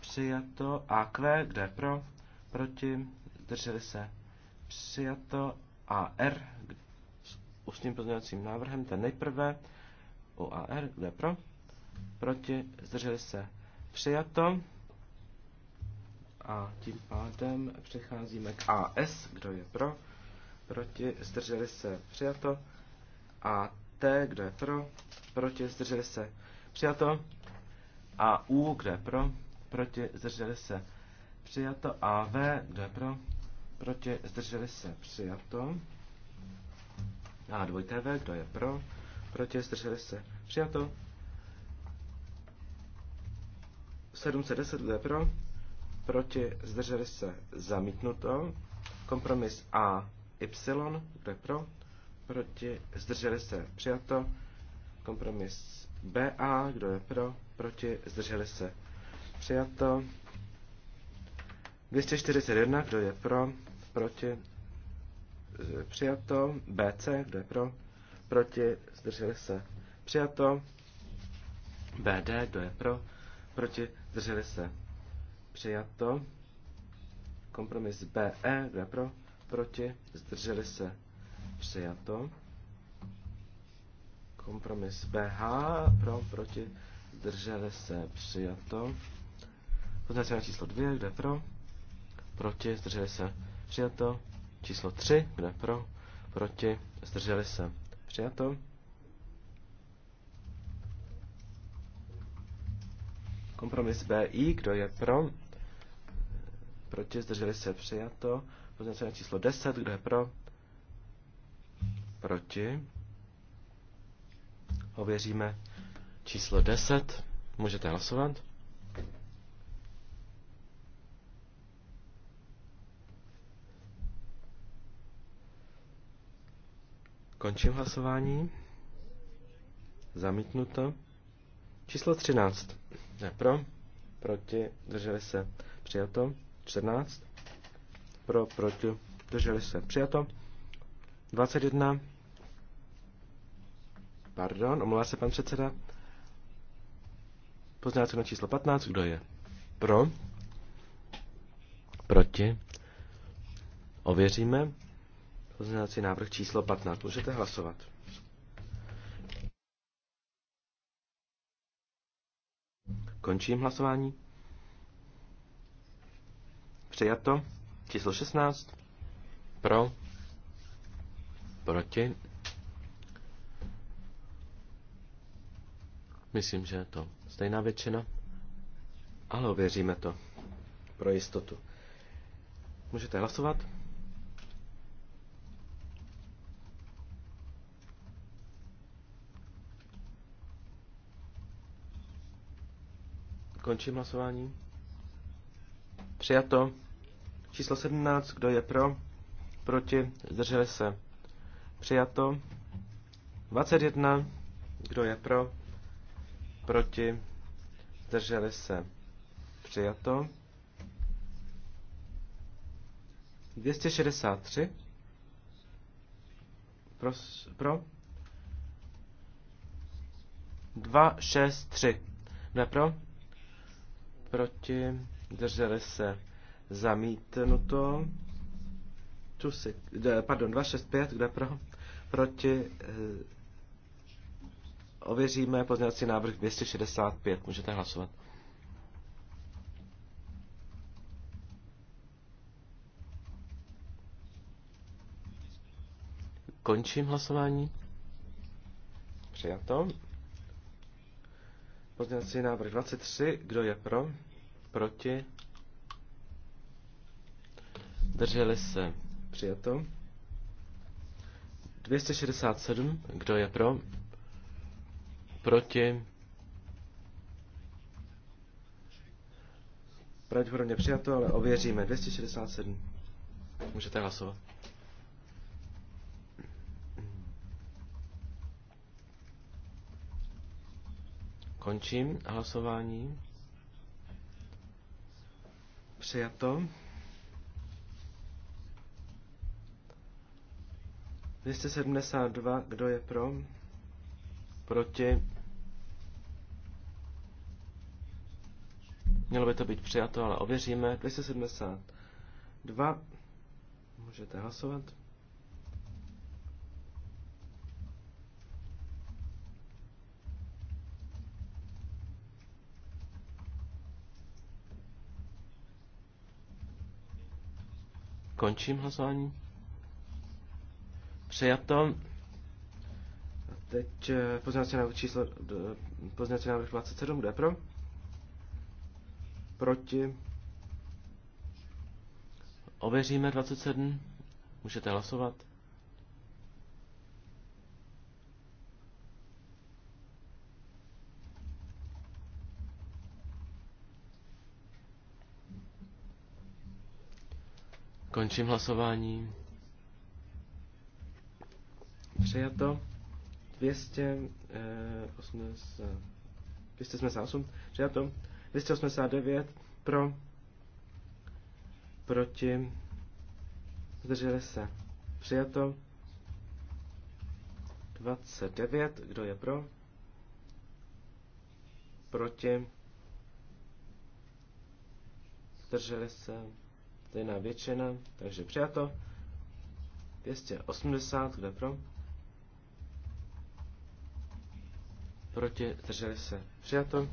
Speaker 2: přijato. AQ, kdo je pro? Proti, zdrželi se, přijato. AR, ústním pozměňovacím návrhem, ten nejprve u AR, kde pro, proti, zdrželi se přijato. A tím pádem přecházíme k AS, kdo je pro, proti, zdrželi se přijato. A T, kdo je pro, proti, zdrželi se přijato. A U, kdo je pro, proti, zdrželi se přijato. A V, kdo je pro, proti, zdrželi se přijato. A dvojité V, kdo je pro? Proti, zdrželi se. Přijato. 710, kdo je pro? Proti, zdrželi se. Zamítnuto. Kompromis A, Y, kdo je pro? Proti, zdrželi se. Přijato. Kompromis BA, kdo je pro? Proti, zdrželi se. Přijato. 241, kdo je pro? Proti, přijato. BC, kdo je pro? Proti, zdrželi se, přijato. BD, kdo je pro? Proti, zdrželi se, přijato. Kompromis BE, kdo je pro? Proti, zdrželi se, přijato. Kompromis BH, pro, proti, zdrželi se, přijato. na číslo 2, je pro? Proti, zdrželi se, přijato. Číslo 3, je pro, proti, zdrželi se. Přijato. Kompromis BI, kdo je pro, proti, zdrželi se. Přijato. na číslo 10, kdo je pro, proti. Ověříme číslo 10. Můžete hlasovat. Končím hlasování. Zamítnuto. Číslo 13. Ne, pro. Proti. Drželi se. Přijato. 14. Pro. Proti. Drželi se. Přijato. 21. Pardon, omlouvá se pan předseda. Poznáte na číslo 15. Kdo je? Pro. Proti. Ověříme. Pozměňovací návrh číslo 15. Můžete hlasovat. Končím hlasování. Přijato. Číslo 16. Pro. Proti. Myslím, že je to stejná většina. Ale ověříme to. Pro jistotu. Můžete hlasovat. Končím hlasování. Přijato. Číslo 17. Kdo je pro? Proti? Zdrželi se. Přijato. 21. Kdo je pro? Proti? Zdrželi se. Přijato. 263. Pro? pro? 2, 6, 3. pro? proti, drželi se zamítnuto. si, eh, pardon, 265, kde pro, proti, eh, ověříme pozměňovací návrh 265, můžete hlasovat. Končím hlasování. Přijato. Pozměňovací návrh 23. Kdo je pro? Proti? Drželi se. Přijato. 267. Kdo je pro? Proti? Pravděpodobně přijato, ale ověříme. 267. Můžete hlasovat. Končím hlasování. Přijato. 272, kdo je pro? Proti? Mělo by to být přijato, ale ověříme. 272. Můžete hlasovat. Končím hlasování. Přijato. A teď eh, poznáte návrh číslo, poznáte návrh 27, kdo je pro? Proti. Ověříme 27. Můžete hlasovat. Končím hlasování. Přijato. 280, 288, eh, přijato. 289 pro, proti, zdrželi se. Přijato. 29, kdo je pro? Proti. Zdrželi se stejná většina, takže přijato. 280, kde pro? Proti, drželi se, přijato.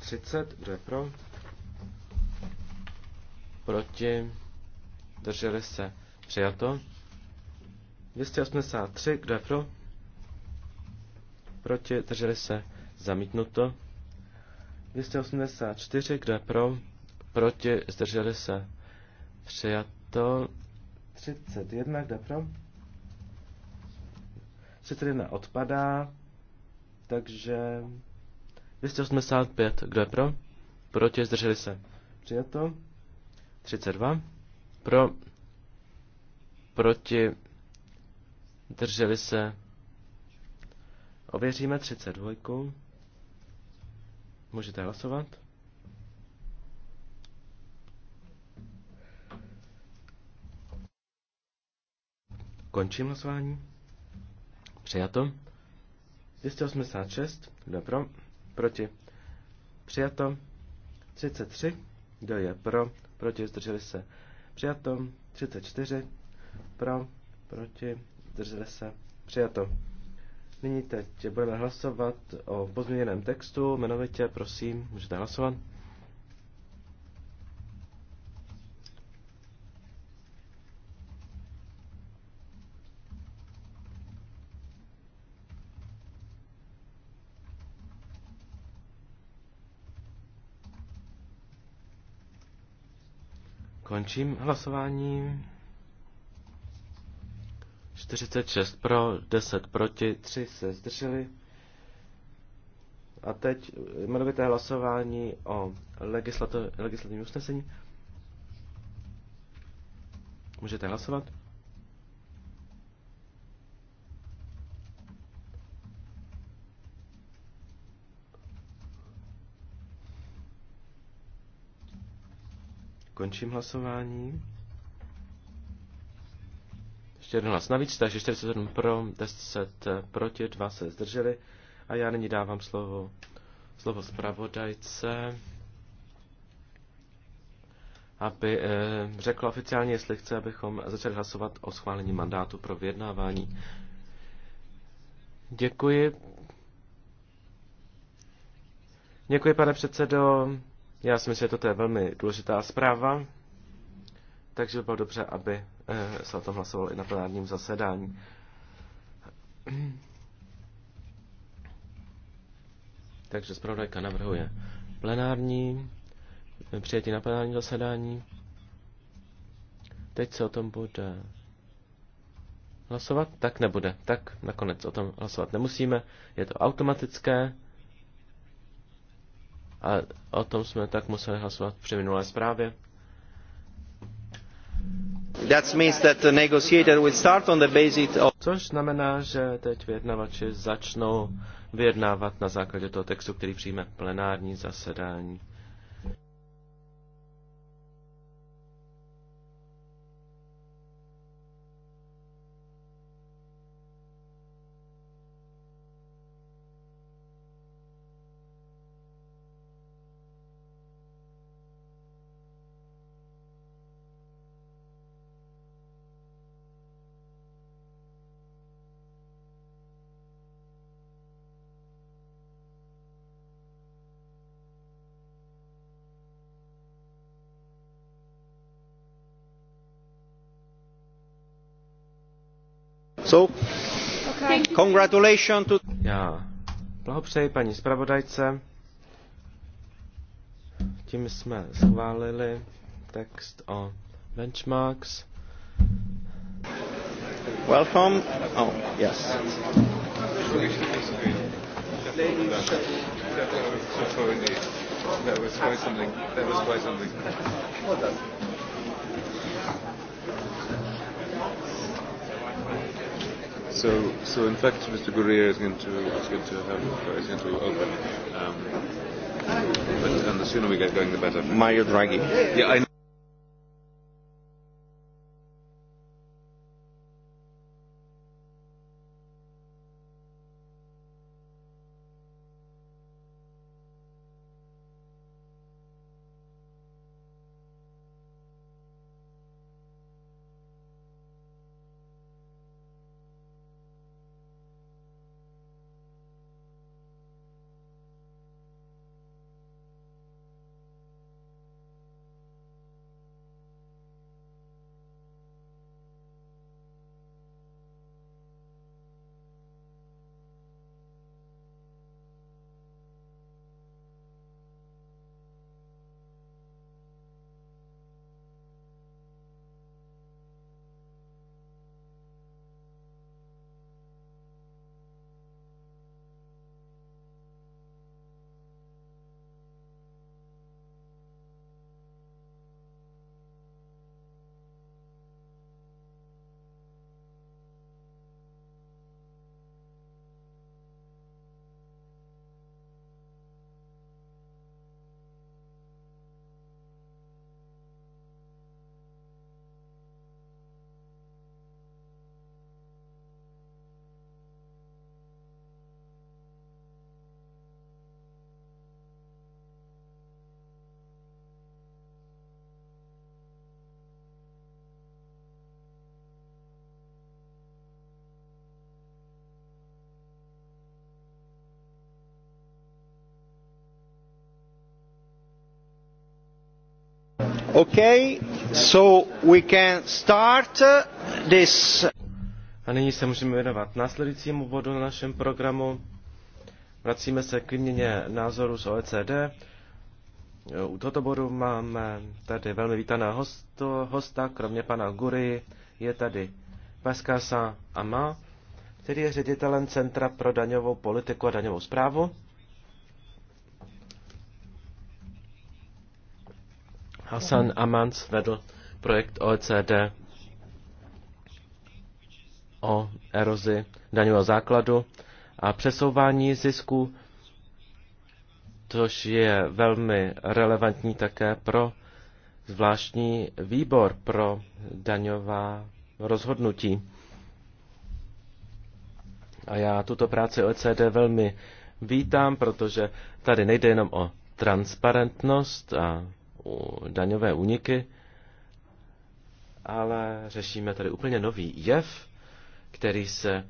Speaker 2: 30, kdo je pro? Proti, drželi se, přijato. 283, kdo je pro? Proti, drželi se, zamítnuto. 284, kdo je pro? Proti, zdrželi se, Přijato 31, kde pro? 31 odpadá, takže 285, kdo je pro? Proti, zdrželi se. Přijato. 32. Pro. Proti. Drželi se. Ověříme 32. Můžete hlasovat. Končím hlasování. Přijato. 286. Kdo je pro? Proti. Přijato. 33. Kdo je pro? Proti. Zdrželi se. Přijato. 34. Pro. Proti. Zdrželi se. Přijato. Nyní teď budeme hlasovat o pozměněném textu. Jmenovitě, prosím, můžete hlasovat. Končím hlasování. 46 pro, 10 proti, 3 se zdrželi. A teď jmenovité hlasování o legislativním usnesení. Můžete hlasovat. Končím hlasování. Ještě jeden hlas navíc, takže 47 pro, 10 proti, 2 se zdrželi. A já nyní dávám slovo, slovo zpravodajce, aby e, řekla oficiálně, jestli chce, abychom začali hlasovat o schválení mandátu pro vyjednávání. Děkuji. Děkuji, pane předsedo. Já si myslím, že toto je velmi důležitá zpráva, takže by bylo dobře, aby eh, se o tom hlasovalo i na plenárním zasedání. Takže zpravodajka navrhuje plenární, eh, přijetí na plenární zasedání. Teď se o tom bude hlasovat? Tak nebude. Tak nakonec o tom hlasovat nemusíme. Je to automatické. A o tom jsme tak museli hlasovat při minulé zprávě. That means that the negotiator will start on the basis of... Což znamená, že teď vyjednavači začnou vyjednávat na základě toho textu, který přijme plenární zasedání. So, congratulations to... Já blahopřeji paní zpravodajce. Tím jsme schválili text o benchmarks.
Speaker 1: Welcome. Oh, yes.
Speaker 2: That was quite something. That was quite something. So, so in fact, Mr. Gurria is going to is going to have is going to open. Um, but, and
Speaker 1: the sooner we get going, the better. Mario Draghi. Yeah, I know.
Speaker 2: Okay, so we can start uh, this. A nyní se můžeme věnovat následujícímu bodu na našem programu. Vracíme se k výměně názoru z OECD. U tohoto bodu máme tady velmi vítaná hosto, hosta, kromě pana Gury je tady Pascal Saint-Ama, který je ředitelem Centra pro daňovou politiku a daňovou zprávu Hassan Amans vedl projekt OECD o erozi daňového základu a přesouvání zisku, což je velmi relevantní také pro zvláštní výbor pro daňová rozhodnutí. A já tuto práci OECD velmi vítám, protože tady nejde jenom o transparentnost a daňové úniky, ale řešíme tady úplně nový jev, který se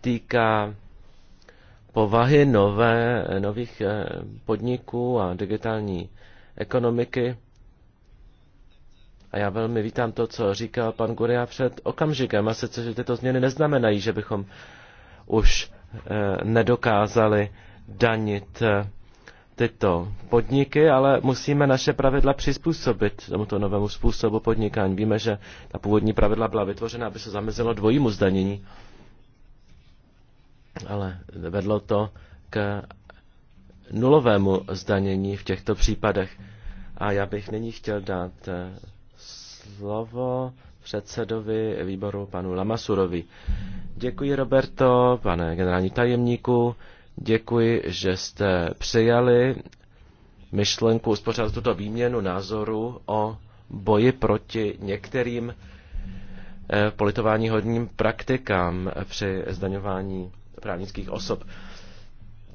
Speaker 2: týká povahy nové, nových eh, podniků a digitální ekonomiky. A já velmi vítám to, co říkal pan Guria před okamžikem, a sice, že tyto změny neznamenají, že bychom už eh, nedokázali danit eh, tyto podniky, ale musíme naše pravidla přizpůsobit tomuto novému způsobu podnikání. Víme, že ta původní pravidla byla vytvořena, aby se zamezilo dvojímu zdanění, ale vedlo to k nulovému zdanění v těchto případech. A já bych nyní chtěl dát eh, slovo předsedovi výboru panu Lamasurovi. Děkuji, Roberto, pane generální tajemníku. Děkuji, že jste přijali myšlenku uspořádat tuto výměnu názoru o boji proti některým eh, politování hodním praktikám při zdaňování právnických osob.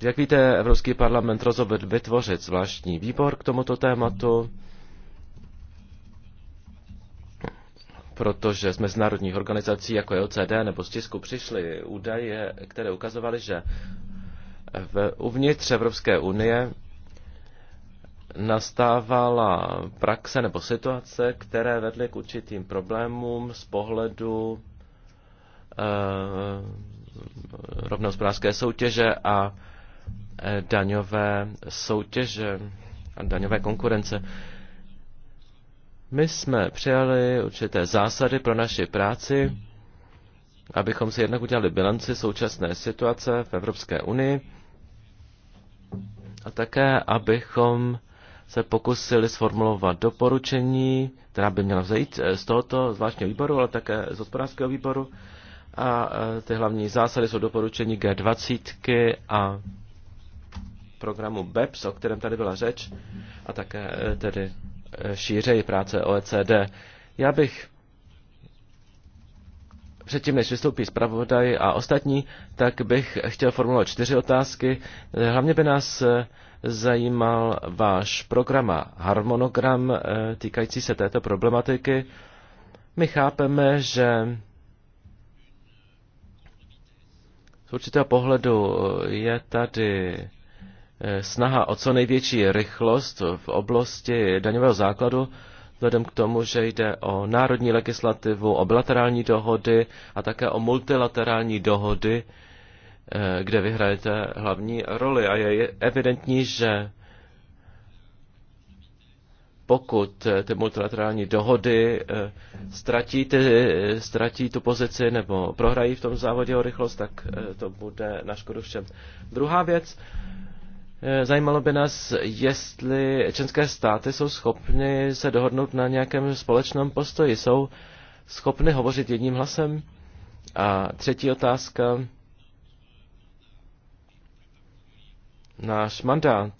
Speaker 2: Jak víte, Evropský parlament rozhodl vytvořit zvláštní výbor k tomuto tématu, protože z mezinárodních organizací, jako je OCD nebo z tisku, přišly údaje, které ukazovaly, že v, uvnitř Evropské unie nastávala praxe nebo situace, které vedly k určitým problémům z pohledu e, rovnohospodářské soutěže a eh, daňové soutěže a daňové konkurence. My jsme přijali určité zásady pro naši práci, abychom si jednak udělali bilanci současné situace v Evropské unii a také, abychom se pokusili sformulovat doporučení, která by měla vzejít eh, z tohoto zvláštního výboru, ale také z hospodářského výboru. A eh, ty hlavní zásady jsou doporučení G20 a programu BEPS, o kterém tady byla řeč, a také eh, tedy šířeji práce OECD. Já bych Předtím, než vystoupí zpravodaj a ostatní, tak bych chtěl formulovat čtyři otázky. Hlavně by nás eh, zajímal váš program a harmonogram eh, týkající se této problematiky. My chápeme, že z určitého pohledu eh, je tady snaha o co největší rychlost v oblasti daňového základu vzhledem k tomu, že jde o národní legislativu, o bilaterální dohody a také o multilaterální dohody, eh, kde vyhrajete hlavní roli. A je evidentní, že pokud eh, ty multilaterální dohody eh, ztratí, ty, ztratí tu pozici nebo prohrají v tom závodě o rychlost, tak to bude na škodu všem. Druhá věc, Eh, zajímalo by nás, jestli české státy jsou schopny se dohodnout na nějakém společném postoji. Jsou schopny hovořit jedním hlasem? A třetí otázka. Náš mandát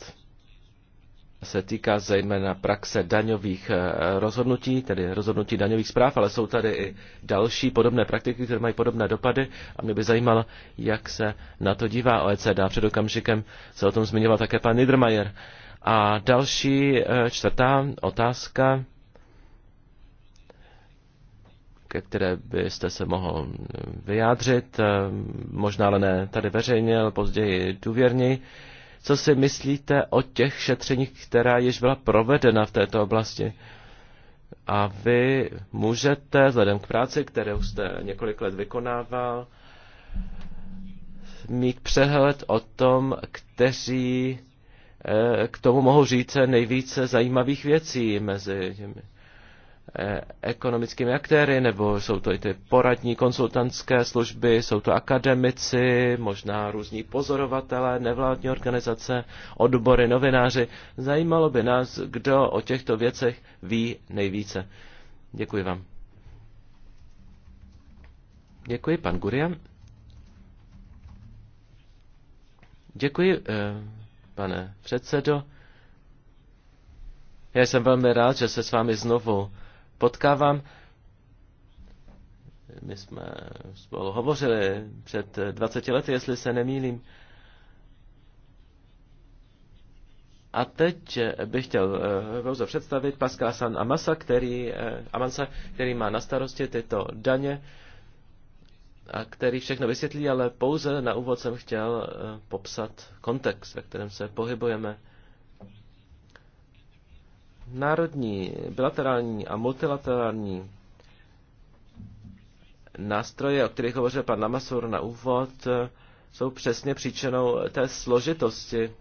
Speaker 2: se týká zejména praxe daňových eh, rozhodnutí, tedy rozhodnutí daňových zpráv, ale jsou tady i další podobné praktiky, které mají podobné dopady a mě by zajímalo, jak se na to dívá OECD. Před okamžikem se o tom zmiňoval také pan Niedermayer. A další eh, čtvrtá otázka, ke které byste se mohl eh, vyjádřit, možná ale ne tady veřejně, ale později důvěrněji. Co si myslíte o těch šetřeních, která již byla provedena v této oblasti? A vy můžete, vzhledem k práci, kterou jste několik let vykonával, mít přehled o tom, kteří eh, k tomu mohou říct nejvíce zajímavých věcí mezi těmi Eh, ekonomickými aktéry, nebo jsou to i ty poradní konsultantské služby, jsou to akademici, možná různí pozorovatelé, nevládní organizace, odbory, novináři. Zajímalo by nás, kdo o těchto věcech ví nejvíce. Děkuji vám. Děkuji, pan Guria. Děkuji, eh, pane předsedo. Já jsem velmi rád, že se s vámi znovu potkávám. My jsme spolu hovořili před 20 lety, jestli se nemýlím. A teď eh, bych chtěl pouze eh, představit Pascal San Amasa, který, eh, Amansa, který má na starosti tyto daně a který všechno vysvětlí, ale pouze na úvod jsem chtěl popsat kontext, ve kterém se pohybujeme národní, bilaterální a multilaterální nástroje, o kterých hovořil pan Namasur na úvod, jsou přesně příčinou té složitosti,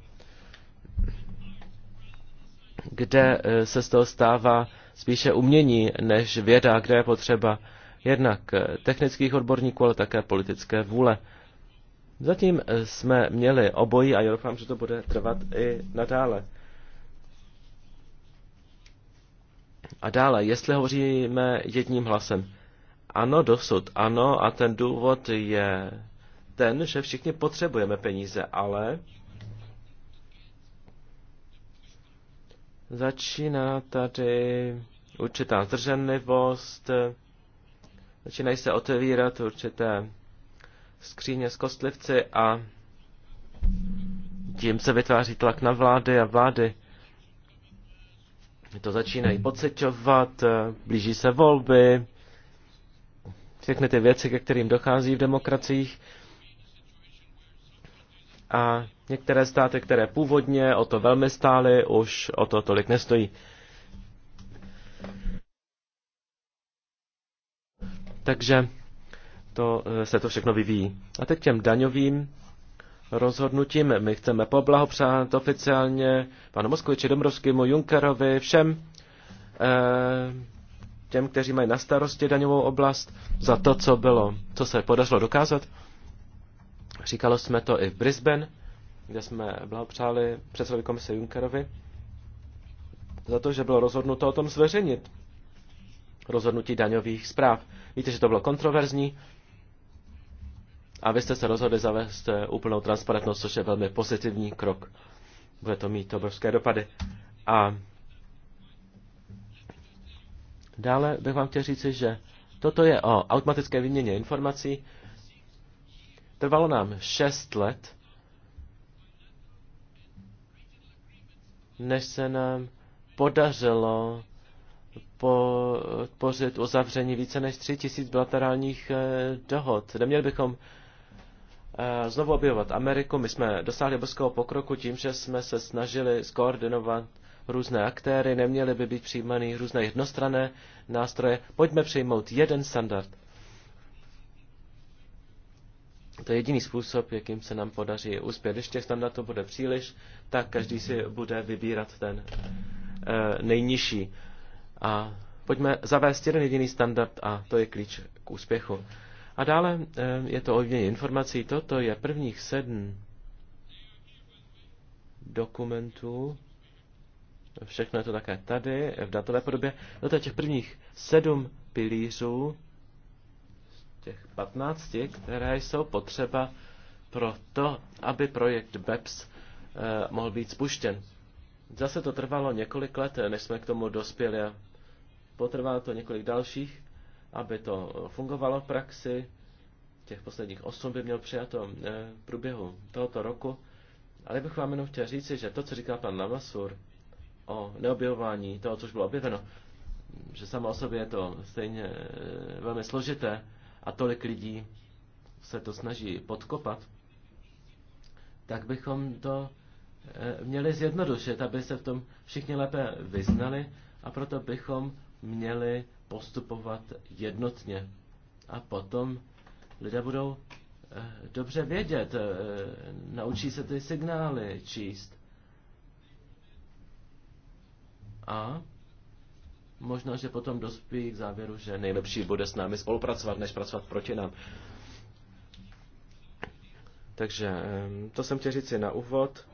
Speaker 2: kde eh, se z toho stává spíše umění než věda, kde je potřeba jednak eh, technických odborníků, ale také politické vůle. Zatím eh, jsme měli obojí a já doufám, že to bude trvat i nadále. A dále, jestli hovoříme jedním hlasem. Ano, dosud, ano, a ten důvod je ten, že všichni potřebujeme peníze, ale začíná tady určitá zdrženlivost, začínají se otevírat určité skříně s kostlivci a tím se vytváří tlak na vlády a vlády to začínají pocitovat, eh, blíží se volby, všechny ty věci, ke kterým dochází v demokraciích. A některé státy, které původně o to velmi stály, už o to tolik nestojí. Takže to eh, se to všechno vyvíjí. A teď těm daňovým rozhodnutím. My chceme poblahopřát oficiálně panu Moskviči, Domrovskému, Junkerovi, všem eh, těm, kteří mají na starosti daňovou oblast, za to, co bylo, co se podařilo dokázat. Říkalo jsme to i v Brisbane, kde jsme blahopřáli předsedovi komise Junkerovi za to, že bylo rozhodnuto o tom zveřejnit rozhodnutí daňových zpráv. Víte, že to bylo kontroverzní, a vy jste se rozhodli zavést eh, úplnou transparentnost, což je velmi pozitivní krok. Bude to mít obrovské dopady. A dále bych vám chtěl říci, že toto je o automatické výměně informací. Trvalo nám 6 let, než se nám podařilo podpořit uzavření více než tři tisíc bilaterálních eh, dohod. Neměli bychom Eh, znovu objevovat Ameriku. My jsme dosáhli obrovského pokroku tím, že jsme se snažili skoordinovat různé aktéry, neměly by být přijímány různé jednostrané nástroje. Pojďme přijmout jeden standard. To je jediný způsob, jakým se nám podaří uspět. Když těch standardů bude příliš, tak každý si bude vybírat ten e, nejnižší. A pojďme zavést jeden jediný standard a to je klíč k úspěchu. A dále eh, je to o výměně informací. Toto je prvních sedm dokumentů. Všechno je to také tady, eh, v datové podobě. Toto je těch prvních sedm pilířů, těch patnácti, které jsou potřeba pro to, aby projekt BEPS eh, mohl být spuštěn. Zase to trvalo několik let, než jsme k tomu dospěli a potrvá to několik dalších aby to fungovalo v praxi. Těch posledních osm by měl přijato eh, v průběhu tohoto roku. Ale bych vám jenom chtěl říci, že to, co říká pan Navasur o neobjevování toho, což bylo objeveno, že samo o sobě je to stejně eh, velmi složité a tolik lidí se to snaží podkopat, tak bychom to eh, měli zjednodušit, aby se v tom všichni lépe vyznali a proto bychom měli postupovat jednotně. A potom lidé budou eh, dobře vědět, eh, naučí se ty signály číst. A možná, že potom dospí k závěru, že nejlepší bude s námi spolupracovat, než pracovat proti nám. Takže ehm, to jsem chtěl říct si na úvod.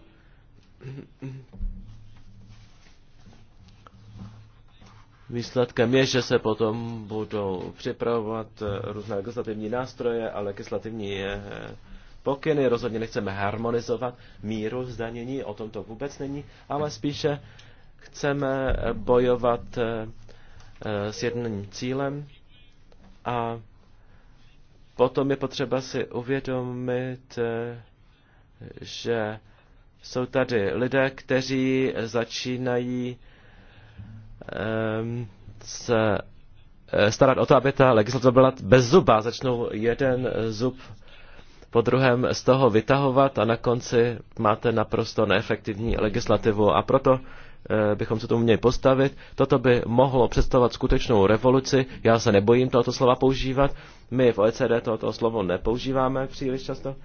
Speaker 2: Výsledkem je, že se potom budou připravovat eh, různé legislativní nástroje a legislativní eh, pokyny. Rozhodně nechceme harmonizovat míru zdanění, o tom to vůbec není, ale spíše chceme bojovat eh, s jedným cílem a potom je potřeba si uvědomit, že jsou tady lidé, kteří začínají Ehm, se eh, starat o to, aby ta legislativa byla bez zuba. Začnou jeden zub po druhém z toho vytahovat a na konci máte naprosto neefektivní legislativu. A proto eh, bychom se tomu měli postavit. Toto by mohlo představovat skutečnou revoluci. Já se nebojím tohoto slova používat. My v OECD tohoto slovo nepoužíváme příliš často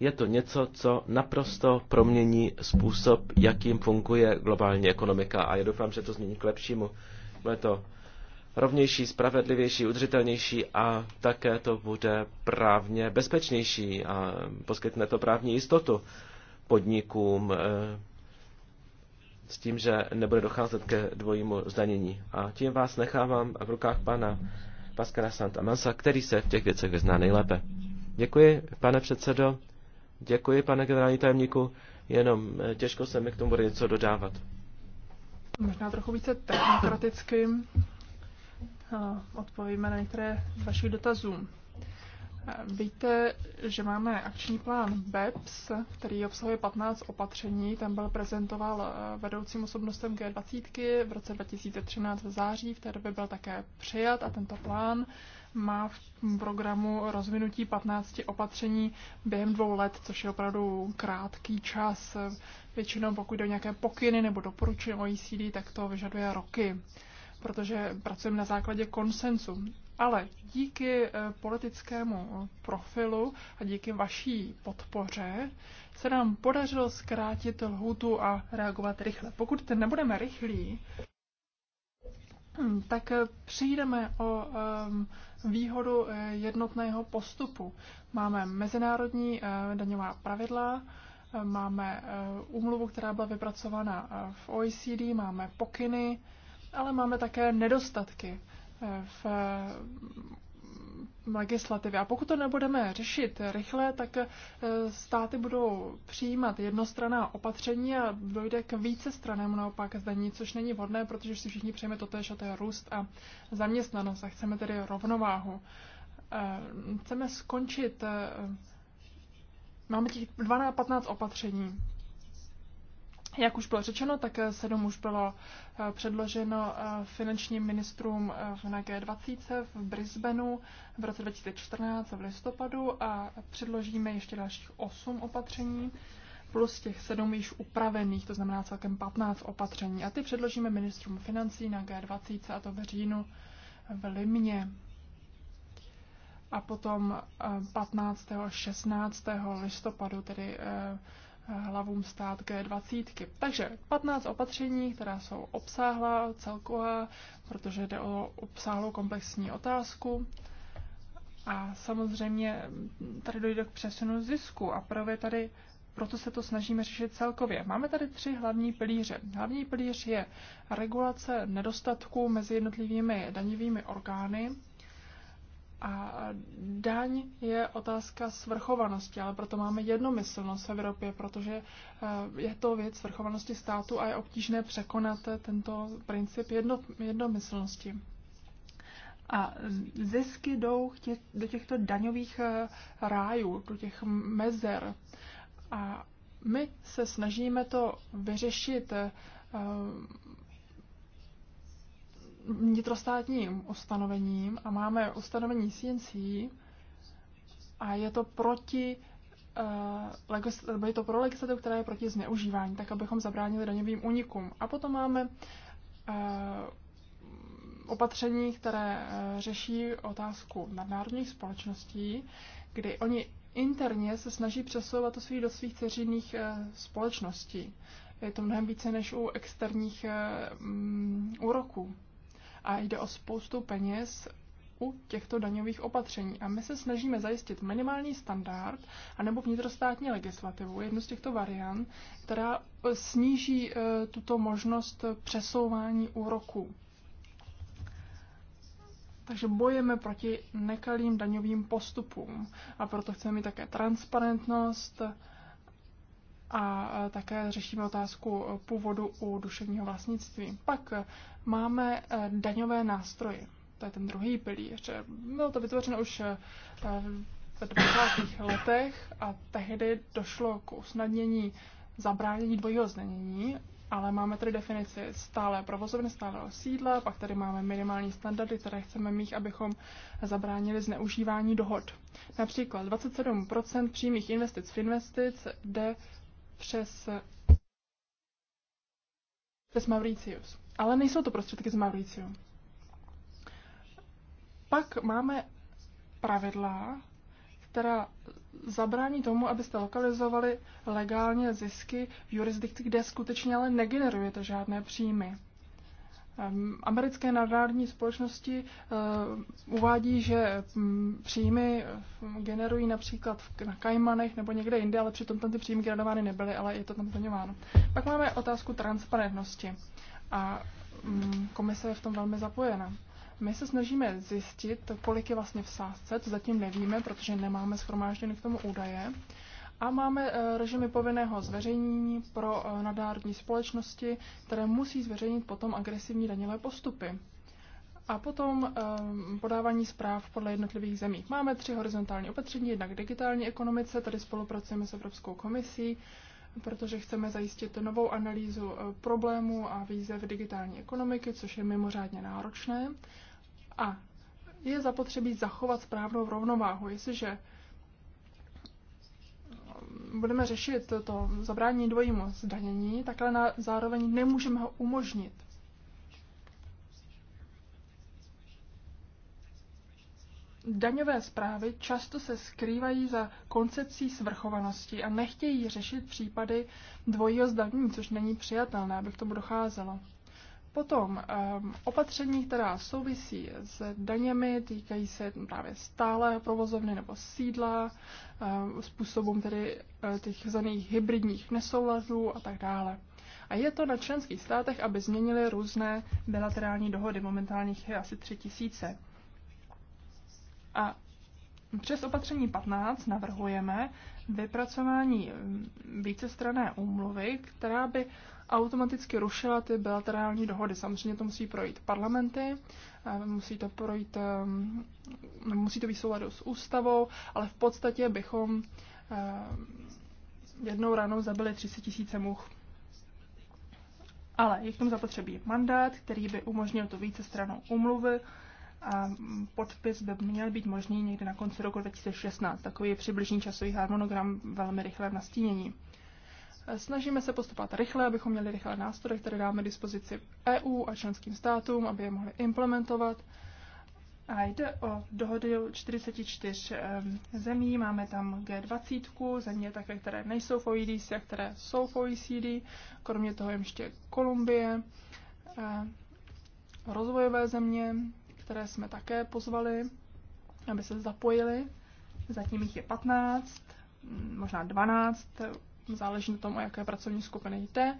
Speaker 2: je to něco, co naprosto promění způsob, jakým funguje globální ekonomika a já doufám, že to změní k lepšímu. Bude to rovnější, spravedlivější, udržitelnější a také to bude právně bezpečnější a poskytne to právní jistotu podnikům eh, s tím, že nebude docházet ke dvojímu zdanění. A tím vás nechávám v rukách pana Pascala Santamansa, který se v těch věcech vyzná nejlépe. Děkuji, pane předsedo. Děkuji, pane generální tajemníku, jenom eh, těžko se mi k tomu bude něco dodávat.
Speaker 3: Možná trochu více technokraticky eh, odpovíme na některé z vašich dotazů. Eh, víte, že máme akční plán BEPS, který obsahuje 15 opatření. Ten byl prezentoval vedoucím osobnostem G20 v roce 2013 v září. V té době byl také přijat a tento plán má v programu rozvinutí 15 opatření během dvou let, což je opravdu krátký čas. Většinou pokud jde nějaké pokyny nebo doporučení OECD, tak to vyžaduje roky, protože pracujeme na základě konsensu. Ale díky eh, politickému profilu a díky vaší podpoře se nám podařilo zkrátit lhůtu a reagovat rychle. Pokud nebudeme rychlí, Hm, tak eh, přijdeme o ehm, výhodu eh, jednotného postupu. Máme mezinárodní eh, daňová pravidla, máme úmluvu, která byla vypracována v OECD, máme pokyny, ale máme také nedostatky v legislativy. A pokud to nebudeme řešit rychle, tak eh, státy budou přijímat jednostranná opatření a dojde k více vícestranému naopak zdaní, což není vhodné, protože si všichni přejeme to tež, a to je růst a zaměstnanost a chceme tedy rovnováhu. Eh, chceme skončit eh, Máme těch 12-15 opatření. Jak už bylo řečeno, tak eh, sedm už bylo eh, předloženo eh, finančním ministrům na G20 v Brisbaneu v roce 2014 v listopadu a předložíme ještě dalších osm opatření plus těch sedm již upravených, to znamená celkem 15 opatření. A ty předložíme ministrům financí na G20 a to v říjnu v Limně. A potom 15. a 16. listopadu, tedy hlavům stát G20. Takže 15 opatření, která jsou obsáhlá celková, protože jde o obsáhlou komplexní otázku. A samozřejmě tady dojde k přesunu zisku a právě tady proto se to snažíme řešit celkově. Máme tady tři hlavní pilíře. Hlavní pilíř je regulace nedostatku mezi jednotlivými daňovými orgány, a daň je otázka svrchovanosti, ale proto máme jednomyslnost v Evropě, protože eh, je to věc svrchovanosti státu a je obtížné překonat tento princip jedno, jednomyslnosti. A zisky jdou do těchto daňových eh, rájů, do těch mezer. A my se snažíme to vyřešit eh, vnitrostátním ustanovením a máme ustanovení CNC a je to proti eh, je to pro legislativu, která je proti zneužívání, tak abychom zabránili daňovým únikům. A potom máme eh, opatření, které eh, řeší otázku nadnárodních společností, kdy oni interně se snaží přesouvat to svých do svých ceřinných společností. Je to mnohem více než u externích mm, úroků a jde o spoustu peněz u těchto daňových opatření. A my se snažíme zajistit minimální standard anebo vnitrostátní legislativu, jednu z těchto variant, která eh, sníží eh, tuto možnost přesouvání úroků. Takže bojeme proti nekalým daňovým postupům a proto chceme mít také transparentnost, a také řešíme otázku původu u duševního vlastnictví. Pak máme e, daňové nástroje. To je ten druhý pilíř. Bylo to vytvořeno už e, v 20. letech a tehdy došlo k usnadnění zabránění dvojího zdanění, ale máme tady definici stále provozovny, stále sídla, pak tady máme minimální standardy, které chceme mít, abychom zabránili zneužívání dohod. Například 27% přímých investic v investic jde přes, přes Mauricius. Ale nejsou to prostředky z Mauriciu. Pak máme pravidla, která zabrání tomu, abyste lokalizovali legálně zisky v jurisdikci, kde skutečně ale negenerujete žádné příjmy. Ehm, americké nadnárodní společnosti ehm, uvádí, že mm, příjmy ehm, generují například na Kajmanech nebo někde jinde, ale přitom tam ty příjmy generovány nebyly, ale je to tam zdaňováno. Pak máme otázku transparentnosti a mm, komise je v tom velmi zapojena. My se snažíme zjistit, kolik je vlastně v sázce, to zatím nevíme, protože nemáme schromážděny k tomu údaje. A máme eh, režimy povinného zveřejnění pro eh, nadárodní společnosti, které musí zveřejnit potom agresivní daňové postupy. A potom eh, podávání zpráv podle jednotlivých zemí. Máme tři horizontální opatření, jednak digitální ekonomice, tady spolupracujeme s Evropskou komisí, protože chceme zajistit novou analýzu problémů a výzev digitální ekonomiky, což je mimořádně náročné. A je zapotřebí zachovat správnou rovnováhu. Jestliže budeme řešit to zabrání dvojímu zdanění, tak ale na, zároveň nemůžeme ho umožnit. Daňové zprávy často se skrývají za koncepcí svrchovanosti a nechtějí řešit případy dvojího zdanění, což není přijatelné, aby k tomu docházelo. Potom um, opatření, která souvisí s daněmi, týkají se právě stále provozovny nebo sídla, um, ehm, způsobům tedy eh, těch zaných hybridních nesouladů a tak dále. A je to na členských státech, aby změnili různé bilaterální dohody, momentálních je asi tři tisíce. A přes opatření 15 navrhujeme vypracování vícestrané úmluvy, která by automaticky rušila ty bilaterální dohody. Samozřejmě to musí projít parlamenty, eh, musí to projít, eh, musí to být souladu s ústavou, ale v podstatě bychom eh, jednou ranou zabili 30 tisíce much. Ale je k tomu zapotřebí mandát, který by umožnil tu více stranou umluvy a podpis by měl být možný někdy na konci roku 2016. Takový je přibližný časový harmonogram velmi rychle v nastínění. Snažíme se postupovat rychle, abychom měli rychlé nástroje, které dáme dispozici EU a členským státům, aby je mohli implementovat. A jde o dohody 44 ehm, zemí, máme tam G20, země také, které nejsou v OECD a které jsou v OECD, kromě toho ještě Kolumbie, ehm, rozvojové země, které jsme také pozvali, aby se zapojili. Zatím jich je 15, možná 12, záleží na tom, o jaké pracovní skupiny jde.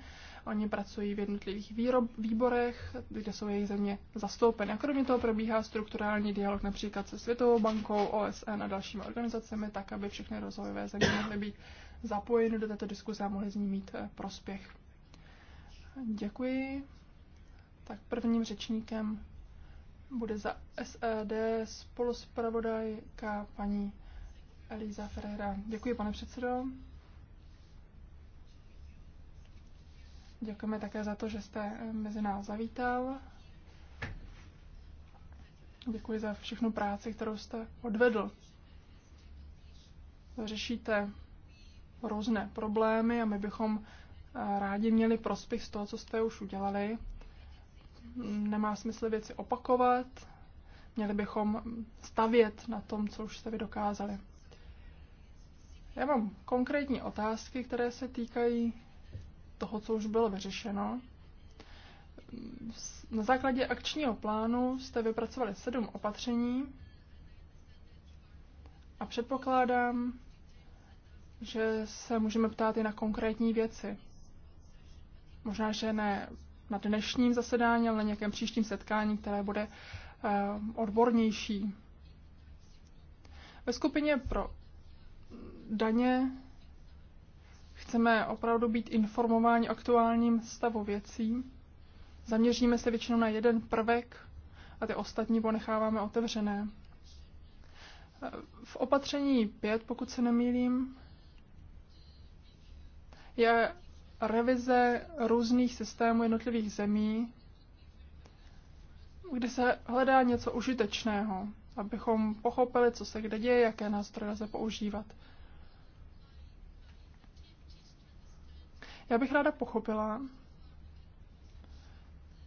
Speaker 3: Oni pracují v jednotlivých výrob, výborech, kde jsou jejich země zastoupeny. A kromě toho probíhá strukturální dialog například se Světovou bankou, OSN a dalšími organizacemi, tak, aby všechny rozvojové země mohly být zapojeny do této diskuze a mohly z ní mít eh, prospěch. Děkuji. Tak prvním řečníkem bude za SED spoluspravodajka paní Elíza Ferreira. Děkuji, pane předsedo. Děkujeme také za to, že jste eh, mezi nás zavítal. Děkuji za všechnu práci, kterou jste odvedl. Řešíte různé problémy a my bychom eh, rádi měli prospěch z toho, co jste už udělali. Nemá smysl věci opakovat, měli bychom stavět na tom, co už jste vy dokázali. Já mám konkrétní otázky, které se týkají toho, co už bylo vyřešeno. Na základě akčního plánu jste vypracovali sedm opatření a předpokládám, že se můžeme ptát i na konkrétní věci. Možná, že ne na dnešním zasedání, ale na nějakém příštím setkání, které bude eh, odbornější. Ve skupině pro daně chceme opravdu být informováni aktuálním stavu věcí. Zaměříme se většinou na jeden prvek a ty ostatní ponecháváme otevřené. V opatření 5, pokud se nemýlím, je revize různých systémů jednotlivých zemí, kde se hledá něco užitečného, abychom pochopili, co se kde děje, jaké nástroje lze používat. Já bych ráda pochopila,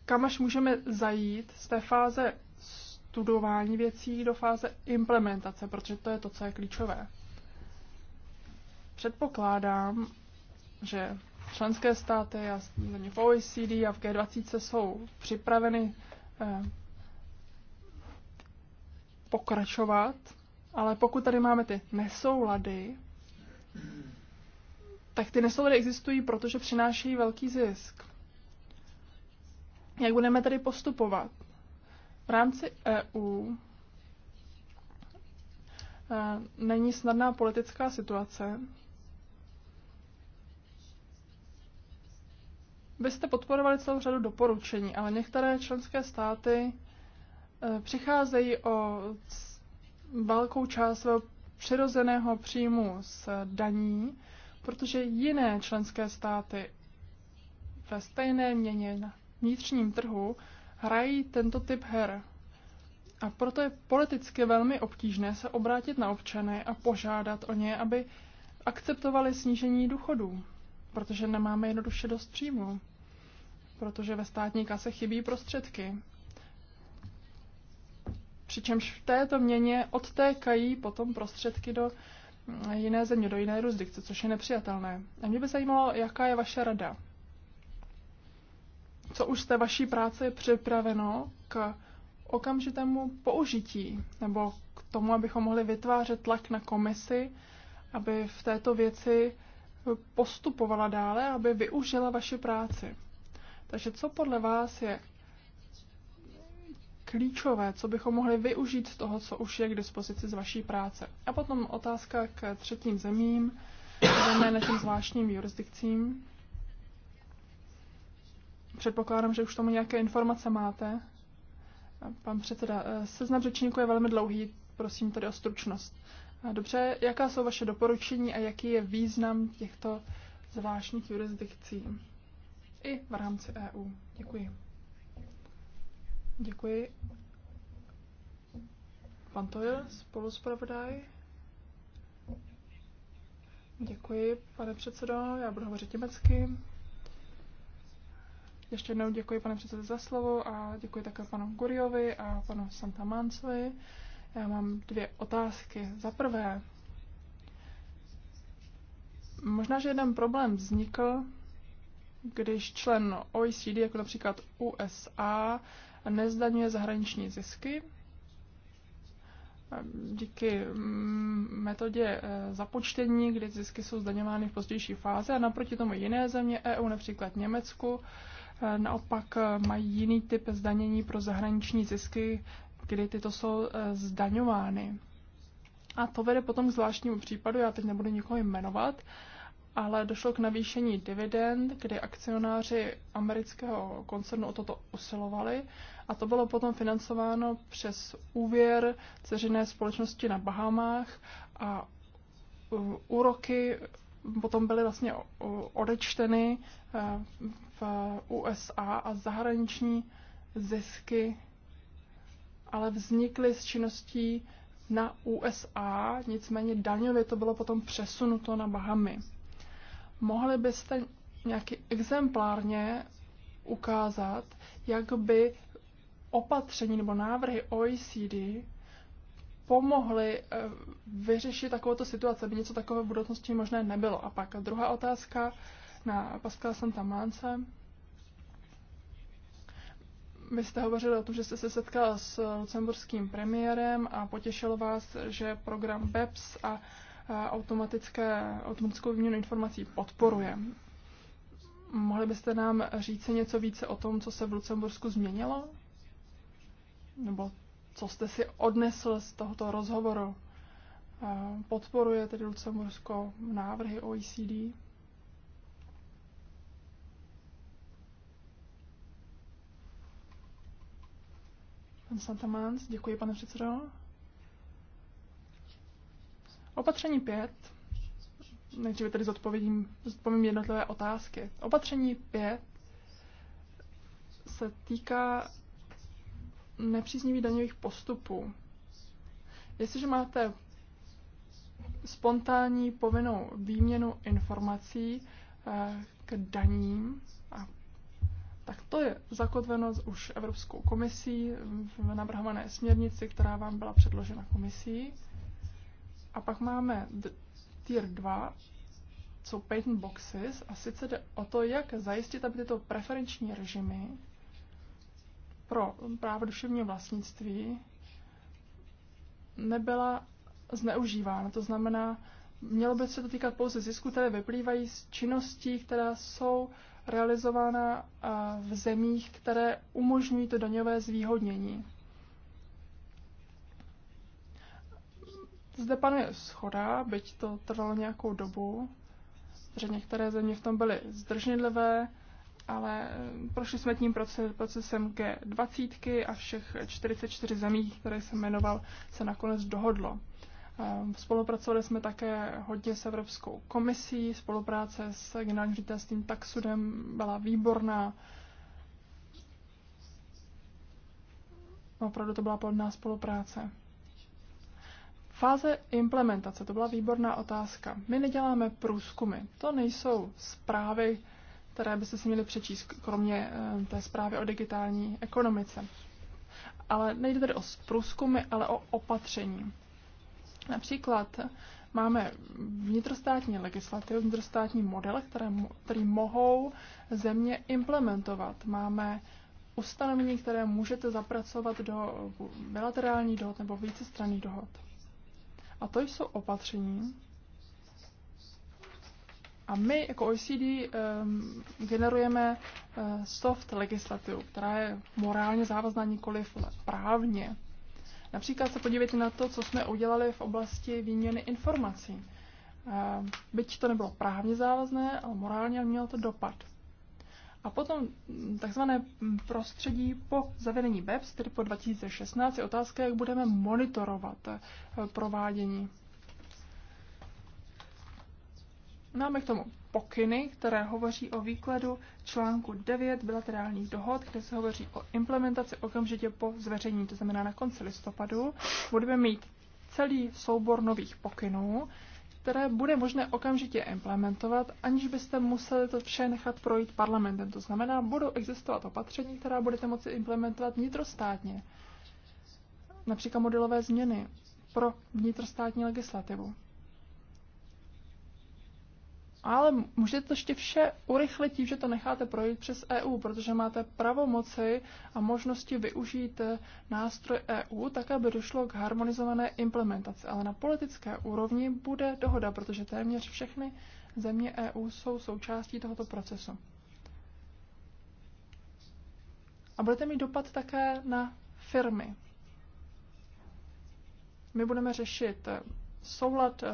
Speaker 3: kam až můžeme zajít z té fáze studování věcí do fáze implementace, protože to je to, co je klíčové. Předpokládám, že členské státy a země v OECD a v G20 jsou připraveny eh, pokračovat, ale pokud tady máme ty nesoulady, tak ty nesoulady existují, protože přinášejí velký zisk. Jak budeme tedy postupovat? V rámci EU e, není snadná politická situace. Vy jste podporovali celou řadu doporučení, ale některé členské státy e, přicházejí o velkou část svého přirozeného příjmu z daní protože jiné členské státy ve stejné měně na vnitřním trhu hrají tento typ her. A proto je politicky velmi obtížné se obrátit na občany a požádat o ně, aby akceptovali snížení důchodů, protože nemáme jednoduše dost příjmu, protože ve státní kase chybí prostředky. Přičemž v této měně odtékají potom prostředky do jiné země, do jiné jurisdikce, což je nepřijatelné. A mě by zajímalo, jaká je vaše rada. Co už z té vaší práce je připraveno k okamžitému použití, nebo k tomu, abychom mohli vytvářet tlak na komisi, aby v této věci postupovala dále, aby využila vaši práci. Takže co podle vás je klíčové, co bychom mohli využít z toho, co už je k dispozici z vaší práce. A potom otázka k třetím zemím, zejména těm zvláštním jurisdikcím. Předpokládám, že už tomu nějaké informace máte. Pan předseda, eh, seznam řečníků je velmi dlouhý, prosím tedy o stručnost. Dobře, jaká jsou vaše doporučení a jaký je význam těchto zvláštních jurisdikcí i v rámci EU? Děkuji. Děkuji. Pan Toil, spoluzpravodaj. Děkuji, pane předsedo. Já budu hovořit německy. Ještě jednou děkuji, pane předsedo, za slovo a děkuji také panu Guriovi a panu Santamáncovi. Já mám dvě otázky. Za prvé, možná, že jeden problém vznikl, když člen OECD, jako například USA, nezdaňuje zahraniční zisky. Díky mm, metodě eh, započtení, kdy zisky jsou zdaňovány v pozdější fázi a naproti tomu jiné země EU, například Německu, eh, naopak eh, mají jiný typ zdanění pro zahraniční zisky, kdy tyto jsou zdaňovány. A to vede potom k zvláštnímu případu, já teď nebudu nikoho jmenovat, ale došlo k navýšení dividend, kdy akcionáři amerického koncernu o toto usilovali a to bylo potom financováno přes úvěr ceřiné společnosti na Bahamách a uh, úroky potom byly vlastně uh, odečteny uh, v USA a zahraniční zisky ale vznikly s činností na USA, nicméně daňově to bylo potom přesunuto na Bahamy. Mohli byste nějaký exemplárně ukázat, jak by opatření nebo návrhy OECD pomohly eh, vyřešit takovouto situaci, aby něco takové v budoucnosti možné nebylo. A pak druhá otázka na Pascala Santamance. Vy jste hovořili o tom, že jste se setkala s lucemburským premiérem a potěšilo vás, že program BEPS a automatické, automatickou výměnu informací podporuje. Mohli byste nám říct něco více o tom, co se v Lucembursku změnilo? Nebo co jste si odnesl z tohoto rozhovoru? Podporuje tedy Lucembursko návrhy OECD? Pan Santamans, děkuji pane předsedo. Opatření 5. Nejdříve tedy zodpovědím, zodpovím jednotlivé otázky. Opatření 5 se týká nepříznivých daňových postupů. Jestliže máte spontánní povinnou výměnu informací eh, k daním, tak to je zakotveno už Evropskou komisí v navrhované směrnici, která vám byla předložena komisí. A pak máme tier 2, jsou patent boxes, a sice jde o to, jak zajistit, aby tyto preferenční režimy pro právo duševního vlastnictví nebyla zneužívána. To znamená, mělo by se to týkat pouze zisků, které vyplývají z činností, které jsou realizována v zemích, které umožňují to daňové zvýhodnění. Zde panuje schoda, byť to trvalo nějakou dobu, že některé země v tom byly zdržnědlivé, ale eh, prošli jsme tím procesem ke 20 a všech 44 zemí, které jsem jmenoval, se nakonec dohodlo. Eh, spolupracovali jsme také hodně s Evropskou komisí, spolupráce s generálním ředitelstvím Taxudem byla výborná. Opravdu to byla plodná spolupráce. Fáze implementace, to byla výborná otázka. My neděláme průzkumy, to nejsou zprávy, které byste si měli přečíst, kromě eh, té zprávy o digitální ekonomice. Ale nejde tedy o průzkumy, ale o opatření. Například eh, máme vnitrostátní legislativu, vnitrostátní model, které, který mohou země implementovat. Máme ustanovení, které můžete zapracovat do bilaterální dohod nebo vícestranných dohod. A to jsou opatření. A my jako OECD um, ehm, generujeme uh, soft legislativu, která je morálně závazná nikoliv právně. Například se podívejte na to, co jsme udělali v oblasti výměny informací. Uh, byť to nebylo právně závazné, ale morálně mělo to dopad. A potom takzvané prostředí po zavedení BEPS, tedy po 2016, je otázka, jak budeme monitorovat eh, provádění. Máme k tomu pokyny, které hovoří o výkladu článku 9 bilaterálních dohod, kde se hovoří o implementaci okamžitě po zveřejnění, to znamená na konci listopadu. Budeme mít celý soubor nových pokynů, které bude možné okamžitě implementovat, aniž byste museli to vše nechat projít parlamentem. To znamená, budou existovat opatření, která budete moci implementovat vnitrostátně, například modelové změny pro vnitrostátní legislativu. Ale můžete to ještě vše urychlit tím, že to necháte projít přes EU, protože máte pravomoci a možnosti využít eh, nástroj EU tak, aby došlo k harmonizované implementaci. Ale na politické úrovni bude dohoda, protože téměř všechny země EU jsou součástí tohoto procesu. A budete mít dopad také na firmy. My budeme řešit eh, soulad eh,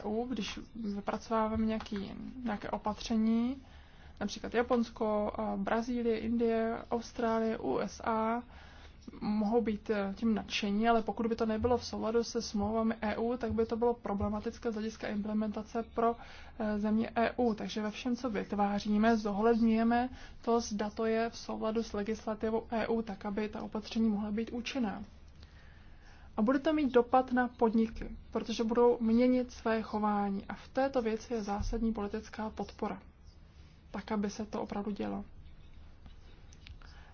Speaker 3: EU, když vypracováváme nějaký, nějaké opatření, například Japonsko, Brazílie, Indie, Austrálie, USA, mohou být eh, tím nadšení, ale pokud by to nebylo v souladu se smlouvami EU, tak by to bylo problematické z hlediska implementace pro eh, země EU. Takže ve všem, co vytváříme, zohledňujeme to, zda to je v souladu s legislativou EU, tak aby ta opatření mohla být účinná. A bude to mít dopad na podniky, protože budou měnit své chování. A v této věci je zásadní politická podpora, tak aby se to opravdu dělo.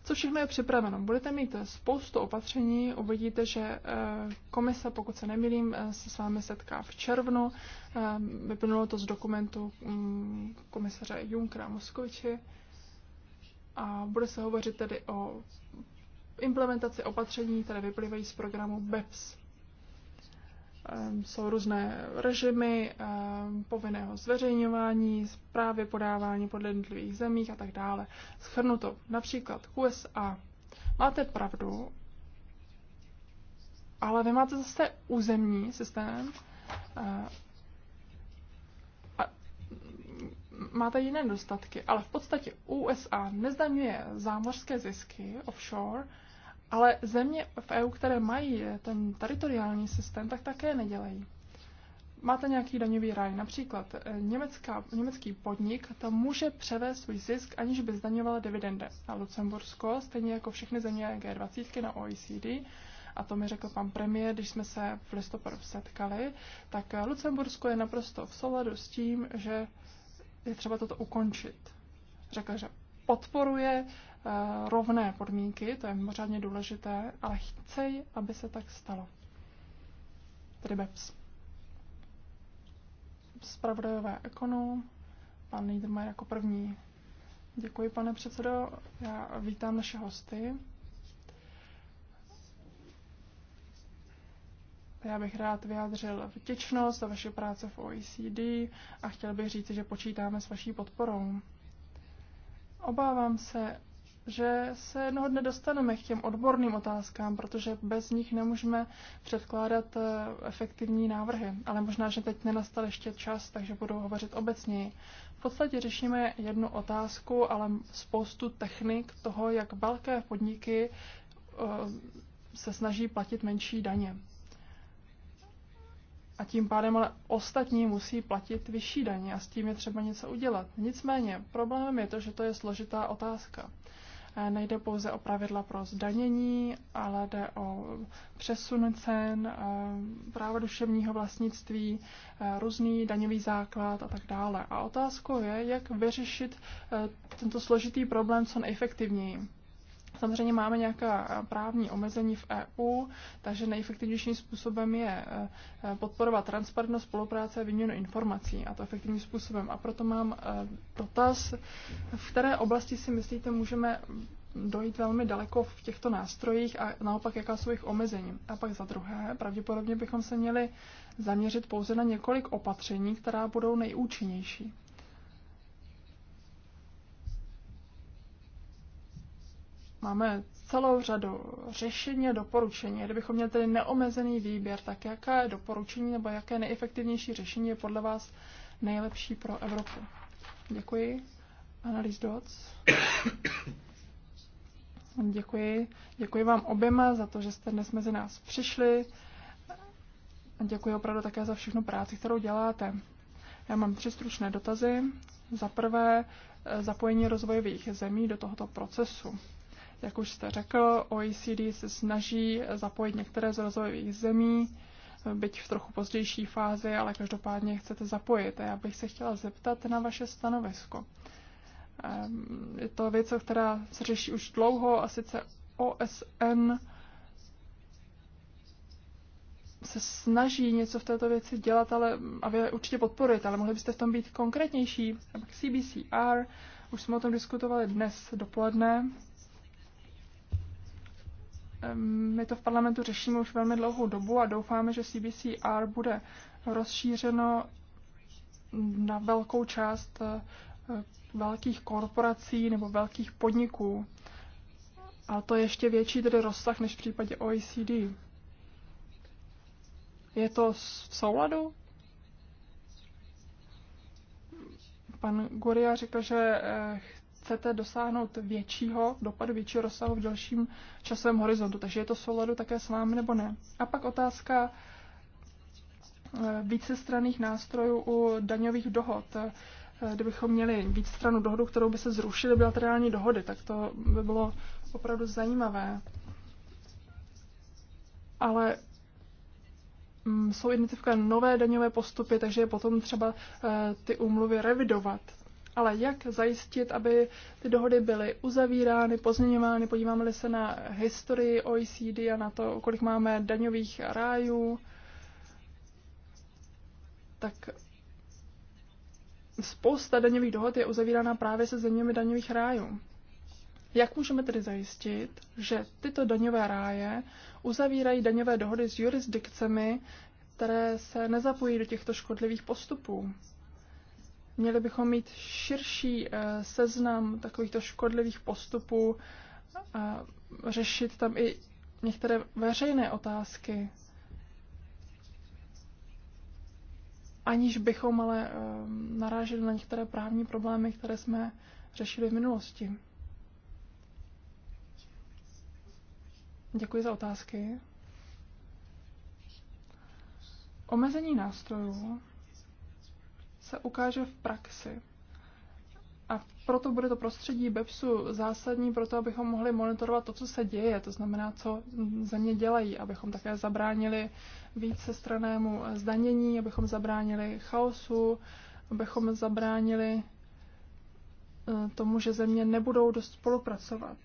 Speaker 3: Co všechno je připraveno? Budete mít spoustu opatření, uvidíte, že eh, komise, pokud se nemýlím, eh, se s vámi setká v červnu. Eh, Vyplnulo to z dokumentu mm, komisaře Junkra Moskoviči a bude se hovořit tedy o implementaci opatření, které vyplývají z programu BEPS. Ehm, jsou různé režimy ehm, povinného zveřejňování, zprávy podávání podle jednotlivých zemích a tak dále. Schrnuto například USA. Máte pravdu, ale vy máte zase územní systém eh, a máte jiné dostatky, ale v podstatě USA nezdaňuje zámořské zisky offshore, ale země v EU, které mají ten teritoriální systém, tak také nedělají. Máte nějaký daňový ráj, například eh, německá, německý podnik tam může převést svůj zisk, aniž by zdaňoval dividendy. A Lucembursko, stejně jako všechny země G20 na OECD, a to mi řekl pan premiér, když jsme se v listopadu setkali, tak eh, Lucembursko je naprosto v souladu s tím, že je třeba toto ukončit. Řekl, že podporuje eh, rovné podmínky, to je mimořádně důležité, ale chce, aby se tak stalo. Tedy BEPS. Spravodajové ekonu, pan Niedermayer jako první. Děkuji, pane předsedo. Já vítám naše hosty. Já bych rád vyjádřil vděčnost za vaši práce v OECD a chtěl bych říct, že počítáme s vaší podporou. Obávám se, že se jednoho dne dostaneme k těm odborným otázkám, protože bez nich nemůžeme předkládat eh, efektivní návrhy. Ale možná, že teď nenastal ještě čas, takže budu hovořit obecněji. V podstatě řešíme jednu otázku, ale spoustu technik toho, jak velké podniky eh, se snaží platit menší daně. A tím pádem ale ostatní musí platit vyšší daně a s tím je třeba něco udělat. Nicméně problémem je to, že to je složitá otázka. Eh, nejde pouze o pravidla pro zdanění, ale jde o přesun cen, eh, práva duševního vlastnictví, eh, různý daňový základ a tak dále. A otázkou je, jak vyřešit tento složitý problém co nejefektivněji. Samozřejmě máme nějaká eh, právní omezení v EU, takže nejefektivnějším způsobem je eh, eh, podporovat transparentnost, spolupráce a výměnu informací, a to efektivním způsobem. A proto mám dotaz, v které oblasti si myslíte, můžeme dojít velmi daleko v těchto nástrojích a naopak jaká jsou jejich omezení. A pak za druhé, pravděpodobně bychom se měli zaměřit pouze na několik opatření, která budou nejúčinnější. Máme celou řadu řešení a doporučení. Kdybychom měli tedy neomezený výběr, tak jaké doporučení nebo jaké nejefektivnější řešení je podle vás nejlepší pro Evropu? Děkuji. Analýz Doc. Děkuji. Děkuji vám oběma za to, že jste dnes mezi nás přišli. děkuji opravdu také za všechnu práci, kterou děláte. Já mám tři stručné dotazy. Za prvé, zapojení rozvojových zemí do tohoto procesu. Jak už jste řekl, OECD se snaží zapojit některé z rozvojových zemí, byť v trochu pozdější fázi, ale každopádně chcete zapojit. já bych se chtěla zeptat na vaše stanovisko. Ehm, je to věc, která se řeší už dlouho, a sice OSN se snaží něco v této věci dělat, ale, a vy určitě podporujete, ale mohli byste v tom být konkrétnější. CBCR, už jsme o tom diskutovali dnes dopoledne, my to v parlamentu řešíme už velmi dlouhou dobu a doufáme, že CBCR bude rozšířeno na velkou část eh, velkých korporací nebo velkých podniků. A to je ještě větší tedy rozsah než v případě OECD. Je to v souladu? Pan Guria řekl, že eh, chcete dosáhnout většího dopadu, většího rozsahu v delším časovém horizontu. Takže je to souladu také s vámi nebo ne. A pak otázka eh, vícestranných nástrojů u daňových dohod. Eh, kdybychom měli vícestranu dohodu, kterou by se zrušily bilaterální dohody, tak to by bylo opravdu zajímavé. Ale mm, jsou identifikované nové daňové postupy, takže je potom třeba eh, ty úmluvy revidovat. Ale jak zajistit, aby ty dohody byly uzavírány, pozměňovány? Podíváme-li se na historii OECD a na to, kolik máme daňových rájů, tak spousta daňových dohod je uzavírána právě se zeměmi daňových rájů. Jak můžeme tedy zajistit, že tyto daňové ráje uzavírají daňové dohody s jurisdikcemi, které se nezapojí do těchto škodlivých postupů? Měli bychom mít širší eh, seznam takovýchto škodlivých postupů a řešit tam i některé veřejné otázky, aniž bychom ale eh, naráželi na některé právní problémy, které jsme řešili v minulosti. Děkuji za otázky. Omezení nástrojů se ukáže v praxi. A proto bude to prostředí BEPSu zásadní pro to, abychom mohli monitorovat to, co se děje, to znamená, co země dělají, abychom také zabránili více stranému zdanění, abychom zabránili chaosu, abychom zabránili eh, tomu, že země nebudou dost spolupracovat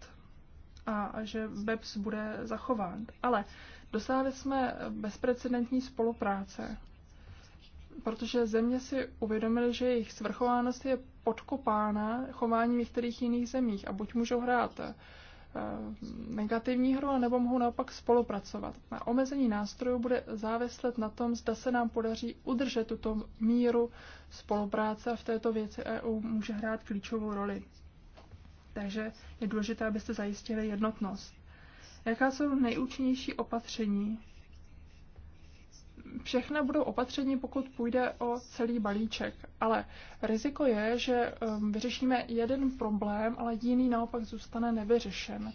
Speaker 3: a že BEPS bude zachován. Ale dosáhli jsme bezprecedentní spolupráce protože země si uvědomily, že jejich svrchovánost je podkopána chováním některých jiných zemích a buď můžou hrát eh, negativní hru, nebo mohou naopak spolupracovat. Na omezení nástrojů bude záveslet na tom, zda se nám podaří udržet tuto míru spolupráce a v této věci EU může hrát klíčovou roli. Takže je důležité, abyste zajistili jednotnost. Jaká jsou nejúčinnější opatření všechna budou opatření, pokud půjde o celý balíček. Ale riziko je, že um, vyřešíme jeden problém, ale jiný naopak zůstane nevyřešen.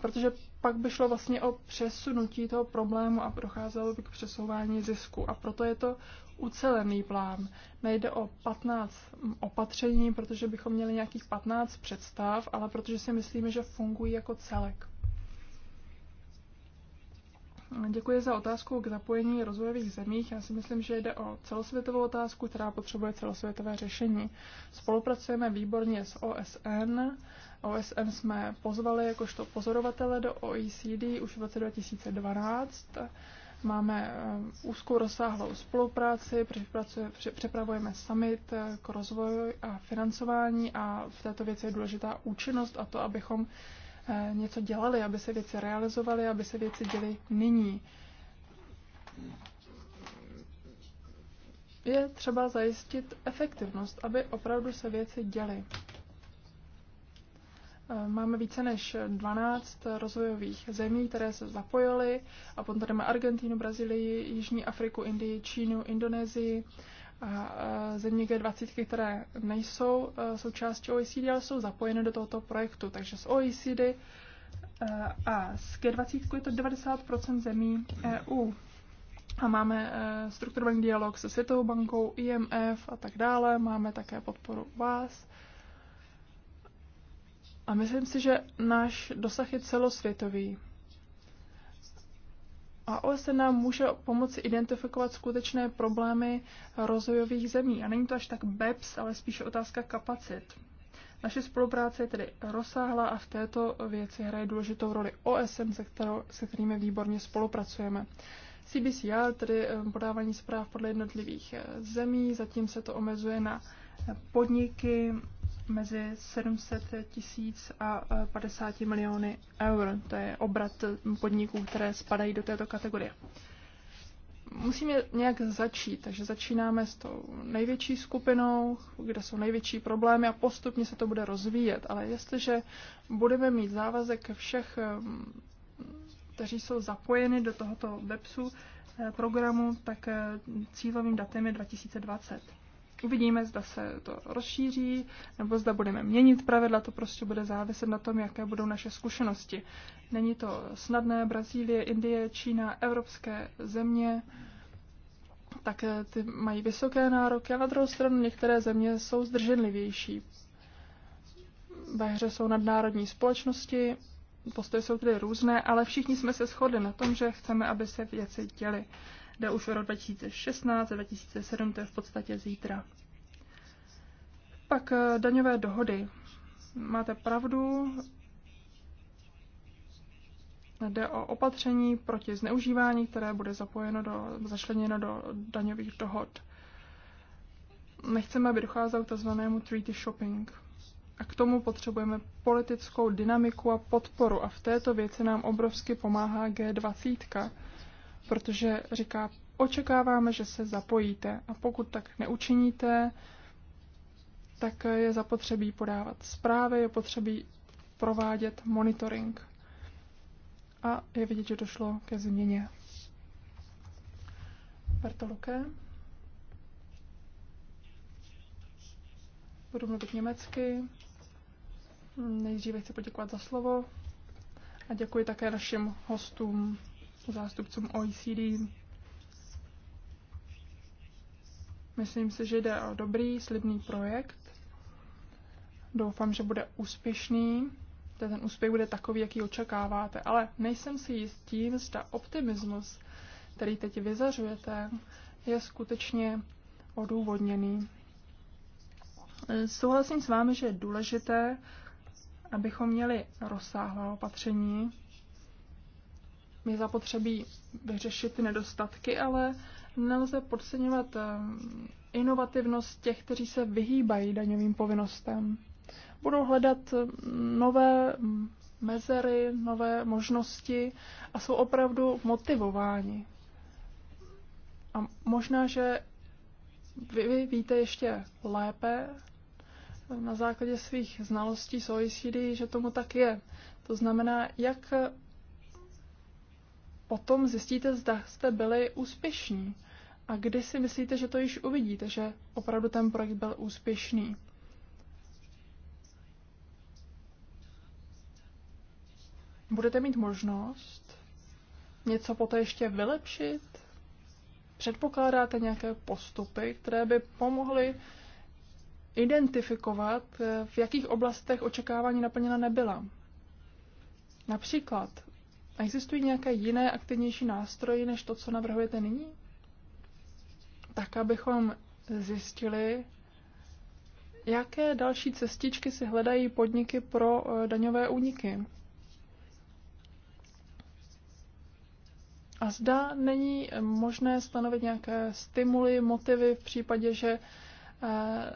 Speaker 3: Protože pak by šlo vlastně o přesunutí toho problému a procházelo by k přesouvání zisku. A proto je to ucelený plán. Nejde o 15 opatření, protože bychom měli nějakých 15 představ, ale protože si myslíme, že fungují jako celek. Děkuji za otázku k zapojení rozvojových zemích. Já si myslím, že jde o celosvětovou otázku, která potřebuje celosvětové řešení. Spolupracujeme výborně s OSN. OSN jsme pozvali jakožto pozorovatele do OECD už v roce 2012. Máme eh, úzkou rozsáhlou spolupráci, připravujeme summit eh, k rozvoji a financování a v této věci je důležitá účinnost a to, abychom Eh, něco dělali, aby se věci realizovaly, aby se věci děly nyní. Je třeba zajistit efektivnost, aby opravdu se věci děly. Eh, máme více než 12 rozvojových zemí, které se zapojily a potom tady máme Argentínu, Brazílii, Jižní Afriku, Indii, Čínu, Indonésii, a e, země G20, které nejsou e, součástí OECD, ale jsou zapojeny do tohoto projektu. Takže z OECD e, a z G20 je to 90 zemí EU. A máme strukturovaný dialog se Světovou bankou, IMF a tak dále. Máme také podporu vás. A myslím si, že náš dosah je celosvětový a OSN nám může pomoci identifikovat skutečné problémy rozvojových zemí. A není to až tak BEPS, ale spíše otázka kapacit. Naše spolupráce je tedy rozsáhlá a v této věci hraje důležitou roli OSN, se, kterou, se kterými výborně spolupracujeme. CBCR, tedy eh, podávání zpráv podle jednotlivých eh, zemí, zatím se to omezuje na podniky, mezi 700 tisíc a 50 e, miliony eur. To je obrat podniků, které spadají do této kategorie. Musíme nějak začít, takže začínáme s tou největší skupinou, kde jsou největší problémy a postupně se to bude rozvíjet. Ale jestliže budeme mít závazek všech, e, kteří jsou zapojeni do tohoto BEPSu e, programu, tak cílovým datem je 2020. Uvidíme, zda se to rozšíří, nebo zda budeme měnit pravidla, to prostě bude záviset na tom, jaké budou naše zkušenosti. Není to snadné, Brazílie, Indie, Čína, evropské země, tak eh, ty mají vysoké nároky a na druhou stranu některé země jsou zdrženlivější. Ve hře jsou nadnárodní společnosti, postoje jsou tedy různé, ale všichni jsme se shodli na tom, že chceme, aby se věci děly. Jde už o rok 2016 a 2007, to je v podstatě zítra. Pak eh, daňové dohody. Máte pravdu, Jde o opatření proti zneužívání, které bude zapojeno do, zašleněno do daňových dohod. Nechceme, aby docházelo k tzv. treaty shopping. A k tomu potřebujeme politickou dynamiku a podporu. A v této věci nám obrovsky pomáhá G20 protože říká, očekáváme, že se zapojíte a pokud tak neučiníte, tak je zapotřebí podávat zprávy, je potřebí provádět monitoring. A je vidět, že došlo ke změně. Bertoluke. Budu mluvit německy. Nejdříve chci poděkovat za slovo a děkuji také našim hostům zástupcům OECD. Myslím si, že jde o dobrý, slibný projekt. Doufám, že bude úspěšný, že ten úspěch bude takový, jaký očekáváte, ale nejsem si jist tím, zda optimismus, který teď vyzařujete, je skutečně odůvodněný. Souhlasím s vámi, že je důležité, abychom měli rozsáhlá opatření, je zapotřebí vyřešit ty nedostatky, ale nelze podceňovat ehm, inovativnost těch, kteří se vyhýbají daňovým povinnostem. Budou hledat ehm, nové mezery, nové možnosti a jsou opravdu motivováni. A možná, že vy víte ještě lépe ehm, na základě svých znalostí z OECD, že tomu tak je. To znamená, jak potom zjistíte, zda jste byli úspěšní. A kdy si myslíte, že to již uvidíte, že opravdu ten projekt byl úspěšný? Budete mít možnost něco poté ještě vylepšit? Předpokládáte nějaké postupy, které by pomohly identifikovat, v jakých oblastech očekávání naplněna nebyla? Například, Existují nějaké jiné aktivnější nástroje, než to, co navrhujete nyní? Tak, abychom zjistili, jaké další cestičky si hledají podniky pro eh, daňové úniky. A zda není možné stanovit nějaké stimuly, motivy v případě, že Eh,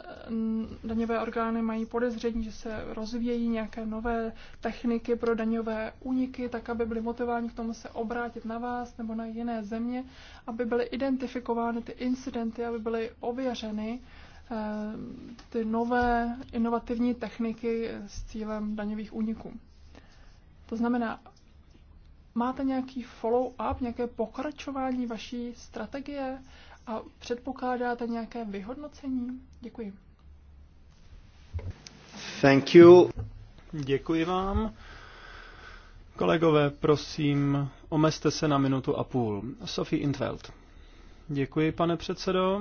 Speaker 3: daňové orgány mají podezření, že se rozvíjejí nějaké nové techniky pro daňové úniky, tak aby byly motivováni k tomu se obrátit na vás nebo na jiné země, aby byly identifikovány ty incidenty, aby byly ověřeny eh, ty nové inovativní techniky s cílem daňových úniků. To znamená, máte nějaký follow-up, nějaké pokračování vaší strategie a předpokládáte nějaké vyhodnocení? Děkuji.
Speaker 1: Thank you. Děkuji vám. Kolegové, prosím, omezte se na minutu a půl. Sophie Intveld. Děkuji, pane předsedo.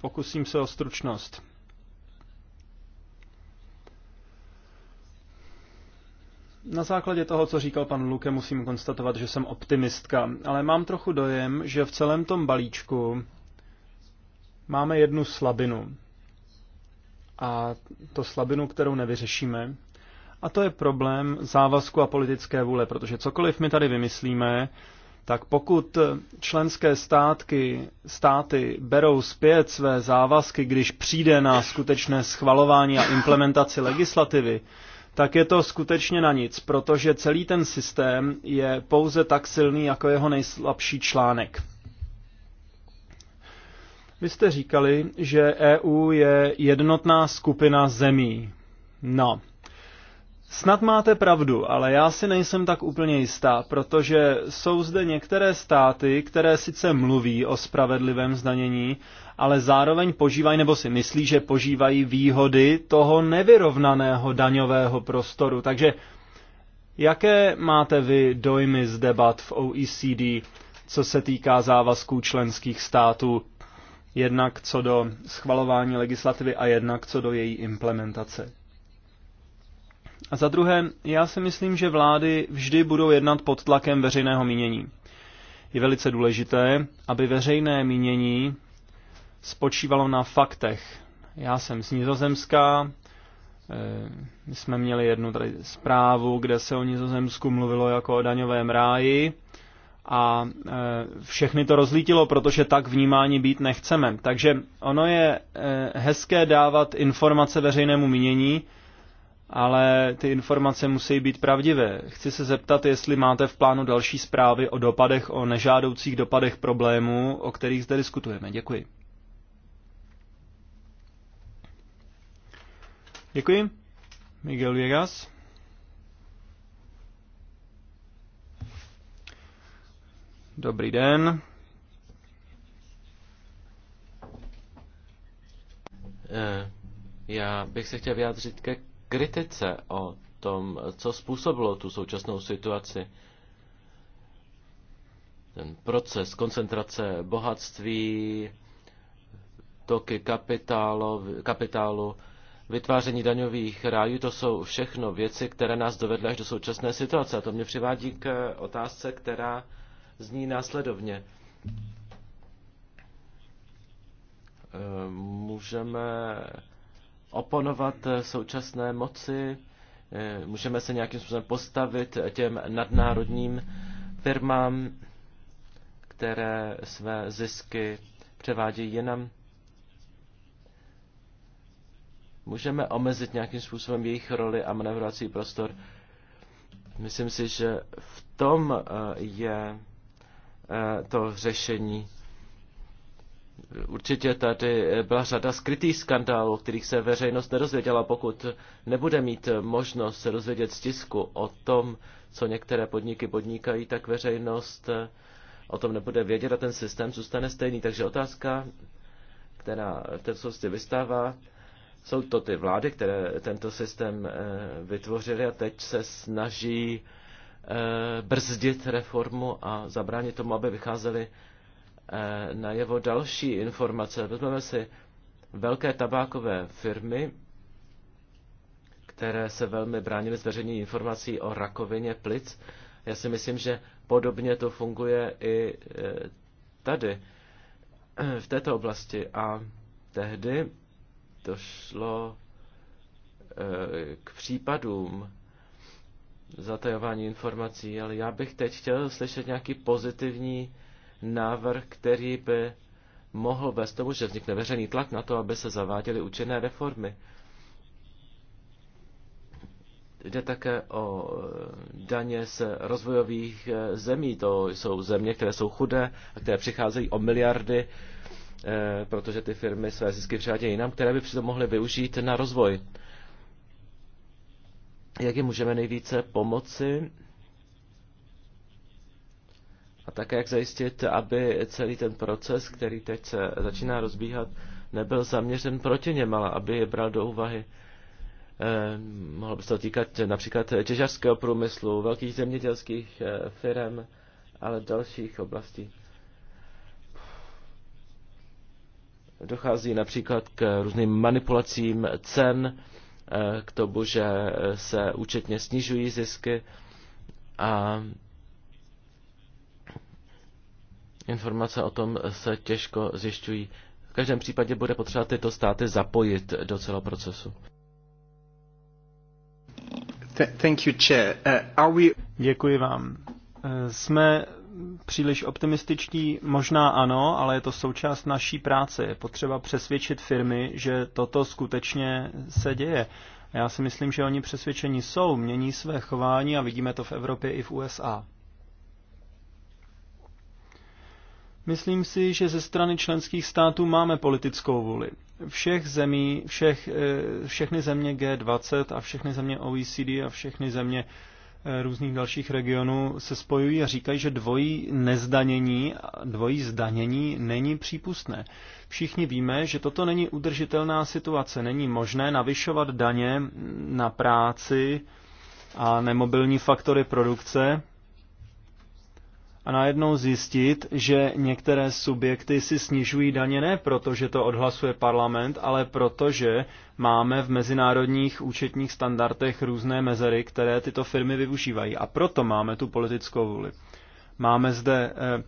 Speaker 1: Pokusím se o stručnost. Na základě toho, co říkal pan Luke, musím konstatovat, že jsem optimistka, ale mám trochu dojem, že v celém tom balíčku máme jednu slabinu. A to slabinu, kterou nevyřešíme. A to je problém závazku a politické vůle, protože cokoliv my tady vymyslíme, tak pokud členské státky, státy berou zpět své závazky, když přijde na skutečné schvalování a implementaci legislativy, tak je to skutečně na nic, protože celý ten systém je pouze tak silný jako jeho nejslabší článek. Vy jste říkali, že EU je jednotná skupina zemí. No, Snad máte pravdu, ale já si nejsem tak úplně jistá, protože jsou zde některé státy, které sice mluví o spravedlivém zdanění, ale zároveň požívají nebo si myslí, že požívají výhody toho nevyrovnaného daňového prostoru. Takže jaké máte vy dojmy z debat v OECD, co se týká závazků členských států, jednak co do schvalování legislativy a jednak co do její implementace? A za druhé, já si myslím, že vlády vždy budou jednat pod tlakem veřejného mínění. Je velice důležité, aby veřejné mínění spočívalo na faktech. Já jsem z Nizozemska, eh, my jsme měli jednu tady zprávu, kde se o Nizozemsku mluvilo jako o daňovém ráji a eh, všechny to rozlítilo, protože tak vnímání být nechceme. Takže ono je eh, hezké dávat informace veřejnému mínění, ale ty informace musí být pravdivé. Chci se zeptat, jestli máte v plánu další zprávy o dopadech, o nežádoucích dopadech problémů, o kterých zde diskutujeme. Děkuji. Děkuji. Miguel Viegas. Dobrý
Speaker 2: den. Eh, já bych se chtěl vyjádřit ke kritice o tom, co způsobilo tu současnou situaci. Ten proces koncentrace bohatství, toky kapitálu, kapitálu vytváření daňových rájů, to jsou všechno věci, které nás dovedly až do současné situace. A to mě přivádí k otázce, která zní následovně. Ehm, můžeme oponovat eh, současné moci, eh, můžeme se nějakým způsobem postavit těm nadnárodním firmám, které své zisky převádějí jinam. Můžeme omezit nějakým způsobem jejich roli a manevrovací prostor. Myslím si, že v tom eh, je to řešení Určitě tady byla řada skrytých skandálů, kterých se veřejnost nedozvěděla, pokud nebude mít možnost se dozvědět z tisku o tom, co některé podniky podnikají, tak veřejnost o tom nebude vědět a ten systém zůstane stejný. Takže otázka, která v té souvislosti vystává, jsou to ty vlády, které tento systém eh, vytvořily a teď se snaží eh, brzdit reformu a zabránit tomu, aby vycházely Eh, na jeho další informace. Vezmeme si velké tabákové firmy, které se velmi bránily zveřejnění informací o rakovině plic. Já si myslím, že podobně to funguje i eh, tady, v této oblasti. A tehdy došlo eh, k případům zatajování informací, ale já bych teď chtěl slyšet nějaký pozitivní návrh, který by mohl bez tomu, že vznikne veřejný tlak na to, aby se zaváděly účinné reformy. Jde také o daně z rozvojových eh, zemí. To jsou země, které jsou chudé a které přicházejí o miliardy, eh, protože ty firmy své zisky přivádějí nám, které by přitom mohly využít na rozvoj. Jak je můžeme nejvíce pomoci? A také jak zajistit, aby celý ten proces, který teď se začíná rozbíhat, nebyl zaměřen proti něm, ale aby je bral do úvahy. Eh, mohlo by se to týkat například těžařského průmyslu, velkých zemědělských eh, firm, ale dalších oblastí. Dochází například k různým manipulacím cen, eh, k tomu, že se účetně snižují zisky a Informace o tom se těžko zjišťují. V každém případě bude potřeba tyto státy zapojit do celého procesu.
Speaker 1: Thank you, chair. Uh, are we... Děkuji vám. Eh, jsme příliš optimističtí? Možná ano, ale je to součást naší práce. Je potřeba přesvědčit firmy, že toto skutečně se děje. Já si myslím, že oni přesvědčení jsou, mění své chování a vidíme to v Evropě i v USA. Myslím si, že ze strany členských států máme politickou vůli. Všech zemí, všech, eh, všechny země G20 a všechny země OECD a všechny země eh, různých dalších regionů se spojují a říkají, že dvojí nezdanění, dvojí zdanění není přípustné. Všichni víme, že toto není udržitelná situace. Není možné navyšovat daně na práci a nemobilní faktory produkce, a najednou zjistit, že některé subjekty si snižují daně ne proto, že to odhlasuje parlament, ale proto, že máme v mezinárodních účetních standardech různé mezery, které tyto firmy využívají. A proto máme tu politickou vůli. Máme zde e,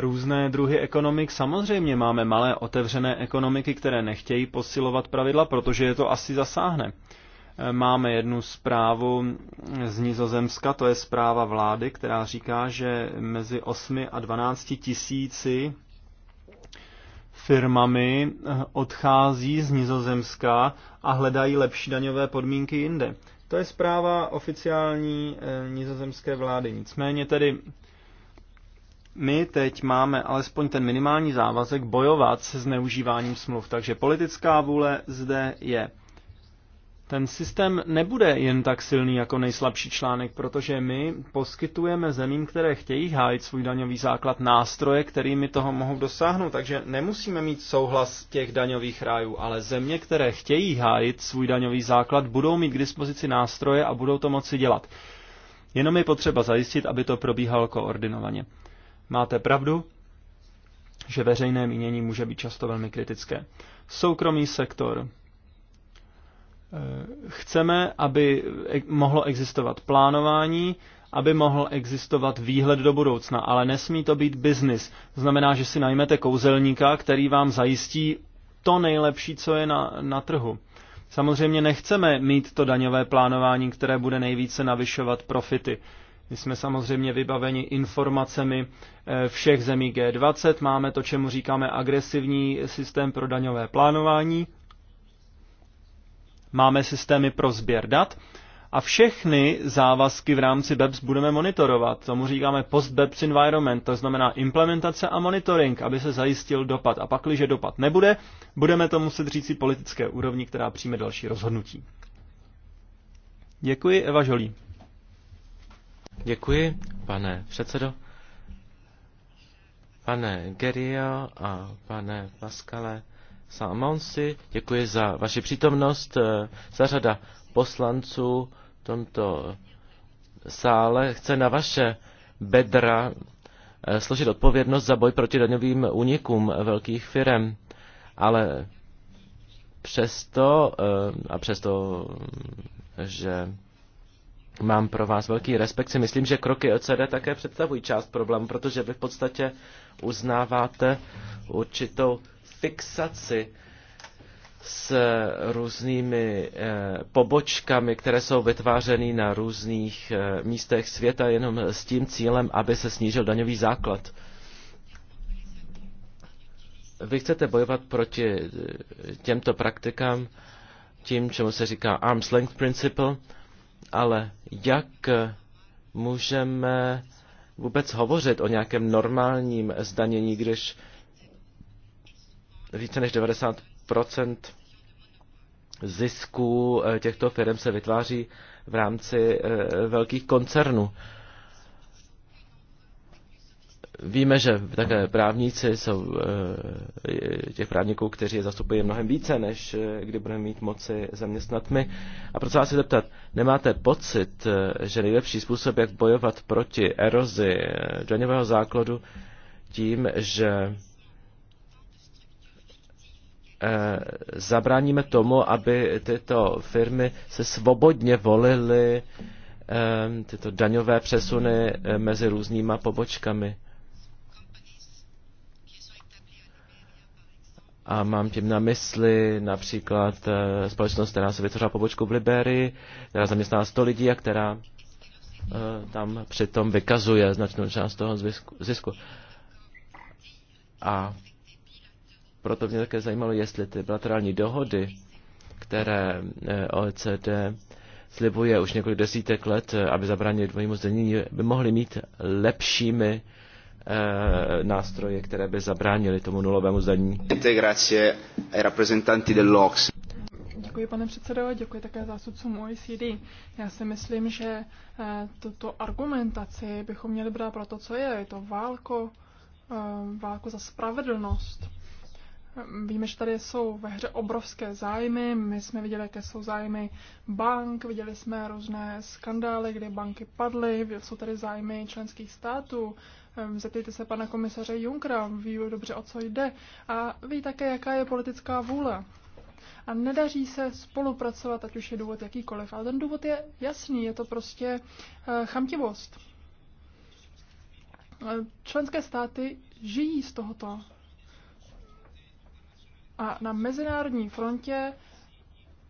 Speaker 1: různé druhy ekonomik. Samozřejmě máme malé otevřené ekonomiky, které nechtějí posilovat pravidla, protože je to asi zasáhne. Máme jednu zprávu z Nizozemska, to je zpráva vlády, která říká, že mezi 8 a 12 tisíci firmami eh, odchází z Nizozemska a hledají lepší daňové podmínky jinde. To je zpráva oficiální eh, nizozemské vlády. Nicméně tedy my teď máme alespoň ten minimální závazek bojovat se zneužíváním smluv, takže politická vůle zde je ten systém nebude jen tak silný jako nejslabší článek, protože my poskytujeme zemím, které chtějí hájit svůj daňový základ, nástroje, kterými toho mohou dosáhnout. Takže nemusíme mít souhlas těch daňových rájů, ale země, které chtějí hájit svůj daňový základ, budou mít k dispozici nástroje a budou to moci dělat. Jenom je potřeba zajistit, aby to probíhalo koordinovaně. Máte pravdu, že veřejné mínění může být často velmi kritické. Soukromý sektor Eh, chceme, aby e, mohlo existovat plánování, aby mohl existovat výhled do budoucna, ale nesmí to být biznis. znamená, že si najmete kouzelníka, který vám zajistí to nejlepší, co je na, na trhu. Samozřejmě nechceme mít to daňové plánování, které bude nejvíce navyšovat profity. My jsme samozřejmě vybaveni informacemi eh, všech zemí G20, máme to, čemu říkáme agresivní systém pro daňové plánování, máme systémy pro sběr dat a všechny závazky v rámci BEPS budeme monitorovat. Tomu říkáme post-BEPS environment, to znamená implementace a monitoring, aby se zajistil dopad. A pak, když dopad nebude, budeme to muset říci politické úrovni, která přijme další rozhodnutí. Děkuji, Eva Žolí.
Speaker 2: Děkuji, pane předsedo. Pane Gerio a pane Paskale, Salmonsi, děkuji za vaši přítomnost. Eh, Zařada poslanců v tomto sále chce na vaše bedra eh, složit odpovědnost za boj proti daňovým únikům velkých firm. Ale přesto, eh, a přesto, že mám pro vás velký respekt, si myslím, že kroky OCD také představují část problému, protože vy v podstatě uznáváte určitou fixaci s různými eh, pobočkami, které jsou vytvářeny na různých eh, místech světa jenom s tím cílem, aby se snížil daňový základ. Vy chcete bojovat proti eh, těmto praktikám tím, čemu se říká arm's length principle, ale jak můžeme vůbec hovořit o nějakém normálním zdanění, když více než 90 zisků eh, těchto firm se vytváří v rámci eh, velkých koncernů. Víme, že také právníci jsou eh, těch právníků, kteří je zastupují mnohem více, než kdy budeme mít moci zaměstnat my. A proto vás se zeptat, nemáte pocit, že nejlepší způsob, jak bojovat proti erozi daňového základu, tím, že Eh, zabráníme tomu, aby tyto firmy se svobodně volily eh, tyto daňové přesuny eh, mezi různýma pobočkami. A mám tím na mysli například společnost, která se vytvořila pobočku v Liberii, která zaměstná 100 lidí a která tam přitom vykazuje značnou část toho zisku. A proto mě také zajímalo, jestli ty bilaterální dohody, které eh, OECD slibuje už několik desítek let, eh, aby zabránili dvojímu zdanění, by mohly mít lepšími eh, nástroje, které by zabránily tomu nulovému zdanění.
Speaker 3: Děkuji, pane předsedo, děkuji také zástupcům OECD. Já si myslím, že tuto argumentaci bychom měli brát pro to, co je. Je to válko, válko za spravedlnost. Víme, že tady jsou ve hře obrovské zájmy. My jsme viděli, jaké jsou zájmy bank, viděli jsme různé skandály, kdy banky padly, jsou tady zájmy členských států. Ehm, Zeptejte se pana komisaře Junkra, ví dobře, o co jde. A ví také, jaká je politická vůle. A nedaří se spolupracovat, ať už je důvod jakýkoliv. Ale ten důvod je jasný, je to prostě eh, chamtivost. Ehm, členské státy žijí z tohoto a na mezinárodní frontě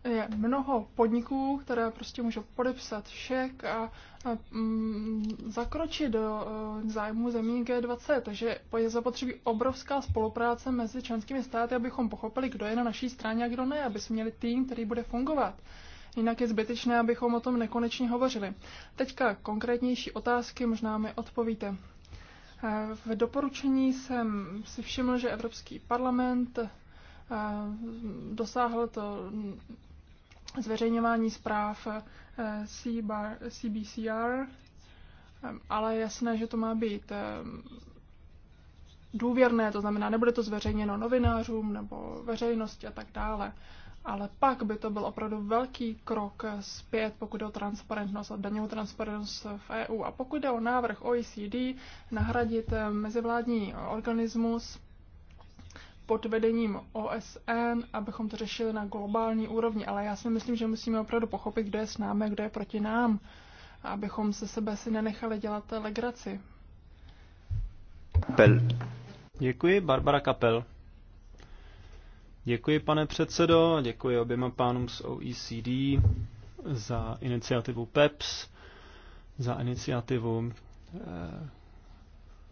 Speaker 3: je mnoho podniků, které prostě můžou podepsat šek a, a mm, zakročit do uh, zájmu zemí G20. Takže je zapotřebí obrovská spolupráce mezi členskými státy, abychom pochopili, kdo je na naší straně a kdo ne, aby jsme měli tým, který bude fungovat. Jinak je zbytečné, abychom o tom nekonečně hovořili. Teďka konkrétnější otázky možná mi odpovíte. Eh, v doporučení jsem si všiml, že Evropský parlament dosáhl to zveřejňování zpráv eh, CBCR, eh, ale je jasné, že to má být eh, důvěrné, to znamená, nebude to zveřejněno novinářům nebo veřejnosti a tak dále. Ale pak by to byl opravdu velký krok zpět, pokud jde o transparentnost a daňovou transparentnost v EU. A pokud jde o návrh OECD nahradit mezivládní organismus pod vedením OSN, abychom to řešili na globální úrovni, ale já si myslím, že musíme opravdu pochopit, kdo je s námi, kdo je proti nám, abychom se sebe si nenechali dělat legraci.
Speaker 1: Kapel. Děkuji, Barbara Kapel. Děkuji, pane předsedo, děkuji oběma pánům z OECD za iniciativu PEPS, za iniciativu eh,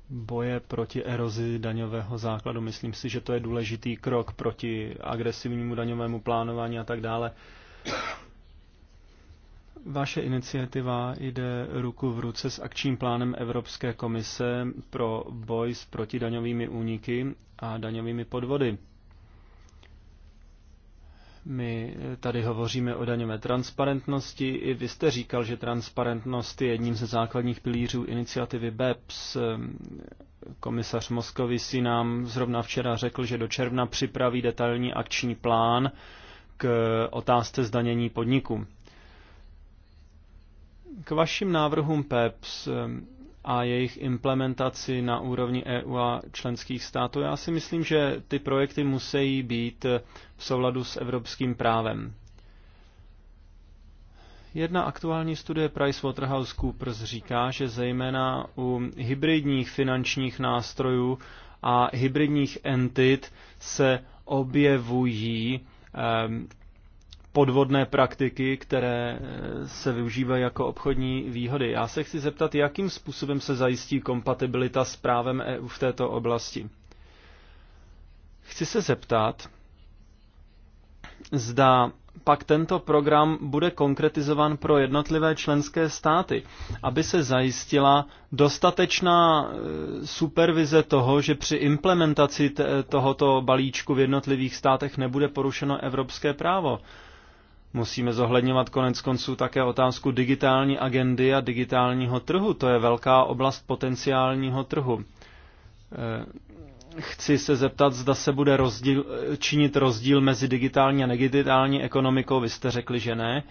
Speaker 1: boje proti erozi daňového základu. Myslím si, že to je důležitý krok proti agresivnímu daňovému plánování a tak dále. Vaše iniciativa jde ruku v ruce s akčním plánem Evropské komise pro boj s protidaňovými úniky a daňovými podvody. My tady hovoříme o daňové transparentnosti. I vy jste říkal, že transparentnost je jedním ze základních pilířů iniciativy BEPS. Komisař si nám zrovna včera řekl, že do června připraví detailní akční plán k otázce zdanění podniku. K vašim návrhům PEPS a jejich implementaci na úrovni EU a členských států. Já si myslím, že ty projekty musí být v souladu s evropským právem. Jedna aktuální studie PricewaterhouseCoopers říká, že zejména u hybridních finančních nástrojů a hybridních entit se objevují ehm, podvodné praktiky, které eh, se využívají jako obchodní výhody. Já se chci zeptat, jakým způsobem se zajistí kompatibilita s právem EU v této oblasti. Chci se zeptat, zda pak tento program bude konkretizovan pro jednotlivé členské státy, aby se zajistila dostatečná eh, supervize toho, že při implementaci tohoto balíčku v jednotlivých státech nebude porušeno evropské právo. Musíme zohledňovat konec konců také otázku digitální agendy a digitálního trhu. To je velká oblast potenciálního trhu. Eh, chci se zeptat, zda se bude rozdíl, činit rozdíl mezi digitální a negitální ekonomikou. Vy jste řekli, že ne.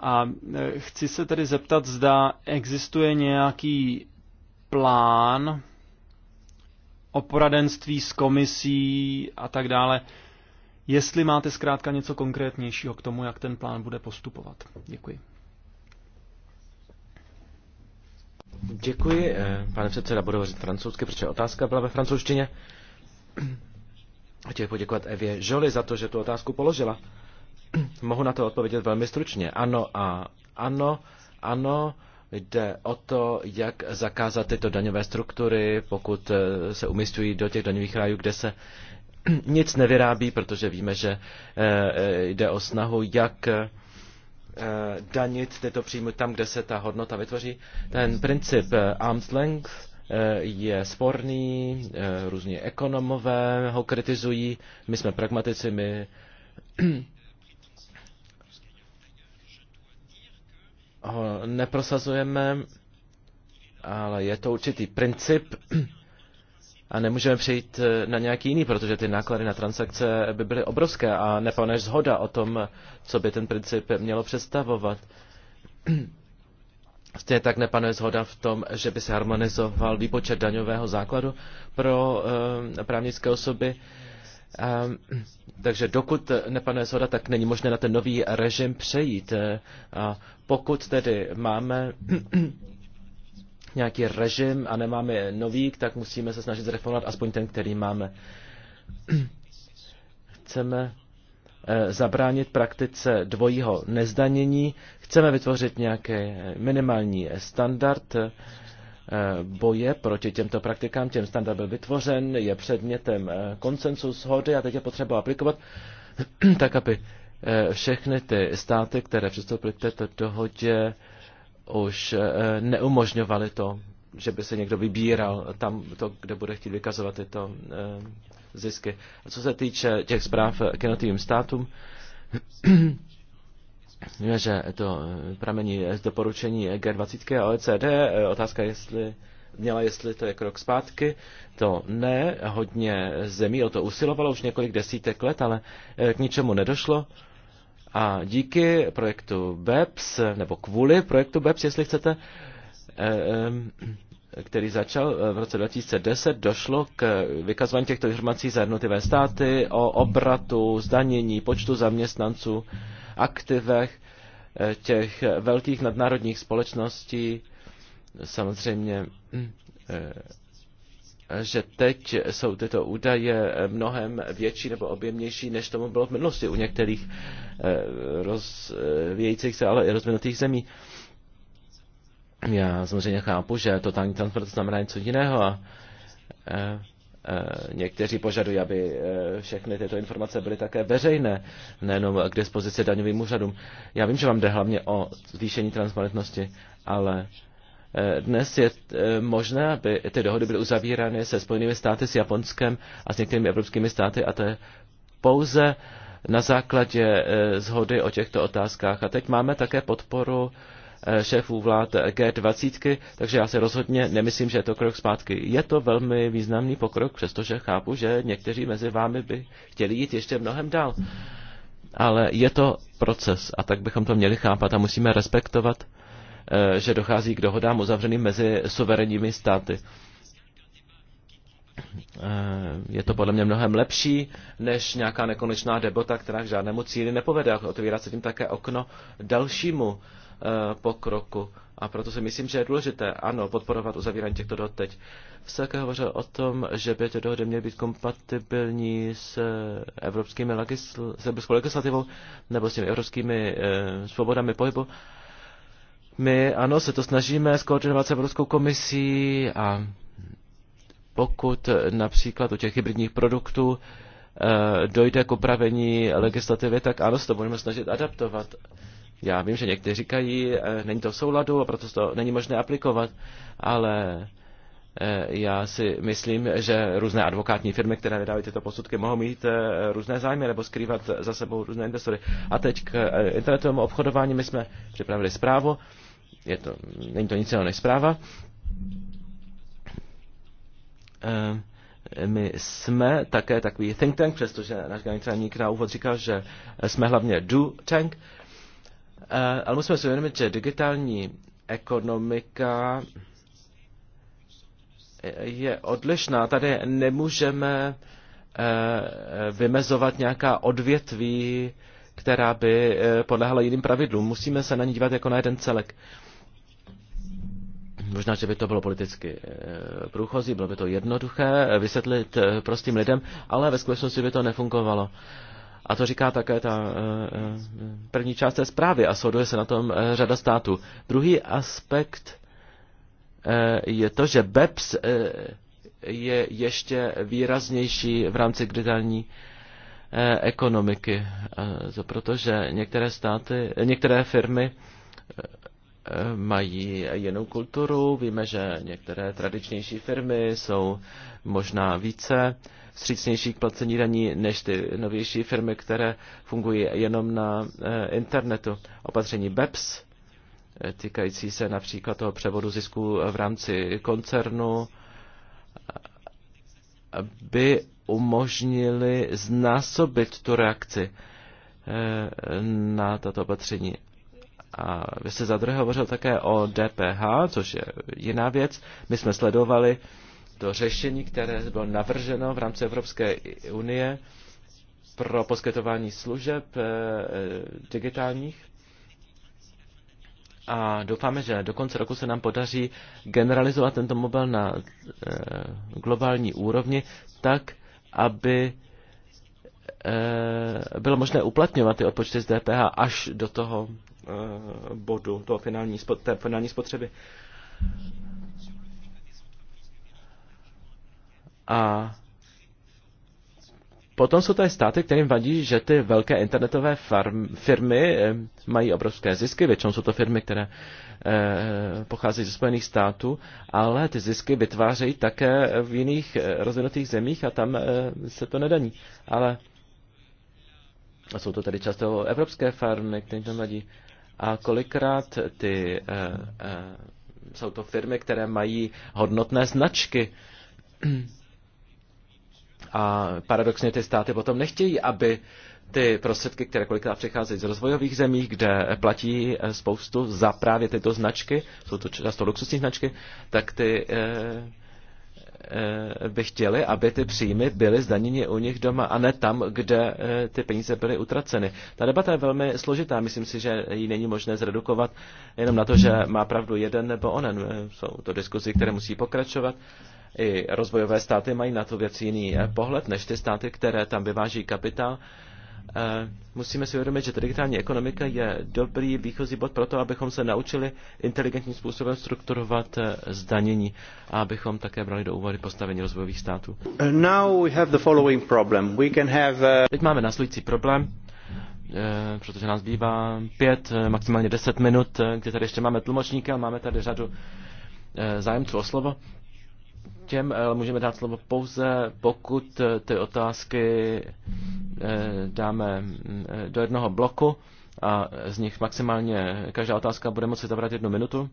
Speaker 1: A eh, chci se tedy zeptat, zda existuje nějaký plán o poradenství s komisí a tak dále, jestli máte zkrátka něco konkrétnějšího k tomu, jak ten plán bude postupovat. Děkuji.
Speaker 2: Děkuji, eh, pane předseda, budu hovořit francouzsky, protože otázka byla ve francouzštině. Chtěl bych poděkovat Evě Žoli za to, že tu otázku položila. Mohu na to odpovědět velmi stručně. Ano a ano, ano, jde o to, jak zakázat tyto daňové struktury, pokud eh, se umistují do těch daňových rájů, kde se nic nevyrábí, protože víme, že eh, eh, jde o snahu, jak eh, danit tyto příjmy tam, kde se ta hodnota vytvoří. Ten princip arm's length je sporný, různě ekonomové ho kritizují, my jsme pragmatici, my ho neprosazujeme, ale je to určitý princip, a nemůžeme přejít eh, na nějaký jiný, protože ty náklady na transakce by byly obrovské a nepanuje zhoda o tom, co by ten princip mělo představovat. Stejně tak nepanuje zhoda v tom, že by se harmonizoval výpočet daňového základu pro e, právnické osoby. E, takže dokud nepanuje zhoda, tak není možné na ten nový režim přejít. E, a pokud tedy máme nějaký režim a nemáme nový, tak musíme se snažit zreformovat aspoň ten, který máme. Chceme eh, zabránit praktice dvojího nezdanění. Chceme vytvořit nějaký minimální standard eh, boje proti těmto praktikám. Těm standard byl vytvořen, je předmětem eh, koncensu shody a teď je potřeba aplikovat tak, aby všechny ty státy, které přistoupily k této dohodě, už eh, neumožňovaly to, že by se někdo vybíral tam, to, kde bude chtít vykazovat tyto eh, zisky. A co se týče těch zpráv k jednotlivým státům, Víme, že to pramení z doporučení G20 a OECD. Otázka, jestli měla, jestli to je krok zpátky. To ne, hodně zemí o to usilovalo už několik desítek let, ale eh, k ničemu nedošlo. A díky projektu BEPS, nebo kvůli projektu BEPS, jestli chcete, eh, který začal eh, v roce 2010, došlo k vykazování těchto informací za jednotlivé státy o obratu, zdanění, počtu zaměstnanců, aktivech eh, těch velkých nadnárodních společností. Samozřejmě že teď jsou tyto údaje mnohem větší nebo objemnější, než tomu bylo v minulosti u některých eh, rozvíjejících se, ale i rozvinutých zemí. Já samozřejmě chápu, že totální transparentnost znamená něco jiného a eh, eh, někteří požadují, aby všechny tyto informace byly také veřejné, nejenom k dispozici daňovým úřadům. Já vím, že vám jde hlavně o zvýšení transparentnosti, ale Eh, dnes je eh, možné, aby ty dohody byly uzavírány se Spojenými státy, s Japonskem a s některými evropskými státy a to je pouze na základě eh, zhody o těchto otázkách. A teď máme také podporu šéfů vlád G20, takže já se rozhodně nemyslím, že je to krok zpátky. Je to velmi významný pokrok, přestože chápu, že někteří mezi vámi by chtěli jít ještě mnohem dál. Ale je to proces a tak bychom to měli chápat a musíme respektovat Eh, že dochází k dohodám uzavřeným mezi suverénními státy. Eh, je to podle mě mnohem lepší než nějaká nekonečná debota, která k žádnému cíli nepovede. Otevírá se tím také okno dalšímu eh, pokroku. A proto si myslím, že je důležité, ano, podporovat uzavírání těchto dohod teď. Vsake hovořil o tom, že by ty dohody měly být kompatibilní s, evropskými legisl- s evropskou legislativou nebo s těmi evropskými e, svobodami pohybu. E, my ano, se to snažíme skoordinovat s Evropskou komisí a pokud například u těch hybridních produktů eh, dojde k upravení legislativy, tak ano, se to budeme snažit adaptovat. Já vím, že někteří říkají, eh, není to v souladu a proto to není možné aplikovat, ale eh, já si myslím, že různé advokátní firmy, které vydávají tyto posudky, mohou mít různé zájmy nebo skrývat za sebou různé investory. A teď k internetovému obchodování my jsme připravili zprávu je to, není to nic jiného než zpráva. Eh, my jsme také takový think tank, přestože náš generální na úvod říkal, že jsme hlavně do tank, eh, ale musíme si uvědomit, že digitální ekonomika je odlišná. Tady nemůžeme eh, vymezovat nějaká odvětví, která by podlehala jiným pravidlům. Musíme se na ní dívat jako na jeden celek. Možná, že by to bylo politicky eh, průchozí, bylo by to jednoduché vysvětlit eh, prostým lidem, ale ve skutečnosti by to nefungovalo. A to říká také ta eh, první část té zprávy a shoduje se na tom řada států. Druhý aspekt je to, že BEPS je ještě výraznější v rámci digitální ekonomiky, protože některé státy, některé firmy mají jinou kulturu. Víme, že některé tradičnější firmy jsou možná více střícnější k placení daní než ty novější firmy, které fungují jenom na eh, internetu. Opatření BEPS eh, týkající se například toho převodu zisku v rámci koncernu eh, by umožnili znásobit tu reakci na tato opatření. A vy jste za druhé hovořil také o DPH, což je jiná věc. My jsme sledovali to řešení, které bylo navrženo v rámci Evropské unie pro poskytování služeb eh, eh, digitálních. A doufáme, že do konce roku se nám podaří generalizovat tento mobil na eh, globální úrovni tak, aby bylo možné uplatňovat ty odpočty z DPH až do toho Eh, bodu, toho finální, té finální spotřeby. A potom jsou tady státy, kterým vadí, že ty velké internetové farm, firmy eh, mají obrovské zisky, většinou jsou to firmy, které eh, pocházejí ze Spojených států, ale ty zisky vytvářejí také v jiných rozvinutých zemích a tam se to nedaní. Ale jsou to tady často evropské farmy, které tam vadí a kolikrát ty, eh, eh, jsou to firmy, které mají hodnotné značky. A paradoxně ty státy potom nechtějí, aby ty prostředky, které kolikrát přicházejí z rozvojových zemí, kde platí eh, spoustu za právě tyto značky, jsou to často luxusní značky, tak ty Eh, by chtěli, aby ty příjmy byly zdaněny u nich doma a ne tam, kde eh, ty peníze byly utraceny. Ta debata je velmi složitá, myslím si, že ji není možné zredukovat jenom na to, že má pravdu jeden nebo onen. Eh, jsou to diskuzi, které musí pokračovat. I rozvojové státy mají na to věc jiný pohled než ty státy, které tam vyváží kapitál. Eh, musíme si uvědomit, že ta digitální ekonomika je dobrý výchozí bod pro to, abychom se naučili inteligentním způsobem strukturovat eh, zdanění a abychom také brali do úvahy postavení rozvojových států. Eh, now we have the following problem. We can have, Teď máme následující problém protože nás bývá pět, maximálně deset minut, kde tady ještě máme tlumočníka, máme tady řadu zájemců o slovo těm eh, můžeme dát slovo pouze, pokud eh, ty otázky eh, dáme mm, do jednoho bloku a z nich maximálně každá otázka bude moci zabrat jednu minutu.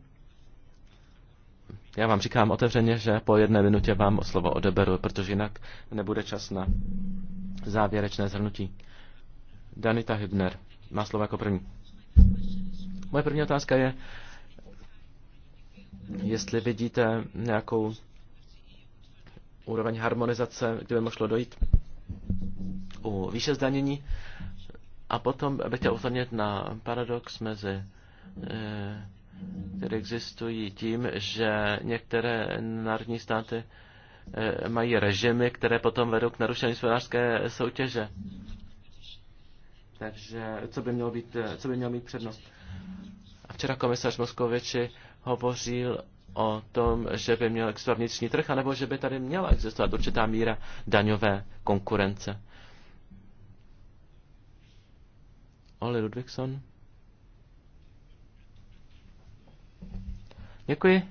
Speaker 2: Já vám říkám otevřeně, že po jedné minutě vám slovo odeberu, protože jinak nebude čas na závěrečné zhrnutí. Danita Hübner má slovo jako první. Moje první otázka je, jestli vidíte nějakou úroveň harmonizace, kde by mohlo dojít u výše zdanění. A potom bych chtěl upozornit na paradox mezi eh, které existují tím, že některé národní státy eh, mají režimy, které potom vedou k narušení hospodářské soutěže. Takže co by mělo, být, eh, co by mělo mít přednost? A včera komisař Moskoviči hovořil o tom, že by měl existovat vnitřní trh, anebo že by tady měla existovat určitá míra daňové konkurence. Oli Ludvigson. Děkuji.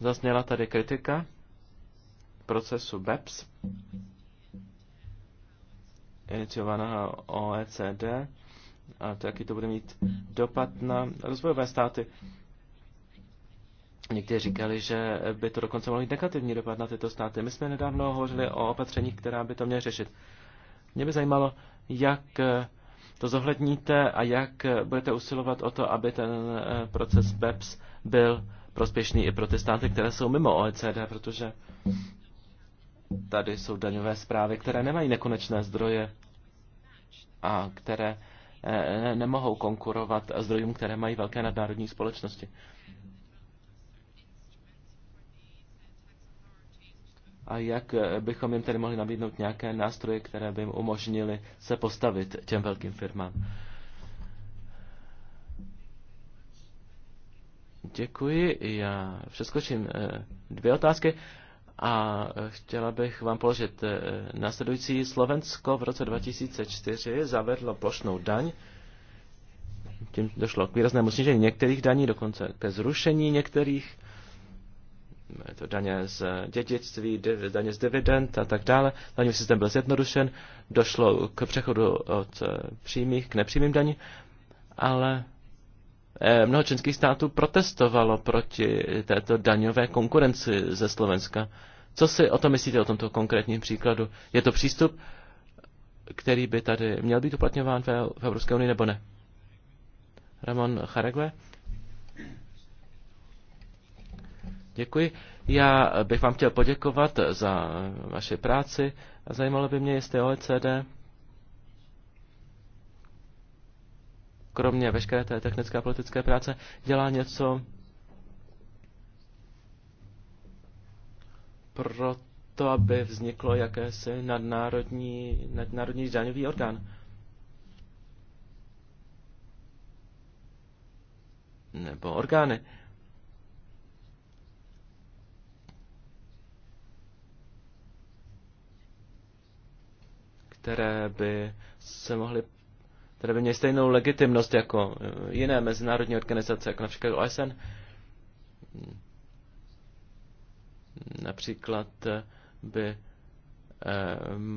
Speaker 2: Zazněla tady kritika procesu BEPS, iniciovaného OECD a to, jaký to bude mít dopad na rozvojové státy. Někteří říkali, že by to dokonce mohlo mít negativní dopad na tyto státy. My jsme nedávno hovořili o opatření, která by to měla řešit. Mě by zajímalo, jak eh, to zohledníte a jak eh, budete usilovat o to, aby ten eh, proces BEPS byl prospěšný i pro ty státy, které jsou mimo OECD, protože tady jsou daňové zprávy, které nemají nekonečné zdroje a které Eh, eh, nemohou konkurovat zdrojům, které mají velké nadnárodní společnosti. A jak eh, bychom jim tedy mohli nabídnout nějaké nástroje, které by jim umožnili se postavit těm velkým firmám? Děkuji. Já přeskočím dvě otázky. A chtěla bych vám položit eh, následující. Slovensko v roce 2004 zavedlo plošnou daň. Tím došlo k výraznému snížení některých daní, dokonce ke zrušení některých. Je to daně z dědictví, daně z dividend a tak dále. Daňový systém byl zjednodušen, došlo k přechodu od eh, přímých k nepřímým daní, ale eh, mnoho členských států protestovalo proti této daňové konkurenci ze Slovenska. Co si o tom myslíte, o tomto konkrétním příkladu? Je to přístup, který by tady měl být uplatňován v Evropské unii nebo ne? Ramon Charegue? Děkuji. Já bych vám chtěl poděkovat za vaši práci a zajímalo by mě, jestli OECD, kromě veškeré té technické a politické práce, dělá něco pro to, aby vzniklo jakési nadnárodní, nadnárodní daňový orgán. Nebo orgány. které by se mohly, které by měly stejnou legitimnost jako jiné mezinárodní organizace, jako například OSN. Například eh, by eh,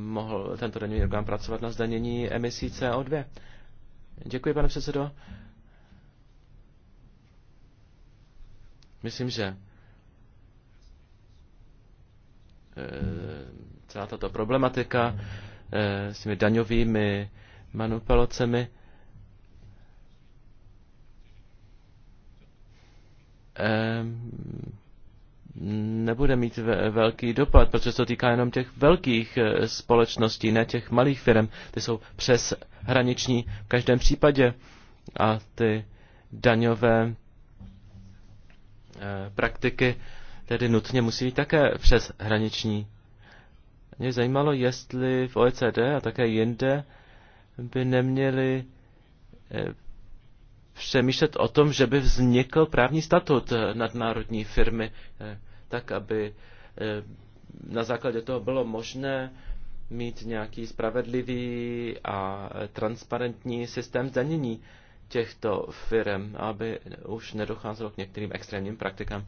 Speaker 2: mohl tento daňový orgán pracovat na zdanění emisí CO2. Děkuji, pane předsedo. Myslím, že eh, celá tato problematika s těmi daňovými manipulacemi nebude mít velký dopad, protože se to týká jenom těch velkých eh, společností, ne těch malých firm. Ty jsou přes hraniční v každém případě a ty daňové eh, praktiky tedy nutně musí být také přes hraniční. Mě zajímalo, jestli v OECD a také jinde by neměli eh, přemýšlet o tom, že by vznikl právní statut eh, nadnárodní firmy, eh, tak aby eh, na základě toho bylo možné mít nějaký spravedlivý a transparentní systém zdanění těchto firm, aby už nedocházelo k některým extrémním praktikám.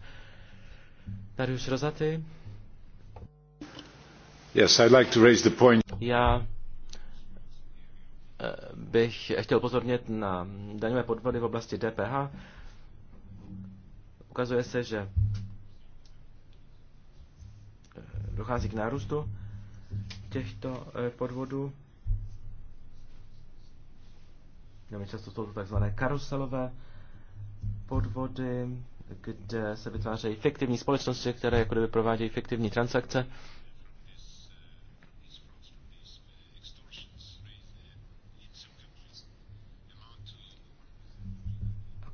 Speaker 2: Darius Rozaty?
Speaker 3: Yes,
Speaker 1: I'd like to raise the point.
Speaker 2: Já bych chtěl pozornit na daňové podvody v oblasti DPH. Ukazuje se, že eh, dochází k nárůstu těchto eh, podvodů. Velmi často jsou to takzvané karuselové podvody, kde se vytvářejí fiktivní společnosti, které jako kdyby provádějí fiktivní transakce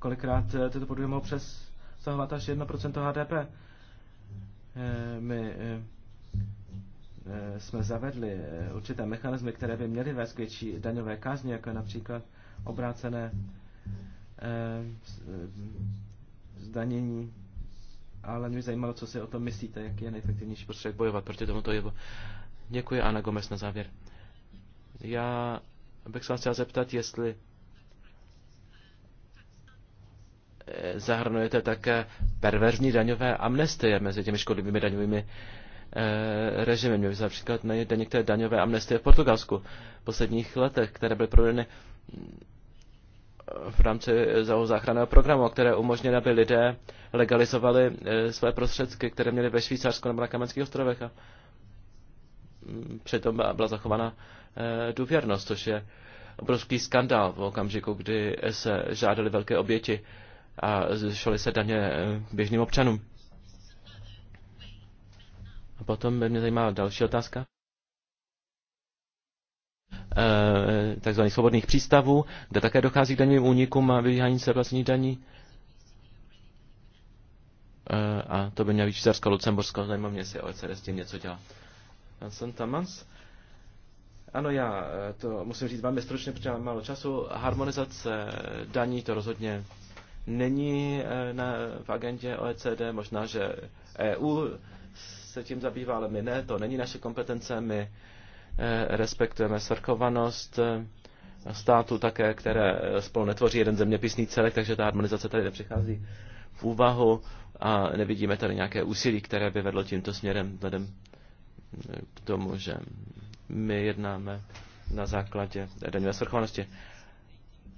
Speaker 2: Kolikrát eh, tyto podvody mohou přesahovat až 1% HDP. Eh, my eh, jsme zavedli určité mechanismy, které by měly vést k větší daňové kázně, jako je například obrácené zdanění. Ale mě zajímalo, co si o tom myslíte, jak je nejefektivnější prostředek bojovat proti tomuto jevu. Děkuji, Ana Gomez, na závěr. Já bych se vás chtěl zeptat, jestli zahrnujete také perverzní daňové amnestie mezi těmi škodlivými daňovými eh, režimy. Měli jsme například najít některé daňové amnestie v Portugalsku v posledních letech, které byly provedeny eh, v rámci záchranného programu, které umožnily, aby lidé legalizovali eh, své prostředky, které měly ve Švýcarsku nebo na Kamenských ostrovech. A mm, přitom byla zachována důvěrnost, což je obrovský skandál v okamžiku, kdy se žádali velké oběti a zvyšovaly se daně eh, běžným občanům. A potom by mě zajímala další otázka. E, eh, takzvaných svobodných přístavů, kde také dochází k daňovým únikům a vyvíhání se vlastní daní. E, a to by měla být Švýcarsko, Lucembursko, zajímá mě, jestli OECD s tím něco dělá. Já jsem Tamans. Ano, já to musím říct velmi stručně, protože mám málo času. Harmonizace daní to rozhodně není eh, na, v agendě OECD, možná, že EU se tím zabývá, ale my ne, to není naše kompetence, my eh, respektujeme svrchovanost eh, států také, které spolu netvoří jeden zeměpisný celek, takže ta harmonizace tady nepřichází v úvahu a nevidíme tady nějaké úsilí, které by vedlo tímto směrem vzhledem k tomu, že my jednáme na základě daňové svrchovanosti.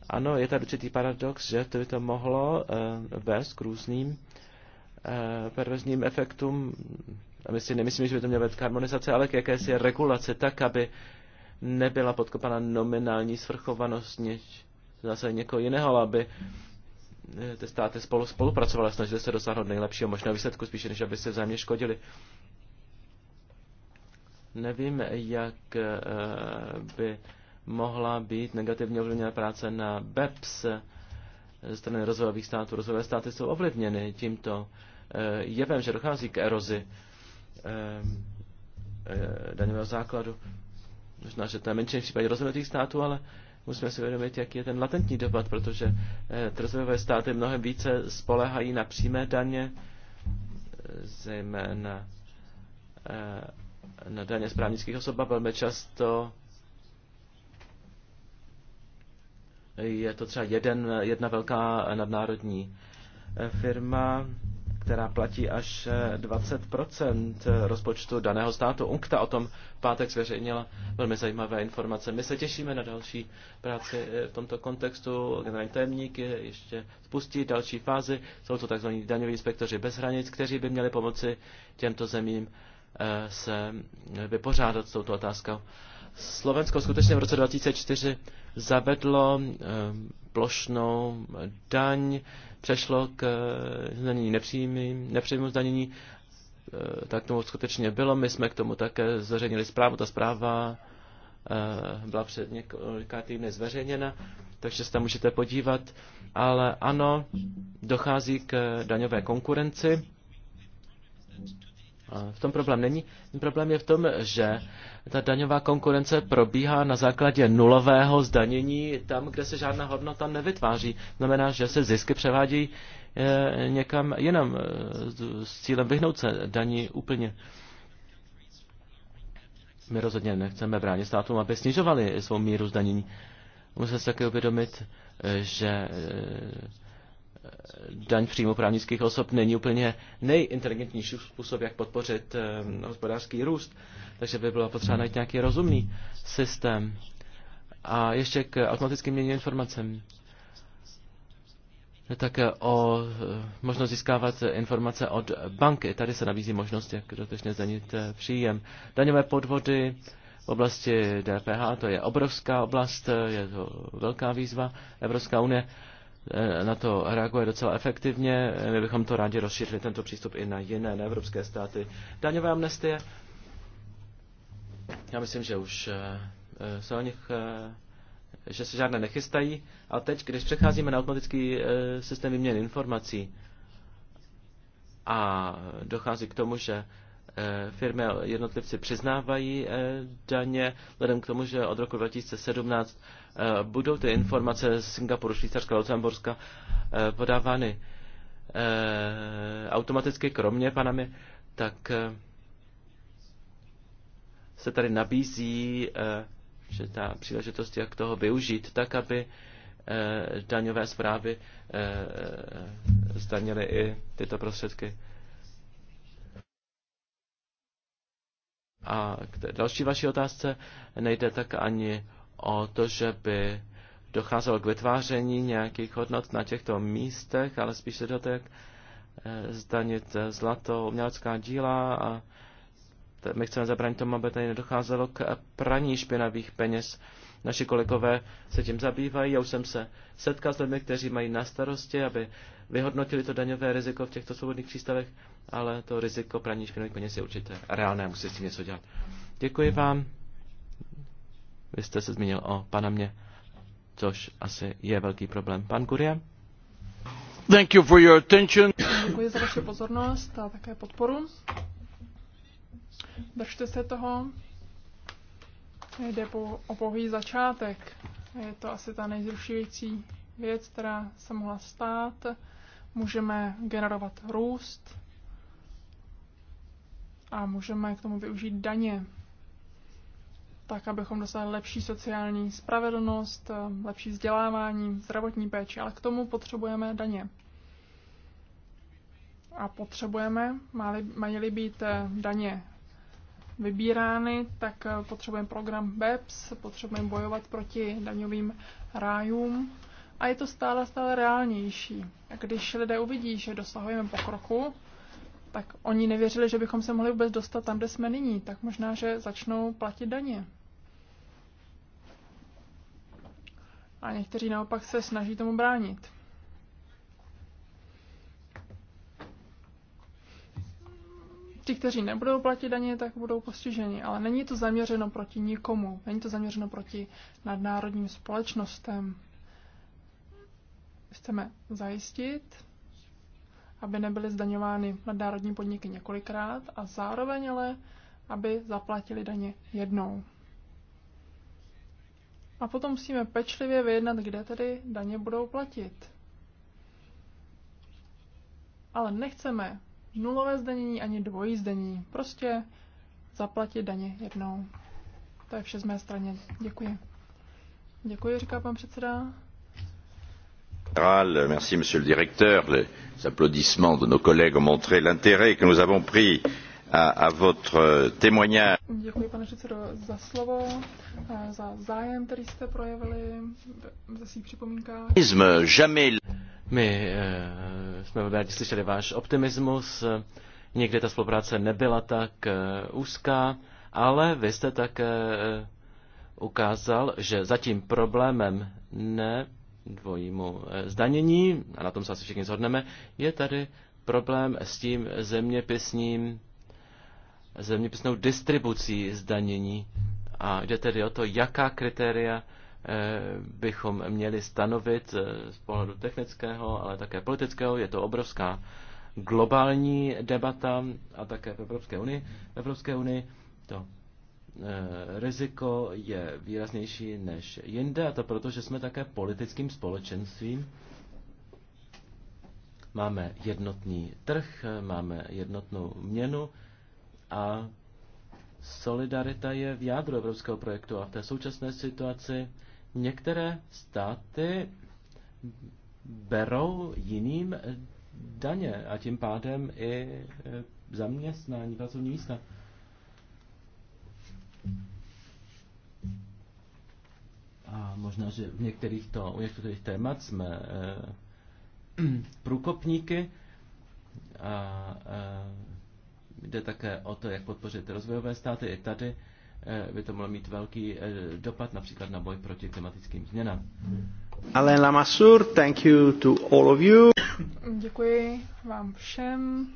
Speaker 2: Ano, je tady určitý paradox, že to by to mohlo eh, vést k různým eh, perverzním efektům. A my si nemyslím, že by to mělo být k harmonizaci, ale k jakési regulaci, tak, aby nebyla podkopana nominální svrchovanost něč, zase někoho jiného, ale aby eh, ty státy spolu spolupracovaly snažili se dosáhnout nejlepšího možného výsledku, spíše než aby se vzájemně škodili. Nevím, jak by mohla být negativně ovlivněna práce na BEPS ze strany rozvojových států. Rozvojové státy jsou ovlivněny tímto eh, jevem, že dochází k erozi eh, eh, daňového základu. Možná, že to je menší v případě rozvojových států, ale musíme si uvědomit, jaký je ten latentní dopad, protože rozvojové státy mnohem více spolehají na přímé daně, zejména na daně z právnických osob a velmi často Je to třeba jeden, jedna velká nadnárodní firma, která platí až 20 rozpočtu daného státu. UNKTA o tom pátek zveřejnila velmi zajímavé informace. My se těšíme na další práci v tomto kontextu. Generální tajemník ještě spustí další fázi. Jsou to tzv. daňoví inspektoři bez hranic, kteří by měli pomoci těmto zemím eh, se vypořádat s touto otázkou. Slovensko skutečně v roce 2004 zavedlo eh, plošnou daň, přešlo k eh, zdanění nepřímému zdanění, eh, tak tomu skutečně bylo. My jsme k tomu také zveřejnili zprávu. Ta zpráva byla před několika týdny zveřejněna, takže se tam můžete podívat. Ale ano, dochází k daňové konkurenci v tom problém není. Ten problém je v tom, že ta daňová konkurence probíhá na základě nulového zdanění tam, kde se žádná hodnota nevytváří. Znamená, že se zisky převádějí eh, někam jinam eh, s cílem vyhnout se daní úplně. My rozhodně nechceme bránit státům, aby snižovali svou míru zdanění. Musíme se také uvědomit, eh, že daň příjmu právnických osob není úplně nejinteligentnější způsob, jak podpořit eh, hospodářský růst. Takže by bylo potřeba najít nějaký rozumný systém. A ještě k automatickým měně informacem. Také eh, o eh, možnost získávat informace od banky. Tady se nabízí možnost, jak dotečně zdanit příjem. Daňové podvody v oblasti DPH, to je obrovská oblast, je to velká výzva Evropská unie Eh, na to reaguje docela efektivně. Eh, my bychom to rádi rozšířili, tento přístup i na jiné evropské státy. Daňové amnestie. Já myslím, že už eh, se o nich že se žádné nechystají. A teď, když přecházíme na automatický systém výměny informací a dochází k tomu, že Eh, firmy a jednotlivci přiznávají eh, daně, vzhledem k tomu, že od roku 2017 eh, budou ty informace z Singapuru, Švýcarska, Lucemburska podávány automaticky, kromě panami. tak se tady nabízí že ta příležitost, jak toho využít, tak aby daňové zprávy zdanily i tyto prostředky. A k další vaší otázce nejde tak ani o to, že by docházelo k vytváření nějakých hodnot na těchto místech, ale spíš se to, jak eh, zdanit eh, zlato, umělecká díla a my chceme zabránit tomu, aby tady nedocházelo k praní špinavých peněz Naši kolegové se tím zabývají. Já už jsem se setkal s lidmi, kteří mají na starosti, aby vyhodnotili to daňové riziko v těchto svobodných přístavech, ale to riziko praní špinavých peněz je určitě reálné, musí s tím něco dělat. Děkuji vám. Vy jste se zmínil o Panamě, což asi je velký problém. Pan Kuria? Thank you for your attention. Děkuji
Speaker 3: za vaši pozornost a také podporu. Držte se toho. Jde po, o pouhý začátek. Je to asi ta nejzrušující věc, která se mohla stát. Můžeme generovat růst a můžeme k tomu využít daně, tak abychom dosáhli lepší sociální spravedlnost, lepší vzdělávání, zdravotní péči, ale k tomu potřebujeme daně. A potřebujeme, mají-li být daně vybírány, tak eh, potřebujeme program BEPS, potřebujeme bojovat proti daňovým rájům a je to stále, stále reálnější. A když lidé uvidí, že dosahujeme pokroku, tak oni nevěřili, že bychom se mohli vůbec dostat tam, kde jsme nyní, tak možná, že začnou platit daně. A někteří naopak se snaží tomu bránit. ti, kteří nebudou platit daně, tak budou postiženi. Ale není to zaměřeno proti nikomu. Není to zaměřeno proti nadnárodním společnostem. Chceme zajistit, aby nebyly zdaňovány nadnárodní podniky několikrát a zároveň ale, aby zaplatili daně jednou. A potom musíme pečlivě vyjednat, kde tedy daně budou platit. Ale nechceme nulové zdanění ani dvojí zdanění. Prostě zaplatit daně jednou. To je vše z mé strany. Děkuji. Děkuji, říká pan předseda. Merci, monsieur le directeur. Les applaudissements de nos collègues ont montré l'intérêt que nous avons pris à, à votre témoignage. Děkuji, pane předsedo, za slovo, za zájem, který jste projevili ve svých připomínkách.
Speaker 2: My eh, jsme v rádi slyšeli váš optimismus. někde ta spolupráce nebyla tak eh, úzká, ale vy jste také eh, ukázal, že zatím problémem ne dvojímu zdanění, a na tom se asi všichni zhodneme, je tady problém s tím zeměpisním zeměpisnou distribucí zdanění. A jde tedy o to, jaká kritéria eh, bychom měli stanovit eh, z pohledu technického, ale také politického. Je to obrovská globální debata a také v Evropské unii. V Evropské unii to eh, riziko je výraznější než jinde a to proto, že jsme také politickým společenstvím. Máme jednotný trh, máme jednotnou měnu, a solidarita je v jádru evropského projektu a v té současné situaci některé státy berou jiným daně a tím pádem i e, zaměstnání, pracovní místa. A možná, že v některých to, u některých témat jsme eh, průkopníky a eh, Jde také o to, jak podpořit rozvojové státy. I tady eh, by to mohlo mít velký eh, dopad například na boj proti klimatickým změnám. Alain
Speaker 1: Lamassur, thank you to all of you.
Speaker 3: Děkuji vám všem.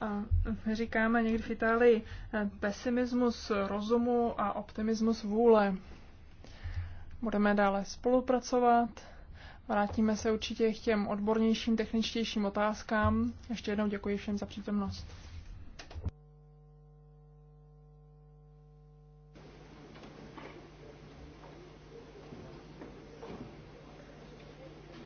Speaker 3: A říkáme někdy v Itálii eh, pesimismus rozumu a optimismus vůle. Budeme dále spolupracovat. Vrátíme se určitě k těm odbornějším, techničtějším otázkám. Ještě jednou děkuji všem za přítomnost.